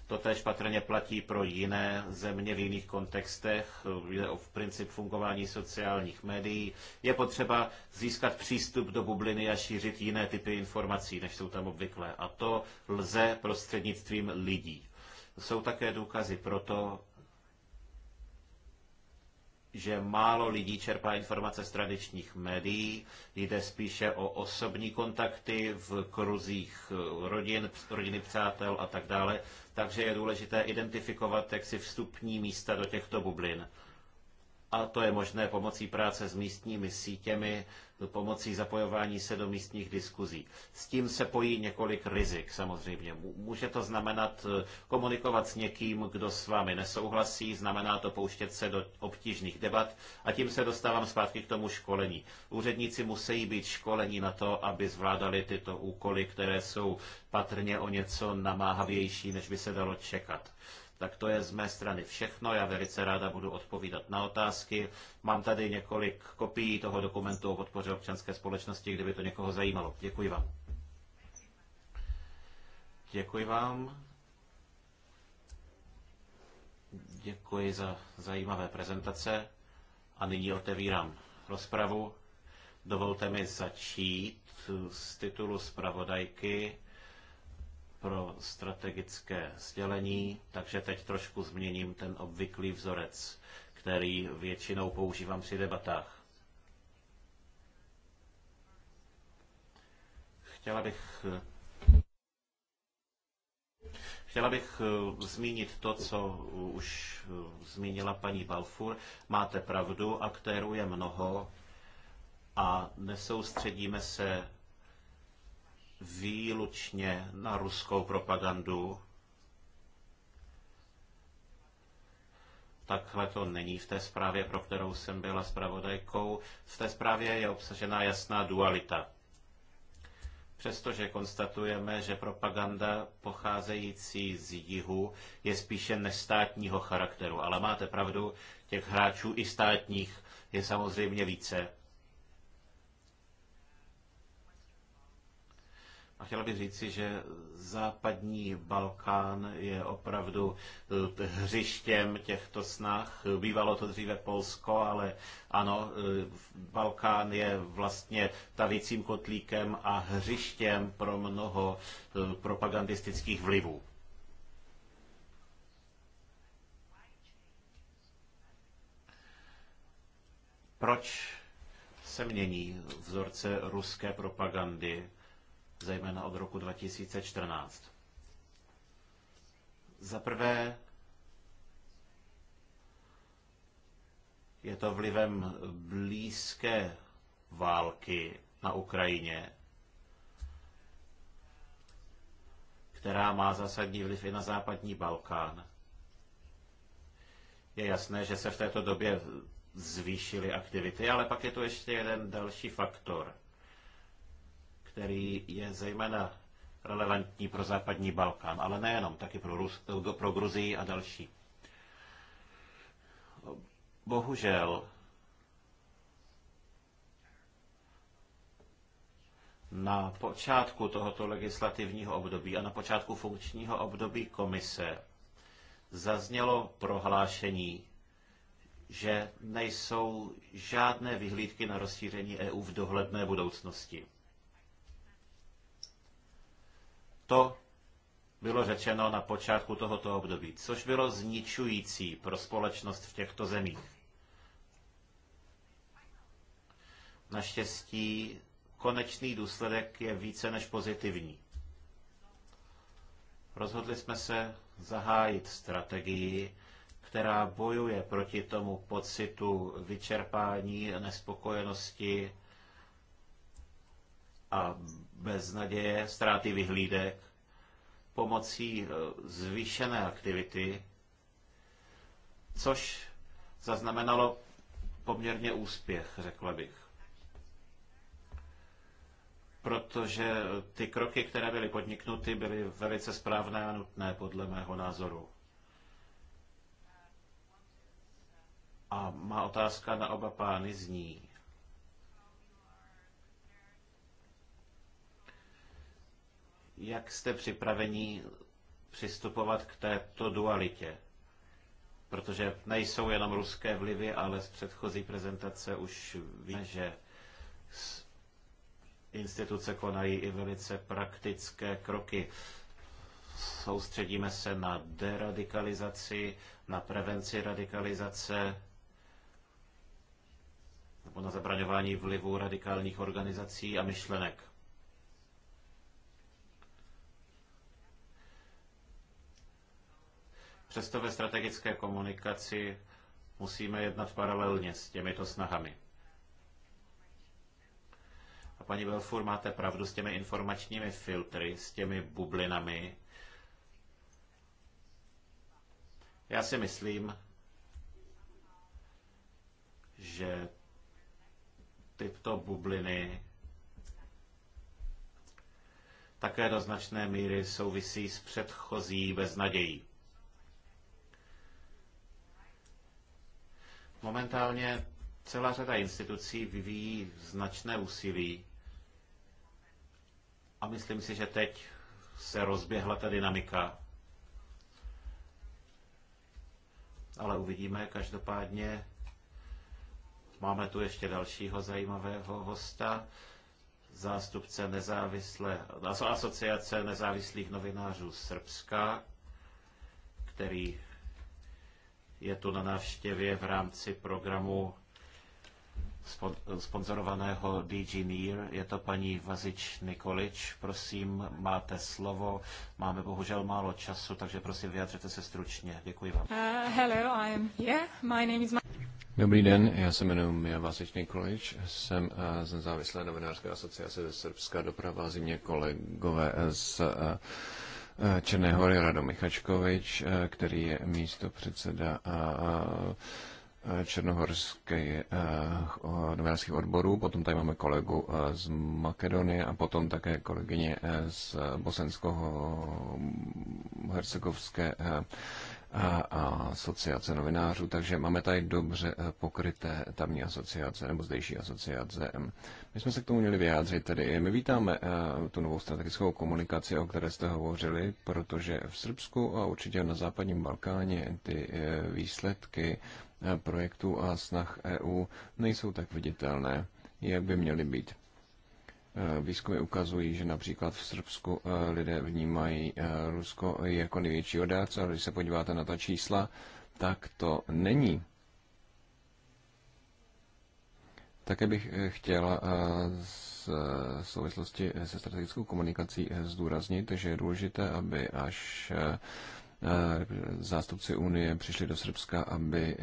to patrně platí pro jiné země v jiných kontextech, jde o v princip fungování sociálních médií. Je potřeba získat přístup do bubliny a šířit jiné typy informací, než jsou tam obvyklé. A to lze prostřednictvím lidí. Jsou také důkazy pro to, že málo lidí čerpá informace z tradičních médií, jde spíše o osobní kontakty v kruzích eh, rodin, rodiny přátel a tak dále, takže je důležité identifikovat jaksi vstupní místa do těchto bublin a to je možné pomocí práce s místními sítěmi, pomocí zapojování se do místních diskuzí. S tím se pojí několik rizik samozřejmě. Může to znamenat eh, komunikovat s někým, kdo s vámi nesouhlasí, znamená to pouštět se do obtížných debat a tím se dostávám zpátky k tomu školení. Úředníci musí být školeni na to, aby zvládali tyto úkoly, které jsou patrně o něco namáhavější, než by se dalo čekat. Tak to je z mé strany všechno. Já velice ráda budu odpovídat na otázky. Mám tady několik kopií toho dokumentu o podpoře občanské společnosti, kdyby to někoho zajímalo. Děkuji vám. Děkuji vám. Děkuji za zajímavé prezentace a nyní otevírám rozpravu. Dovolte mi začít z titulu zpravodajky pro strategické sdělení, takže teď trošku změním ten obvyklý vzorec, který většinou používám při debatách. Chtěla bych Chtěla bych eh, zmínit to, co už eh, zmínila paní Balfour. Máte pravdu, aktérů je mnoho a nesoustředíme se výlučně na ruskou propagandu. Takhle to není v té zprávě, pro kterou jsem byla zpravodajkou. V té zprávě je obsažena jasná dualita. Přestože konstatujeme, že propaganda pocházející z jihu je spíše nestátního charakteru, ale máte pravdu, těch hráčů i státních je samozřejmě více. A chtěla bych říci, že západní Balkán je opravdu eh, hřištěm těchto snah. Bývalo to dříve Polsko, ale ano, eh, Balkán je vlastně tavicím kotlíkem a hřištěm pro mnoho eh, propagandistických vlivů. Proč se mění vzorce ruské propagandy zejména od roku 2014. Za prvé je to vlivem blízké války na Ukrajině, která má zásadní vliv i na západní Balkán. Je jasné, že se v této době zvýšily aktivity, ale pak je tu ještě jeden další faktor který je zejména relevantní pro západní Balkán, ale nejenom, taky pro, Rus, pro Gruzii a další. Bohužel na počátku tohoto legislativního období a na počátku funkčního období komise zaznělo prohlášení, že nejsou žádné vyhlídky na rozšíření EU v dohledné budoucnosti. To bylo řečeno na počátku tohoto období, což bylo zničující pro společnost v těchto zemích. Naštěstí konečný důsledek je více než pozitivní. Rozhodli jsme se zahájit strategii, která bojuje proti tomu pocitu vyčerpání, nespokojenosti a beznaděje, ztráty vyhlídek, pomocí e, zvýšené aktivity, což zaznamenalo poměrně úspěch, řekla bych. Protože ty kroky, které byly podniknuty, byly velice správné a nutné, podle mého názoru. A má otázka na oba pány zní, Jak jste připraveni přistupovat k této dualitě? Protože nejsou jenom ruské vlivy, ale z předchozí prezentace už víme, že instituce konají i velice praktické kroky. Soustředíme se na deradikalizaci, na prevenci radikalizace nebo na zabraňování vlivu radikálních organizací a myšlenek. Přesto ve strategické komunikaci musíme jednat paralelně s těmito snahami. A paní Belfur, máte pravdu s těmi informačními filtry, s těmi bublinami. Já si myslím, že tyto bubliny také do značné míry souvisí s předchozí beznadějí. Momentálně celá řada institucí vyvíjí značné úsilí a myslím si, že teď se rozběhla ta dynamika. Ale uvidíme, každopádně máme tu ještě dalšího zajímavého hosta, zástupce nezávislé, asociace nezávislých novinářů Srbska, který je tu na návštěvě v rámci programu sponzorovaného DG NIR. Je to paní Vazič Nikolič. Prosím, máte slovo. Máme bohužel málo času, takže prosím vyjádřete se stručně. Děkuji vám.
Uh, hello, I am here. My name is...
Dobrý den, já se jmenuji Mia Vazič Nikolič,
jsem uh, z nezávislé novinářské asociace ze Srbska doprava zimě kolegové z uh, Eh, Černé hory Rado Michačkovič, eh, který je místo předseda černohorských eh, novinářských odborů, potom tady máme kolegu z Makedonie a potom také kolegyně z bosenského mm, hercegovské a, asociace novinářů, takže máme tady dobře eh, pokryté tamní asociace nebo zdejší asociace. My jsme se k tomu měli vyjádřit, tedy my vítáme eh, tu novou strategickou komunikaci, o které jste hovořili, protože v Srbsku a určitě na západním Balkáně ty eh, výsledky projektů a snah EU nejsou tak viditelné, jak by měly být. Eh, výzkumy ukazují, že například v Srbsku eh, lidé vnímají eh, Rusko jako největší odáce, ale když se podíváte na ta čísla, tak to není. Také bych chtěla v souvislosti se strategickou komunikací zdůraznit, že je důležité, aby až zástupci Unie přišli do Srbska, aby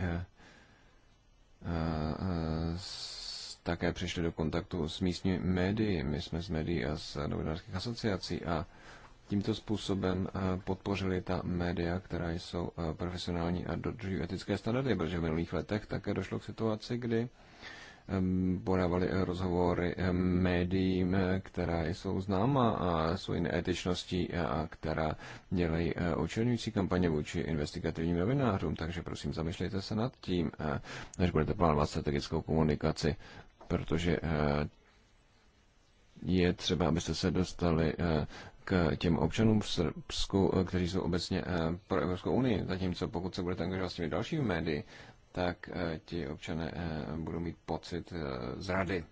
také přišli do kontaktu s místními médii. My jsme z médií a z novinářských asociací a tímto způsobem eh, podpořili ta média, která jsou eh, profesionální a dodržují etické standardy, protože v minulých letech také došlo k situaci, kdy podávali eh, rozhovory médiím, která jsou známa a svou neetičností a která dělají očernující kampaně vůči investigativním novinářům. Takže prosím, zamýšlejte se nad tím, než budete plánovat strategickou komunikaci protože eh, je třeba, abyste se dostali eh, k těm občanům v Srbsku, eh, kteří jsou obecně pro Evropskou unii. Zatímco pokud se budete angažovat s těmi dalšími médii, tak ti občané budou mít pocit zrady.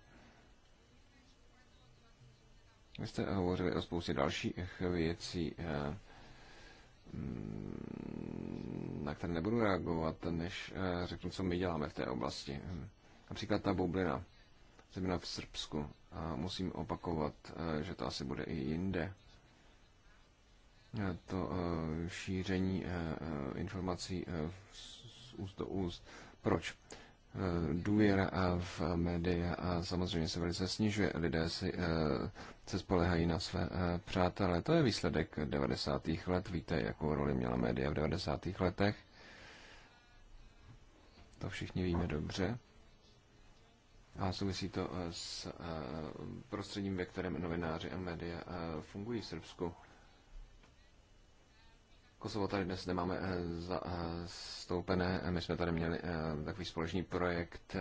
Vy jste hovořili o spoustě dalších věcí, mm, na které nebudu reagovat, než řeknu, co my děláme v té oblasti. Například ta bublina zejména v Srbsku. A musím opakovat, eh, že to asi bude i jinde. Eh, to eh, šíření informací z úst do úst. Proč? důvěra v média a samozřejmě se velice snižuje. Lidé si, se spolehají na své přátelé. To je výsledek 90. let. Víte, jakou roli měla média v 90. letech? To všichni víme dobře. A souvisí to eh, s eh, prostředím, ve kterém novináři a média eh, fungují v Srbsku. Kosovo tady dnes nemáme zastoupené. My jsme tady měli takový společný projekt,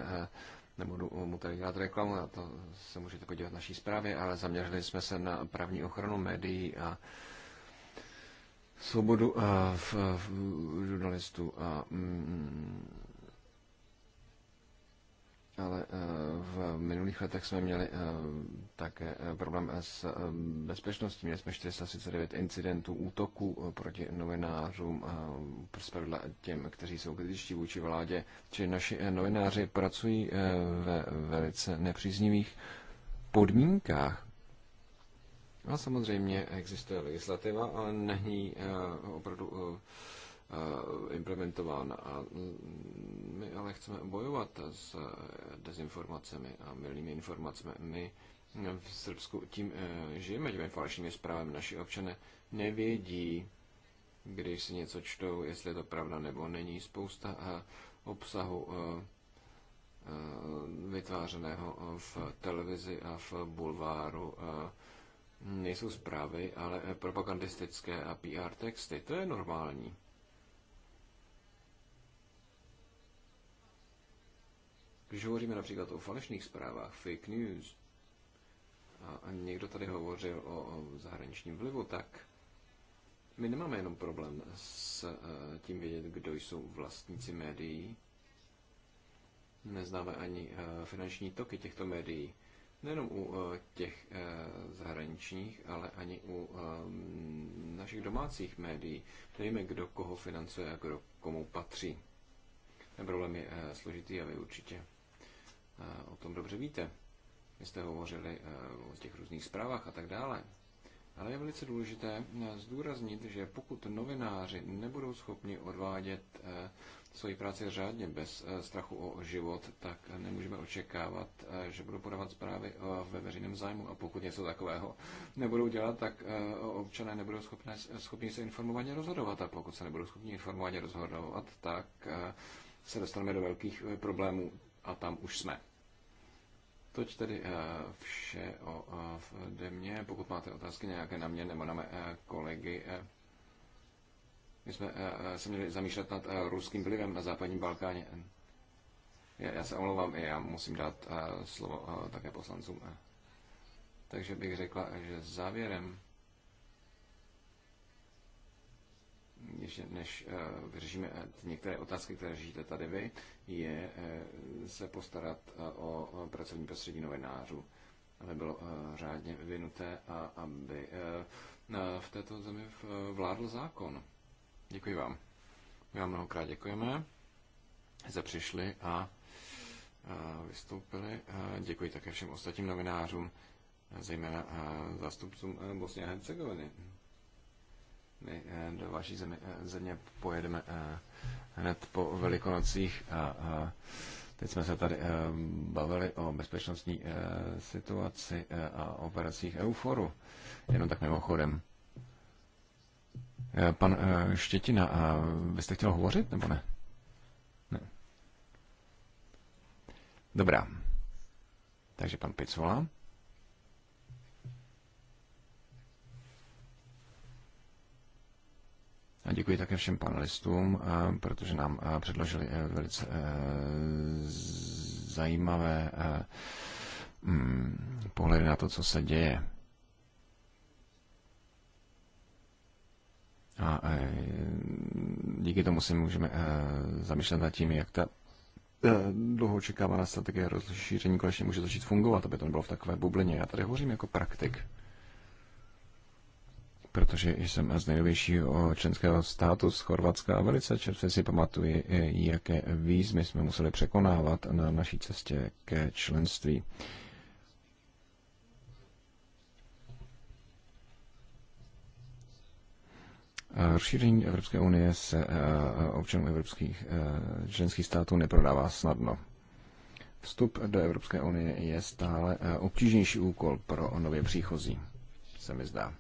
nebudu mu tady dělat reklamu, na to se můžete podívat v naší zprávě, ale zaměřili jsme se na právní ochranu médií a svobodu v, v žurnalistů a mm, ale eh, v minulých letech jsme měli eh, také eh, problém s bezpečností. Měli jsme 439 incidentů útoků proti novinářům, zpravidla těm, kteří jsou kritičtí vůči vládě. Čili naši novináři pracují ve velice nepříznivých podmínkách. A samozřejmě existuje legislativa, ale není opravdu Eh, implementován. A mm, my ale chceme bojovat s eh, dezinformacemi a milými informacemi. My v Srbsku tím eh, žijeme těmi falešnými zprávami. Naši občany nevědí, když si něco čtou, jestli je to pravda nebo není. Spousta obsahu vytvářeného v televizi a v bulváru nejsou zprávy, ale propagandistické a PR texty. To je normální. Když hovoříme například o falešných zprávách, fake news, a někdo tady hovořil o zahraničním vlivu, tak my nemáme jenom problém s e, tím vědět, kdo jsou vlastníci médií. Neznáme ani e, finanční toky těchto médií. Nejenom u e, těch zahraničních, ale ani u našich domácích médií. Nevíme, kdo koho financuje a kdo komu patří. Ten problém je složitý a vy určitě Eh, o tom dobře víte. Vy jste hovořili eh, o těch různých zprávách a tak dále. Ale je velice důležité eh, zdůraznit, že pokud novináři nebudou schopni odvádět svoji práci řádně bez strachu o život, tak nemůžeme očekávat, že budou podávat zprávy ve veřejném zájmu. A pokud něco takového nebudou dělat, tak občané nebudou schopné, schopni se informovaně rozhodovat. A pokud se nebudou schopni informovaně rozhodovat, tak se dostaneme do velkých problémů a tam už jsme. Toč tedy eh, vše ode eh, mě. Pokud máte otázky nějaké na mě nebo na mé eh, kolegy, my jsme se měli zamýšlet nad ruským vlivem na západním Balkáně. Já se omlouvám, já musím dát slovo také poslancům. Takže bych řekla, že závěrem ještě než eh, vyřešíme eh, některé otázky, které řešíte tady vy, je eh, se postarat o pracovní prostředí novinářů, aby bylo řádně vyvinuté a aby v této zemi vládl zákon. Děkuji vám. My vám mnohokrát děkujeme, že přišli a vystoupili. Děkuji také všem ostatním novinářům, zejména zástupcům Bosně a Hercegoviny. My eh, do vaší země, eh, země pojedeme eh, hned po Velikonocích a Teď jsme se tady bavili o bezpečnostní situaci a operacích Euforu, jenom tak mimochodem. Pan Štětina, vy jste chtěl hovořit, nebo ne? Ne. Dobrá. Takže pan Picola. A děkuji také všem panelistům, protože nám předložili e, velice e, zajímavé e, mm, pohledy na to, co se děje. A díky tomu si můžeme zamýšlet nad tím, jak ta dlouho očekávaná strategie rozšíření konečně může začít fungovat, aby to nebylo v takové bublině. Já tady hovořím jako praktik protože jsem z nejnovějšího členského státu z Chorvatska a velice čerstvě si pamatuji, jaké výzmy jsme museli překonávat na naší cestě ke členství. Rozšíření Evropské unie se občanům evropských členských států neprodává snadno. Vstup do Evropské unie je stále obtížnější úkol pro nově příchozí, se mi zdá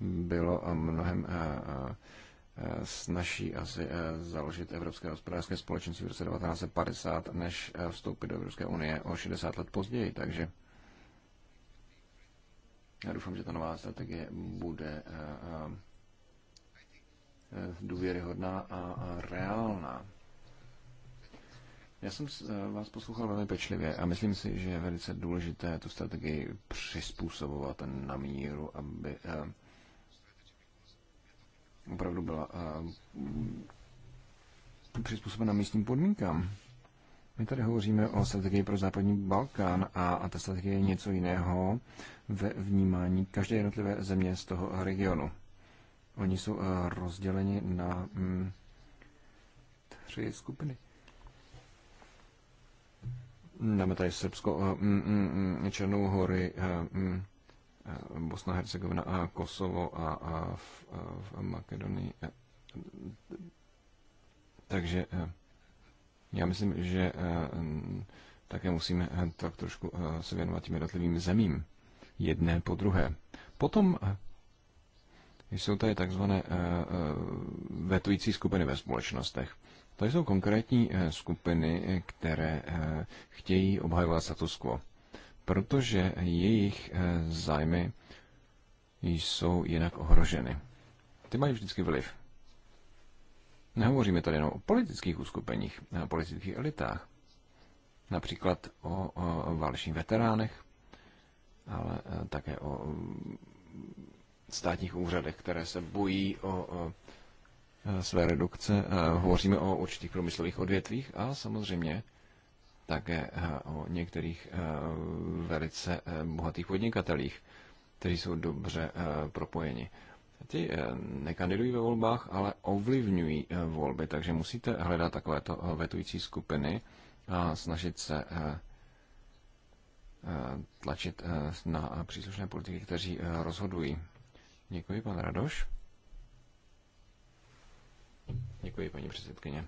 bylo mnohem eh, eh, snaží asi eh, založit Evropské hospodářské společenství v roce 1950, než vstoupit do Evropské unie o 60 let později. Takže já doufám, že ta nová strategie bude důvěryhodná a reálná. Já jsem vás poslouchal velmi pečlivě a myslím si, že je velice důležité tu strategii přizpůsobovat na míru, aby opravdu byla eh, přizpůsobena místním podmínkám. My tady hovoříme o strategii pro západní Balkán a, a ta strategie je něco jiného ve vnímání každé jednotlivé země z toho regionu. Oni jsou eh, rozděleni na mm, tři skupiny. Dáme tady Srbsko, eh, mm, mm, mm, Černou hory, mm, Bosna, Hercegovina a Kosovo a, a v, a v Makedonii. E, takže e, já myslím, že e, také musíme tak trošku se věnovat těm jednotlivým zemím, jedné po druhé. Potom jsou tady takzvané vetující skupiny ve společnostech. To jsou konkrétní skupiny, které chtějí obhajovat status quo protože jejich eh, zájmy jsou jinak ohroženy. Ty mají vždycky vliv. Nehovoříme tady jenom o politických uskupeních, o politických elitách, například o, o válečných veteránech, ale eh, také o mm, státních úřadech, které se bojí o, o eh, své redukce. Hovoříme o určitých průmyslových odvětvích a samozřejmě také eh, o některých eh, velice eh, bohatých podnikatelích, kteří jsou dobře propojeni. Ty nekandidují ve volbách, ale ovlivňují volby, takže musíte hledat takovéto vetující skupiny a snažit se tlačit na příslušné politiky, kteří rozhodují. Děkuji, pan Radoš. Děkuji, paní předsedkyně.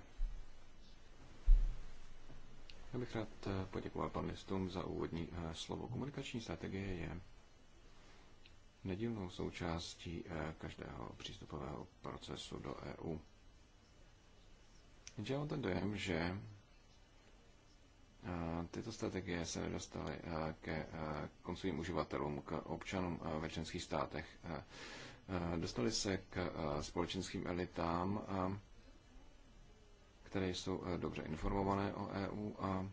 Já bych rád eh, poděkoval panelistům za úvodní eh, slovo. Komunikační strategie je nedílnou součástí eh, každého přístupového procesu do EU. Já mám ten dojem, že tyto strategie se nedostaly ke koncovým uživatelům, k občanům ve členských státech. Dostaly se k společenským elitám které jsou eh, dobře informované o EU a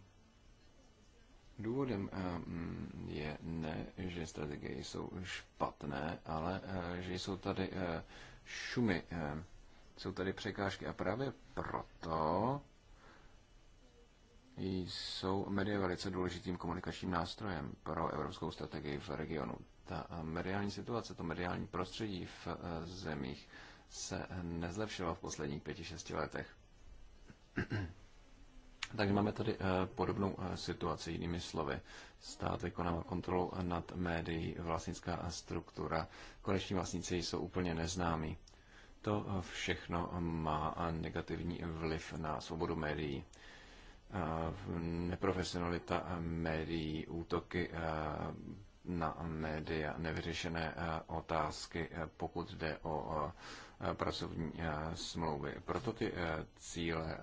důvodem eh, mm, je ne, že strategie jsou špatné, ale eh, že jsou tady šumy, jsou tady překážky a právě proto jsou média velice důležitým komunikačním nástrojem pro evropskou strategii v regionu. Ta mediální situace, to mediální prostředí v zemích se nezlepšilo v posledních pěti, šesti letech. Takže máme tady eh, podobnou eh, situaci, jinými slovy. Stát vykonává kontrolu nad médií, vlastnická struktura, koneční vlastníci jsou úplně neznámí. To eh, všechno má negativní vliv na svobodu médií. Neprofesionalita médií, útoky na média, nevyřešené otázky, pokud jde o Eh, pracovní eh, smlouvy. Proto ty eh, cíle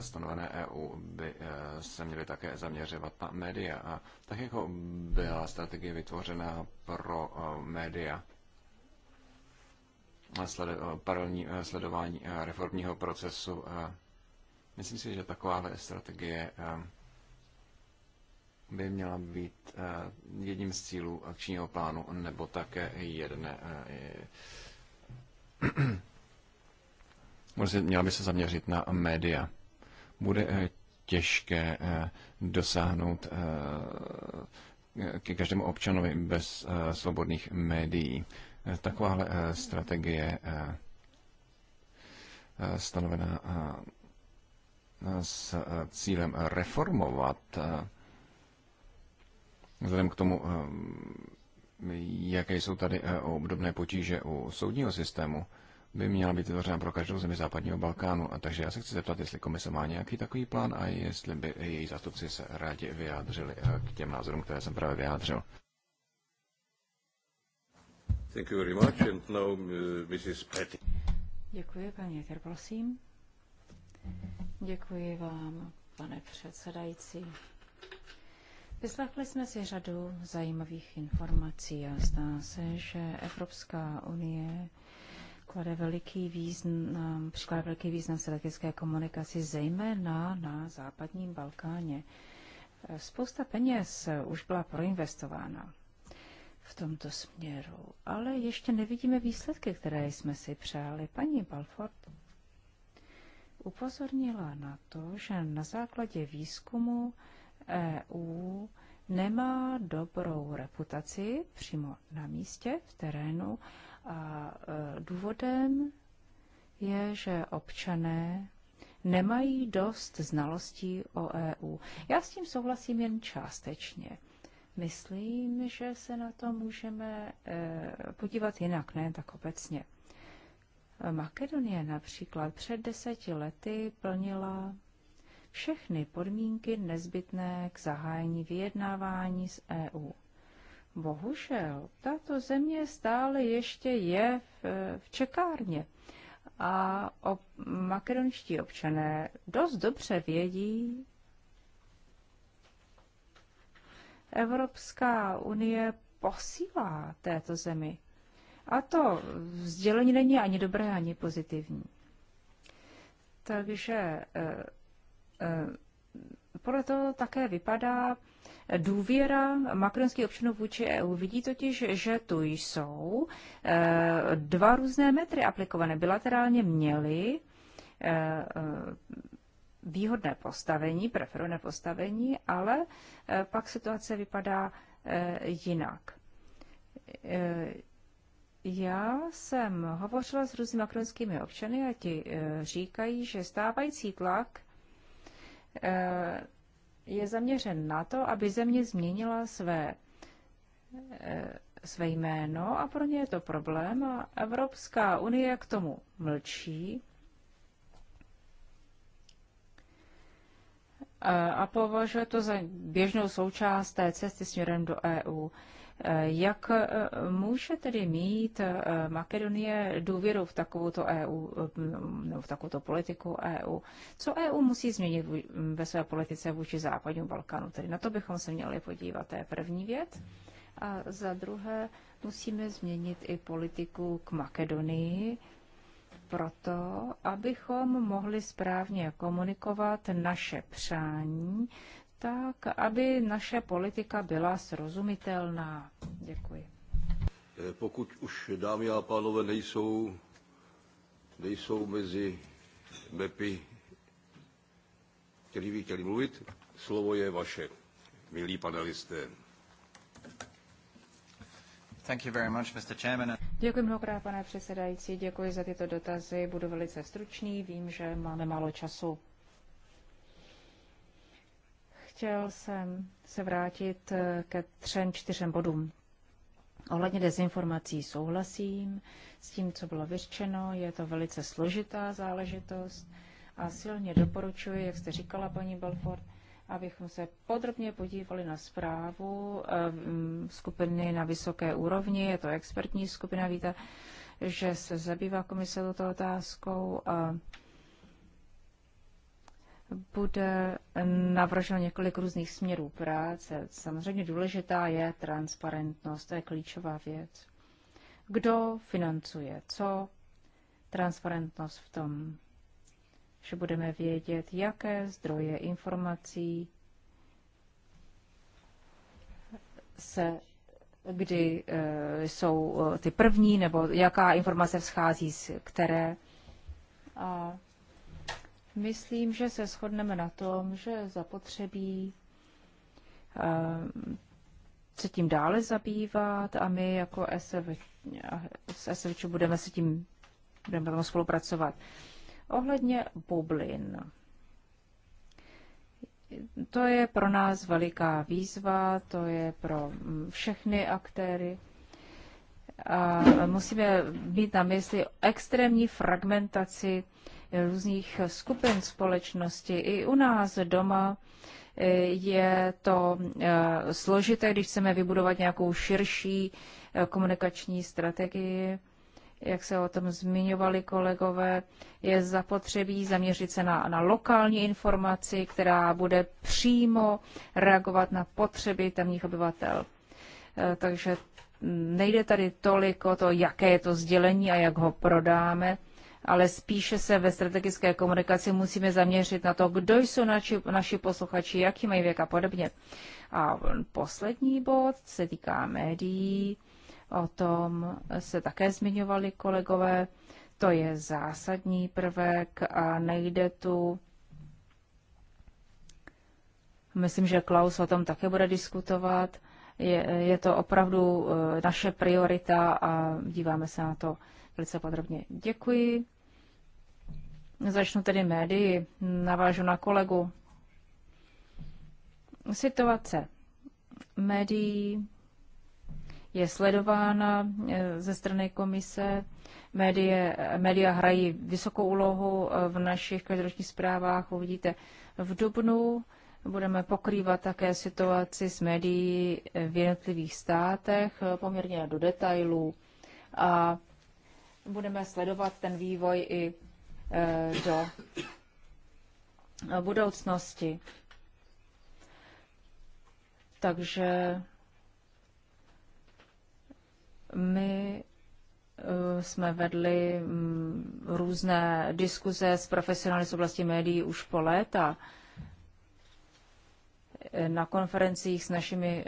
stanovené EU by se měly také zaměřovat na média. A tak jako byla strategie vytvořena pro média, sled, paralelní sledování reformního procesu. Myslím si, že taková strategie by měla být jedním z cílů akčního plánu nebo také jedné měla by se zaměřit na média. Bude eh, těžké eh, dosáhnout eh, ke každému občanovi bez svobodných médií. Takováhle strategie stanovená s cílem reformovat, vzhledem k tomu, jaké jsou tady eh, obdobné potíže u soudního systému, by měla být vytvořena pro každou zemi západního Balkánu. A takže já se chci zeptat, jestli komise má nějaký takový plán a jestli by její zástupci se rádi vyjádřili eh, k těm názorům, které jsem právě vyjádřil. Thank you very much. And
now, uh, Mrs. Petty.
Děkuji, paní Jeter, prosím. Děkuji vám, pane předsedající. Vyslechli jsme si řadu zajímavých informací a zdá se, že Evropská unie klade veliký význam, přiklade velký význam strategické komunikaci, zejména na západním Balkáně. Spousta peněz už byla proinvestována v tomto směru, ale ještě nevidíme výsledky, které jsme si přáli. Paní Balford upozornila na to, že na základě výzkumu EU nemá dobrou reputaci přímo na místě, v terénu. A e, důvodem je, že občané nemají dost znalostí o EU. Já s tím souhlasím jen částečně. Myslím, že se na to můžeme e, podívat jinak, ne tak obecně. Makedonie například před deseti lety plnila všechny podmínky nezbytné k zahájení vyjednávání s EU. Bohužel, tato země stále ještě je v, v čekárně a ob, makedonští občané dost dobře vědí, Evropská unie posílá této zemi. A to vzdělení není ani dobré, ani pozitivní. Takže eh, Eh, podle toho také vypadá důvěra makronských občanů vůči EU. Vidí totiž, že tu jsou eh, dva různé metry aplikované. Bilaterálně měli eh, výhodné postavení, preferované postavení, ale pak situace vypadá jinak. Já jsem hovořila s různými makronskými občany a ti říkají, že stávající tlak Eh, je zaměřen na to, aby země změnila své, eh, své jméno a pro ně je to problém a Evropská unie k tomu mlčí. Eh, a považuje to za běžnou součást té cesty směrem do EU. Jak eh, může tedy mít eh, Makedonie důvěru v takovouto EU, eh, nebo v takovouto politiku EU? Co EU musí změnit ve své politice vůči západnímu Balkánu? Tedy na to bychom se měli podívat. To je první věc. A za druhé musíme změnit i politiku k Makedonii, proto, abychom mohli správně komunikovat naše přání tak, aby naše politika byla srozumitelná. Děkuji. Eh, pokud už dámy a pánové nejsou, nejsou mezi MEPy,
který by chtěli mluvit, slovo je vaše, milí panelisté.
Děkuji mnohokrát, pane předsedající, děkuji za tyto dotazy, budu velice stručný, vím, že máme málo času. Chtěl jsem se vrátit eh, ke třem, čtyřem bodům. Ohledně dezinformací souhlasím s tím, co bylo vyřčeno. Je to velice složitá záležitost a silně doporučuji, jak jste říkala, paní Belfort, abychom se podrobně podívali na zprávu eh, mm, skupiny na vysoké úrovni. Je to expertní skupina, víte, že se zabývá komise toto otázkou a bude navrženo několik různých směrů práce. Samozřejmě důležitá je transparentnost, to je klíčová věc. Kdo financuje co? Transparentnost v tom, že budeme vědět, jaké zdroje informací se kdy e, jsou eh, ty první, nebo jaká informace vzchází z které. A Myslím, že se shodneme na tom, že zapotřebí eh, se tím dále zabývat a my jako SF, s SVČ budeme se tím budeme tam spolupracovat. Ohledně bublin. To je pro nás veliká výzva, to je pro všechny aktéry. A musíme mít na mysli extrémní fragmentaci různých skupin společnosti. I u nás doma eh, je to eh, složité, když chceme vybudovat nějakou širší eh, komunikační strategii. Jak se o tom zmiňovali kolegové, je zapotřebí zaměřit se na, na lokální informaci, která bude přímo reagovat na potřeby tamních obyvatel. Takže nejde tady tolik o to, jaké je to sdělení a jak ho prodáme, ale spíše se ve strategické komunikaci musíme zaměřit na to, kdo jsou naši, naši posluchači, jaký mají věk a podobně. A poslední bod se týká médií. O tom se také zmiňovali kolegové. To je zásadní prvek a nejde tu. Myslím, že Klaus o tom také bude diskutovat. Je, je to opravdu eh, naše priorita a díváme se na to velice podrobně. Děkuji. Začnu tedy médii, navážu na kolegu. Situace médií je sledována eh, ze strany komise. Médie, média hrají vysokou úlohu eh, v našich každoročních zprávách. Uvidíte v Dubnu. Budeme pokrývat také situaci s médií eh, v jednotlivých státech poměrně do detailů a budeme sledovat ten vývoj i Eh, do budoucnosti. Takže my eh, jsme vedli mm, různé diskuze s profesionály z oblasti médií už po léta. Eh, na konferencích s našimi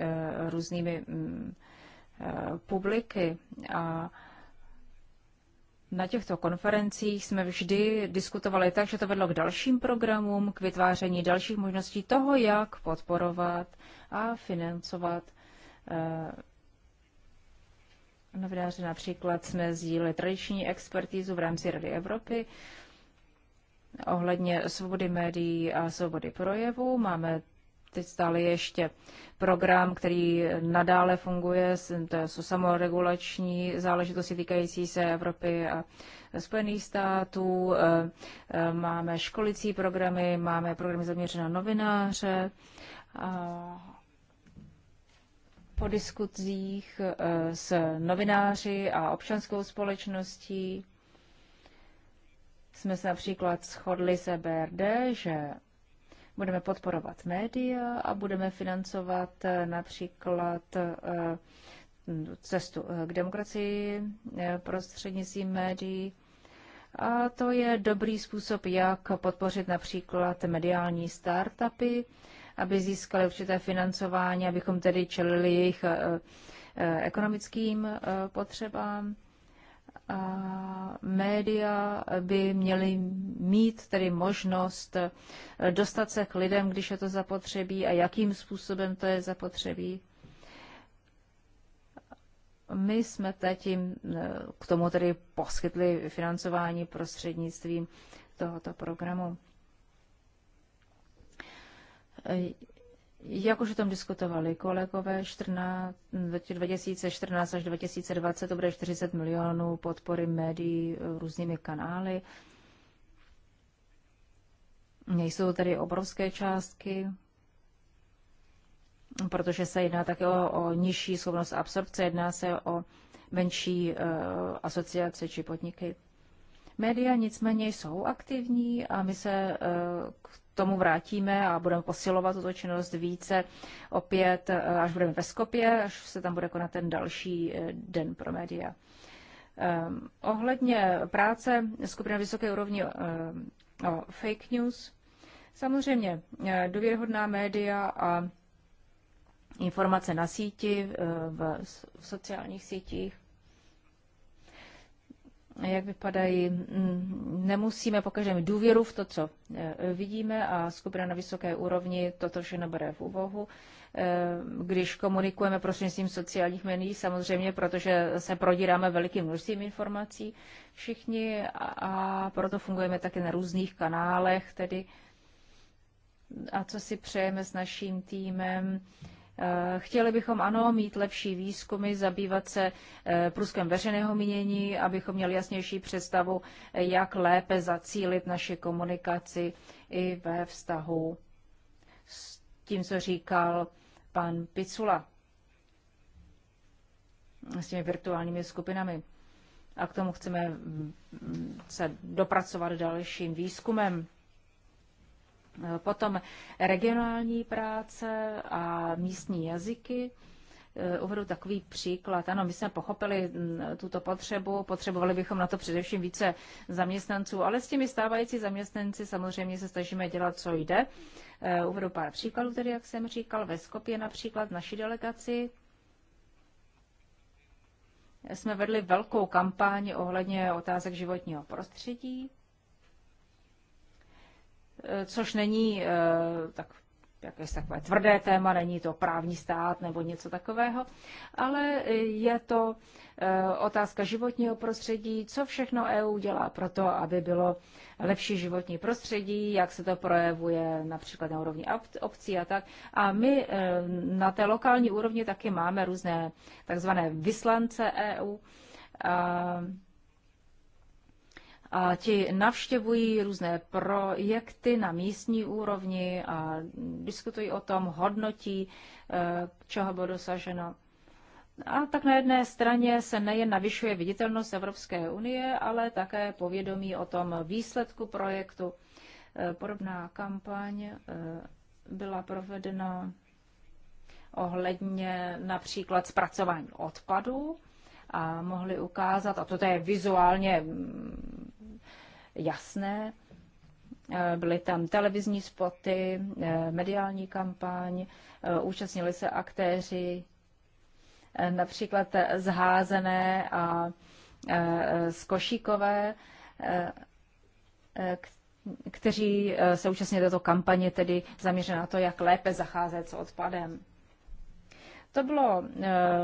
různými mm, publiky a na těchto konferencích jsme vždy diskutovali tak, že to vedlo k dalším programům, k vytváření dalších možností toho, jak podporovat a financovat eh, novináře. Například jsme sdíleli tradiční expertízu v rámci Rady Evropy ohledně svobody médií a svobody projevu. Máme teď stále ještě program, který nadále funguje, to jsou samoregulační záležitosti týkající se Evropy a Spojených států, eh, eh, máme školicí programy, máme programy zaměřené na novináře. A po diskuzích eh, s novináři a občanskou společností jsme se například shodli se BRD, že Budeme podporovat média a budeme financovat eh, například eh, cestu eh, k demokracii prostřednictvím médií. A to je dobrý způsob, jak podpořit například mediální startupy, aby získali určité financování, abychom tedy čelili jejich ekonomickým potřebám a média by měly mít tedy možnost dostat se k lidem, když je to zapotřebí a jakým způsobem to je zapotřebí. My jsme teď jim e, k tomu tedy poskytli financování prostřednictvím tohoto programu. Jak už o tom diskutovali kolegové, 14, 2014 až 2020 to bude 40 milionů podpory médií různými kanály. Nejsou tady obrovské částky, protože se jedná také o, o nižší schopnost absorpce, jedná se o menší e, asociace či podniky. Média nicméně jsou aktivní a my se e, k tomu vrátíme a budeme posilovat tuto činnost více opět, eh, až budeme ve Skopě, až se tam bude konat ten další eh, den pro média. Ehm, ohledně práce skupina vysoké úrovni ehm, o fake news, samozřejmě eh, důvěryhodná média a informace na síti, v sociálních sítích, jak vypadají. Mm, nemusíme pokaždé mít důvěru v to, co e, vidíme a skupina na vysoké úrovni toto vše nebere v úvahu. E, když komunikujeme prostřednictvím sociálních médií, samozřejmě, protože se prodíráme velikým množstvím informací všichni a proto fungujeme také na různých kanálech, tedy a co si přejeme s naším týmem, Eh, chtěli bychom, ano, mít lepší výzkumy, zabývat se eh, průzkem veřejného mínění, abychom měli jasnější představu, eh, jak lépe zacílit naši komunikaci i ve vztahu s tím, co říkal pan Picula s těmi virtuálními skupinami. A k tomu chceme mm, se dopracovat dalším výzkumem. Potom regionální práce a místní jazyky. Eh, uvedu takový příklad. Ano, my jsme pochopili mm, tuto potřebu, potřebovali bychom na to především více zaměstnanců, ale s těmi stávající zaměstnanci samozřejmě se snažíme dělat, co jde. Eh, uvedu pár příkladů, tedy jak jsem říkal, ve Skopě například v naší delegaci jsme vedli velkou kampaň ohledně otázek životního prostředí. Eh, což není eh, tak je takové tvrdé téma, není to právní stát nebo něco takového, ale je to eh, otázka životního prostředí, co všechno EU dělá pro to, aby bylo lepší životní prostředí, jak se to projevuje například na úrovni obcí a tak. A my na té lokální úrovni taky máme různé takzvané vyslance EU. A a ti navštěvují různé projekty na místní úrovni a diskutují o tom, hodnotí, eh, čeho bylo dosaženo. A tak na jedné straně se nejen navyšuje viditelnost Evropské unie, ale také povědomí o tom výsledku projektu. Eh, podobná kampaň eh, byla provedena ohledně například zpracování odpadů a mohli ukázat, a toto je vizuálně mm, jasné. Eh, byly tam televizní spoty, eh, mediální kampaň, eh, účastnili se aktéři, například zházené a z Košíkové, kteří se účastnili této kampaně, tedy zaměřená na to, jak lépe zacházet s odpadem. To bylo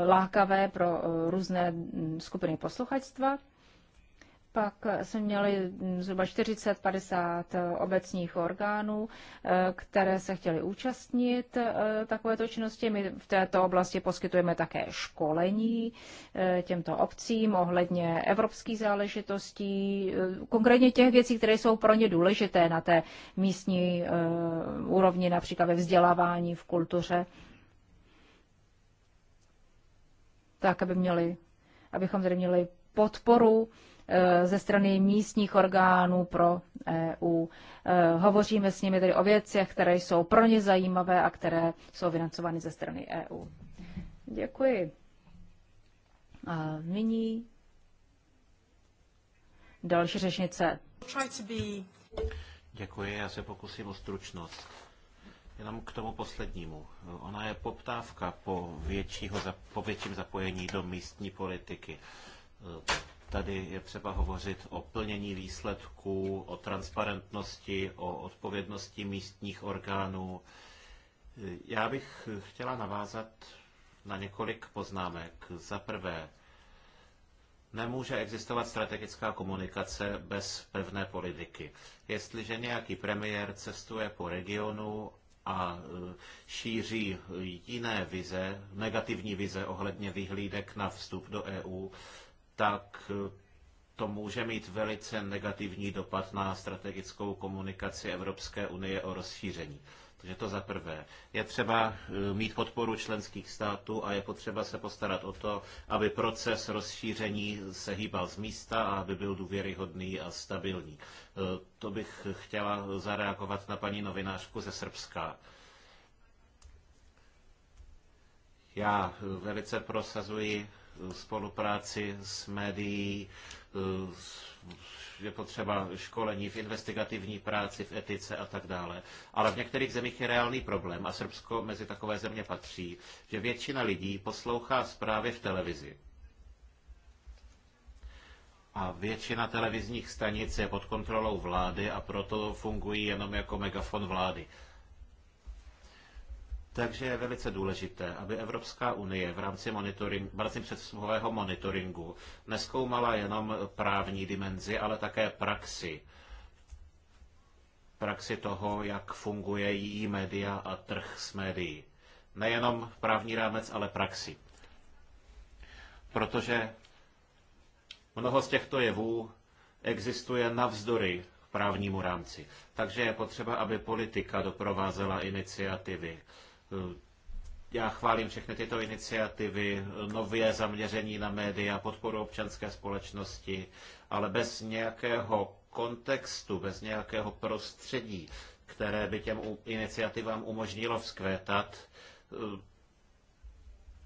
lákavé pro různé mm, skupiny posluchačstva. Pak jsme měli zhruba 40-50 eh, obecních orgánů, eh, které se chtěly účastnit eh, takovéto činnosti. My v této oblasti poskytujeme také školení těmto obcím ohledně evropských záležitostí, konkrétně těch věcí, které jsou pro ně důležité na té místní úrovni, například ve vzdělávání, v kultuře, tak aby měli, abychom tedy měli podporu Eh, ze strany místních orgánů pro EU. Eh, hovoříme s nimi tedy o věcech, které jsou pro ně zajímavé a které jsou financovány ze strany EU. Děkuji. A nyní další řešnice.
Děkuji, já se pokusím o stručnost. Jenom k tomu poslednímu. Ona je poptávka po, většího, po větším zapojení do místní politiky eh, Tady je třeba hovořit o plnění výsledků, o transparentnosti, o odpovědnosti místních orgánů. Já bych chtěla navázat na několik poznámek. Za prvé, nemůže existovat strategická komunikace bez pevné politiky. Jestliže nějaký premiér cestuje po regionu a e, šíří jiné vize, negativní vize ohledně vyhlídek na vstup do EU, tak eh, to může mít velice negativní dopad na strategickou komunikaci Evropské unie o rozšíření. Takže to za prvé. Je třeba eh, mít podporu členských států a je potřeba se postarat o to, aby proces rozšíření se hýbal z místa a aby byl důvěryhodný a stabilní. Eh, to bych chtěla zareagovat na paní novinářku ze Srbska. Já velice prosazuji spolupráci s médií, eh, je potřeba školení v investigativní práci, v etice a tak dále. Ale v některých zemích je reálný problém a Srbsko mezi takové země patří, že většina lidí poslouchá zprávy v televizi. A většina televizních stanic je pod kontrolou vlády a proto fungují jenom jako megafon vlády. Takže je velice důležité, aby Evropská unie v rámci, monitoring, v rámci předsluhového monitoringu neskoumala jenom právní dimenzi, ale také praxi. Praxi toho, jak funguje její média a trh s médií. Nejenom právní rámec, ale praxi. Protože mnoho z těchto jevů existuje navzdory právnímu rámci. Takže je potřeba, aby politika doprovázela iniciativy já chválím všechny tyto iniciativy, nově zaměření na média, podporu občanské společnosti, ale bez nějakého kontextu, bez nějakého prostředí, které by těm iniciativám umožnilo vzkvétat,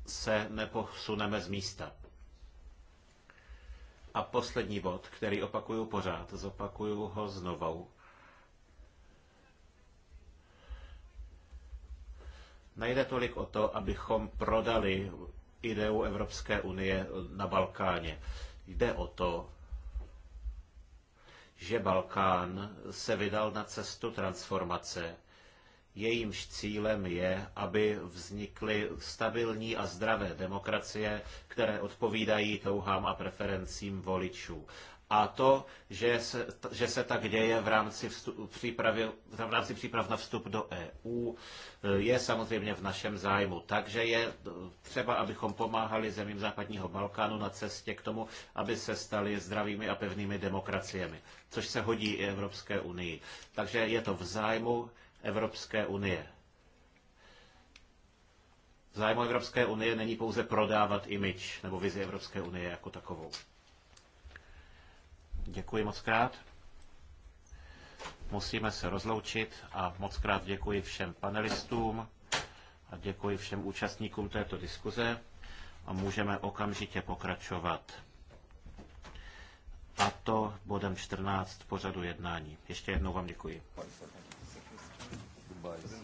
se neposuneme z místa. A poslední bod, který opakuju pořád, zopakuju ho znovu. Nejde tolik o to, abychom prodali ideu Evropské unie na Balkáně. Jde o to, že Balkán se vydal na cestu transformace. Jejímž cílem je, aby vznikly stabilní a zdravé demokracie, které odpovídají touhám a preferencím voličů. A to, že se, že se tak děje v rámci, vstup, přípravy, v rámci příprav na vstup do EU, je samozřejmě v našem zájmu. Takže je třeba, abychom pomáhali zemím západního Balkánu na cestě k tomu, aby se stali zdravými a pevnými demokraciemi, což se hodí i Evropské unii. Takže je to v zájmu Evropské unie. V zájmu Evropské unie není pouze prodávat imič nebo vizi Evropské unie jako takovou. Děkuji moc krát. Musíme se rozloučit a moc krát děkuji všem panelistům a děkuji všem účastníkům této diskuze a můžeme okamžitě pokračovat. A to bodem 14 pořadu jednání. Ještě jednou vám děkuji.
Goodbye.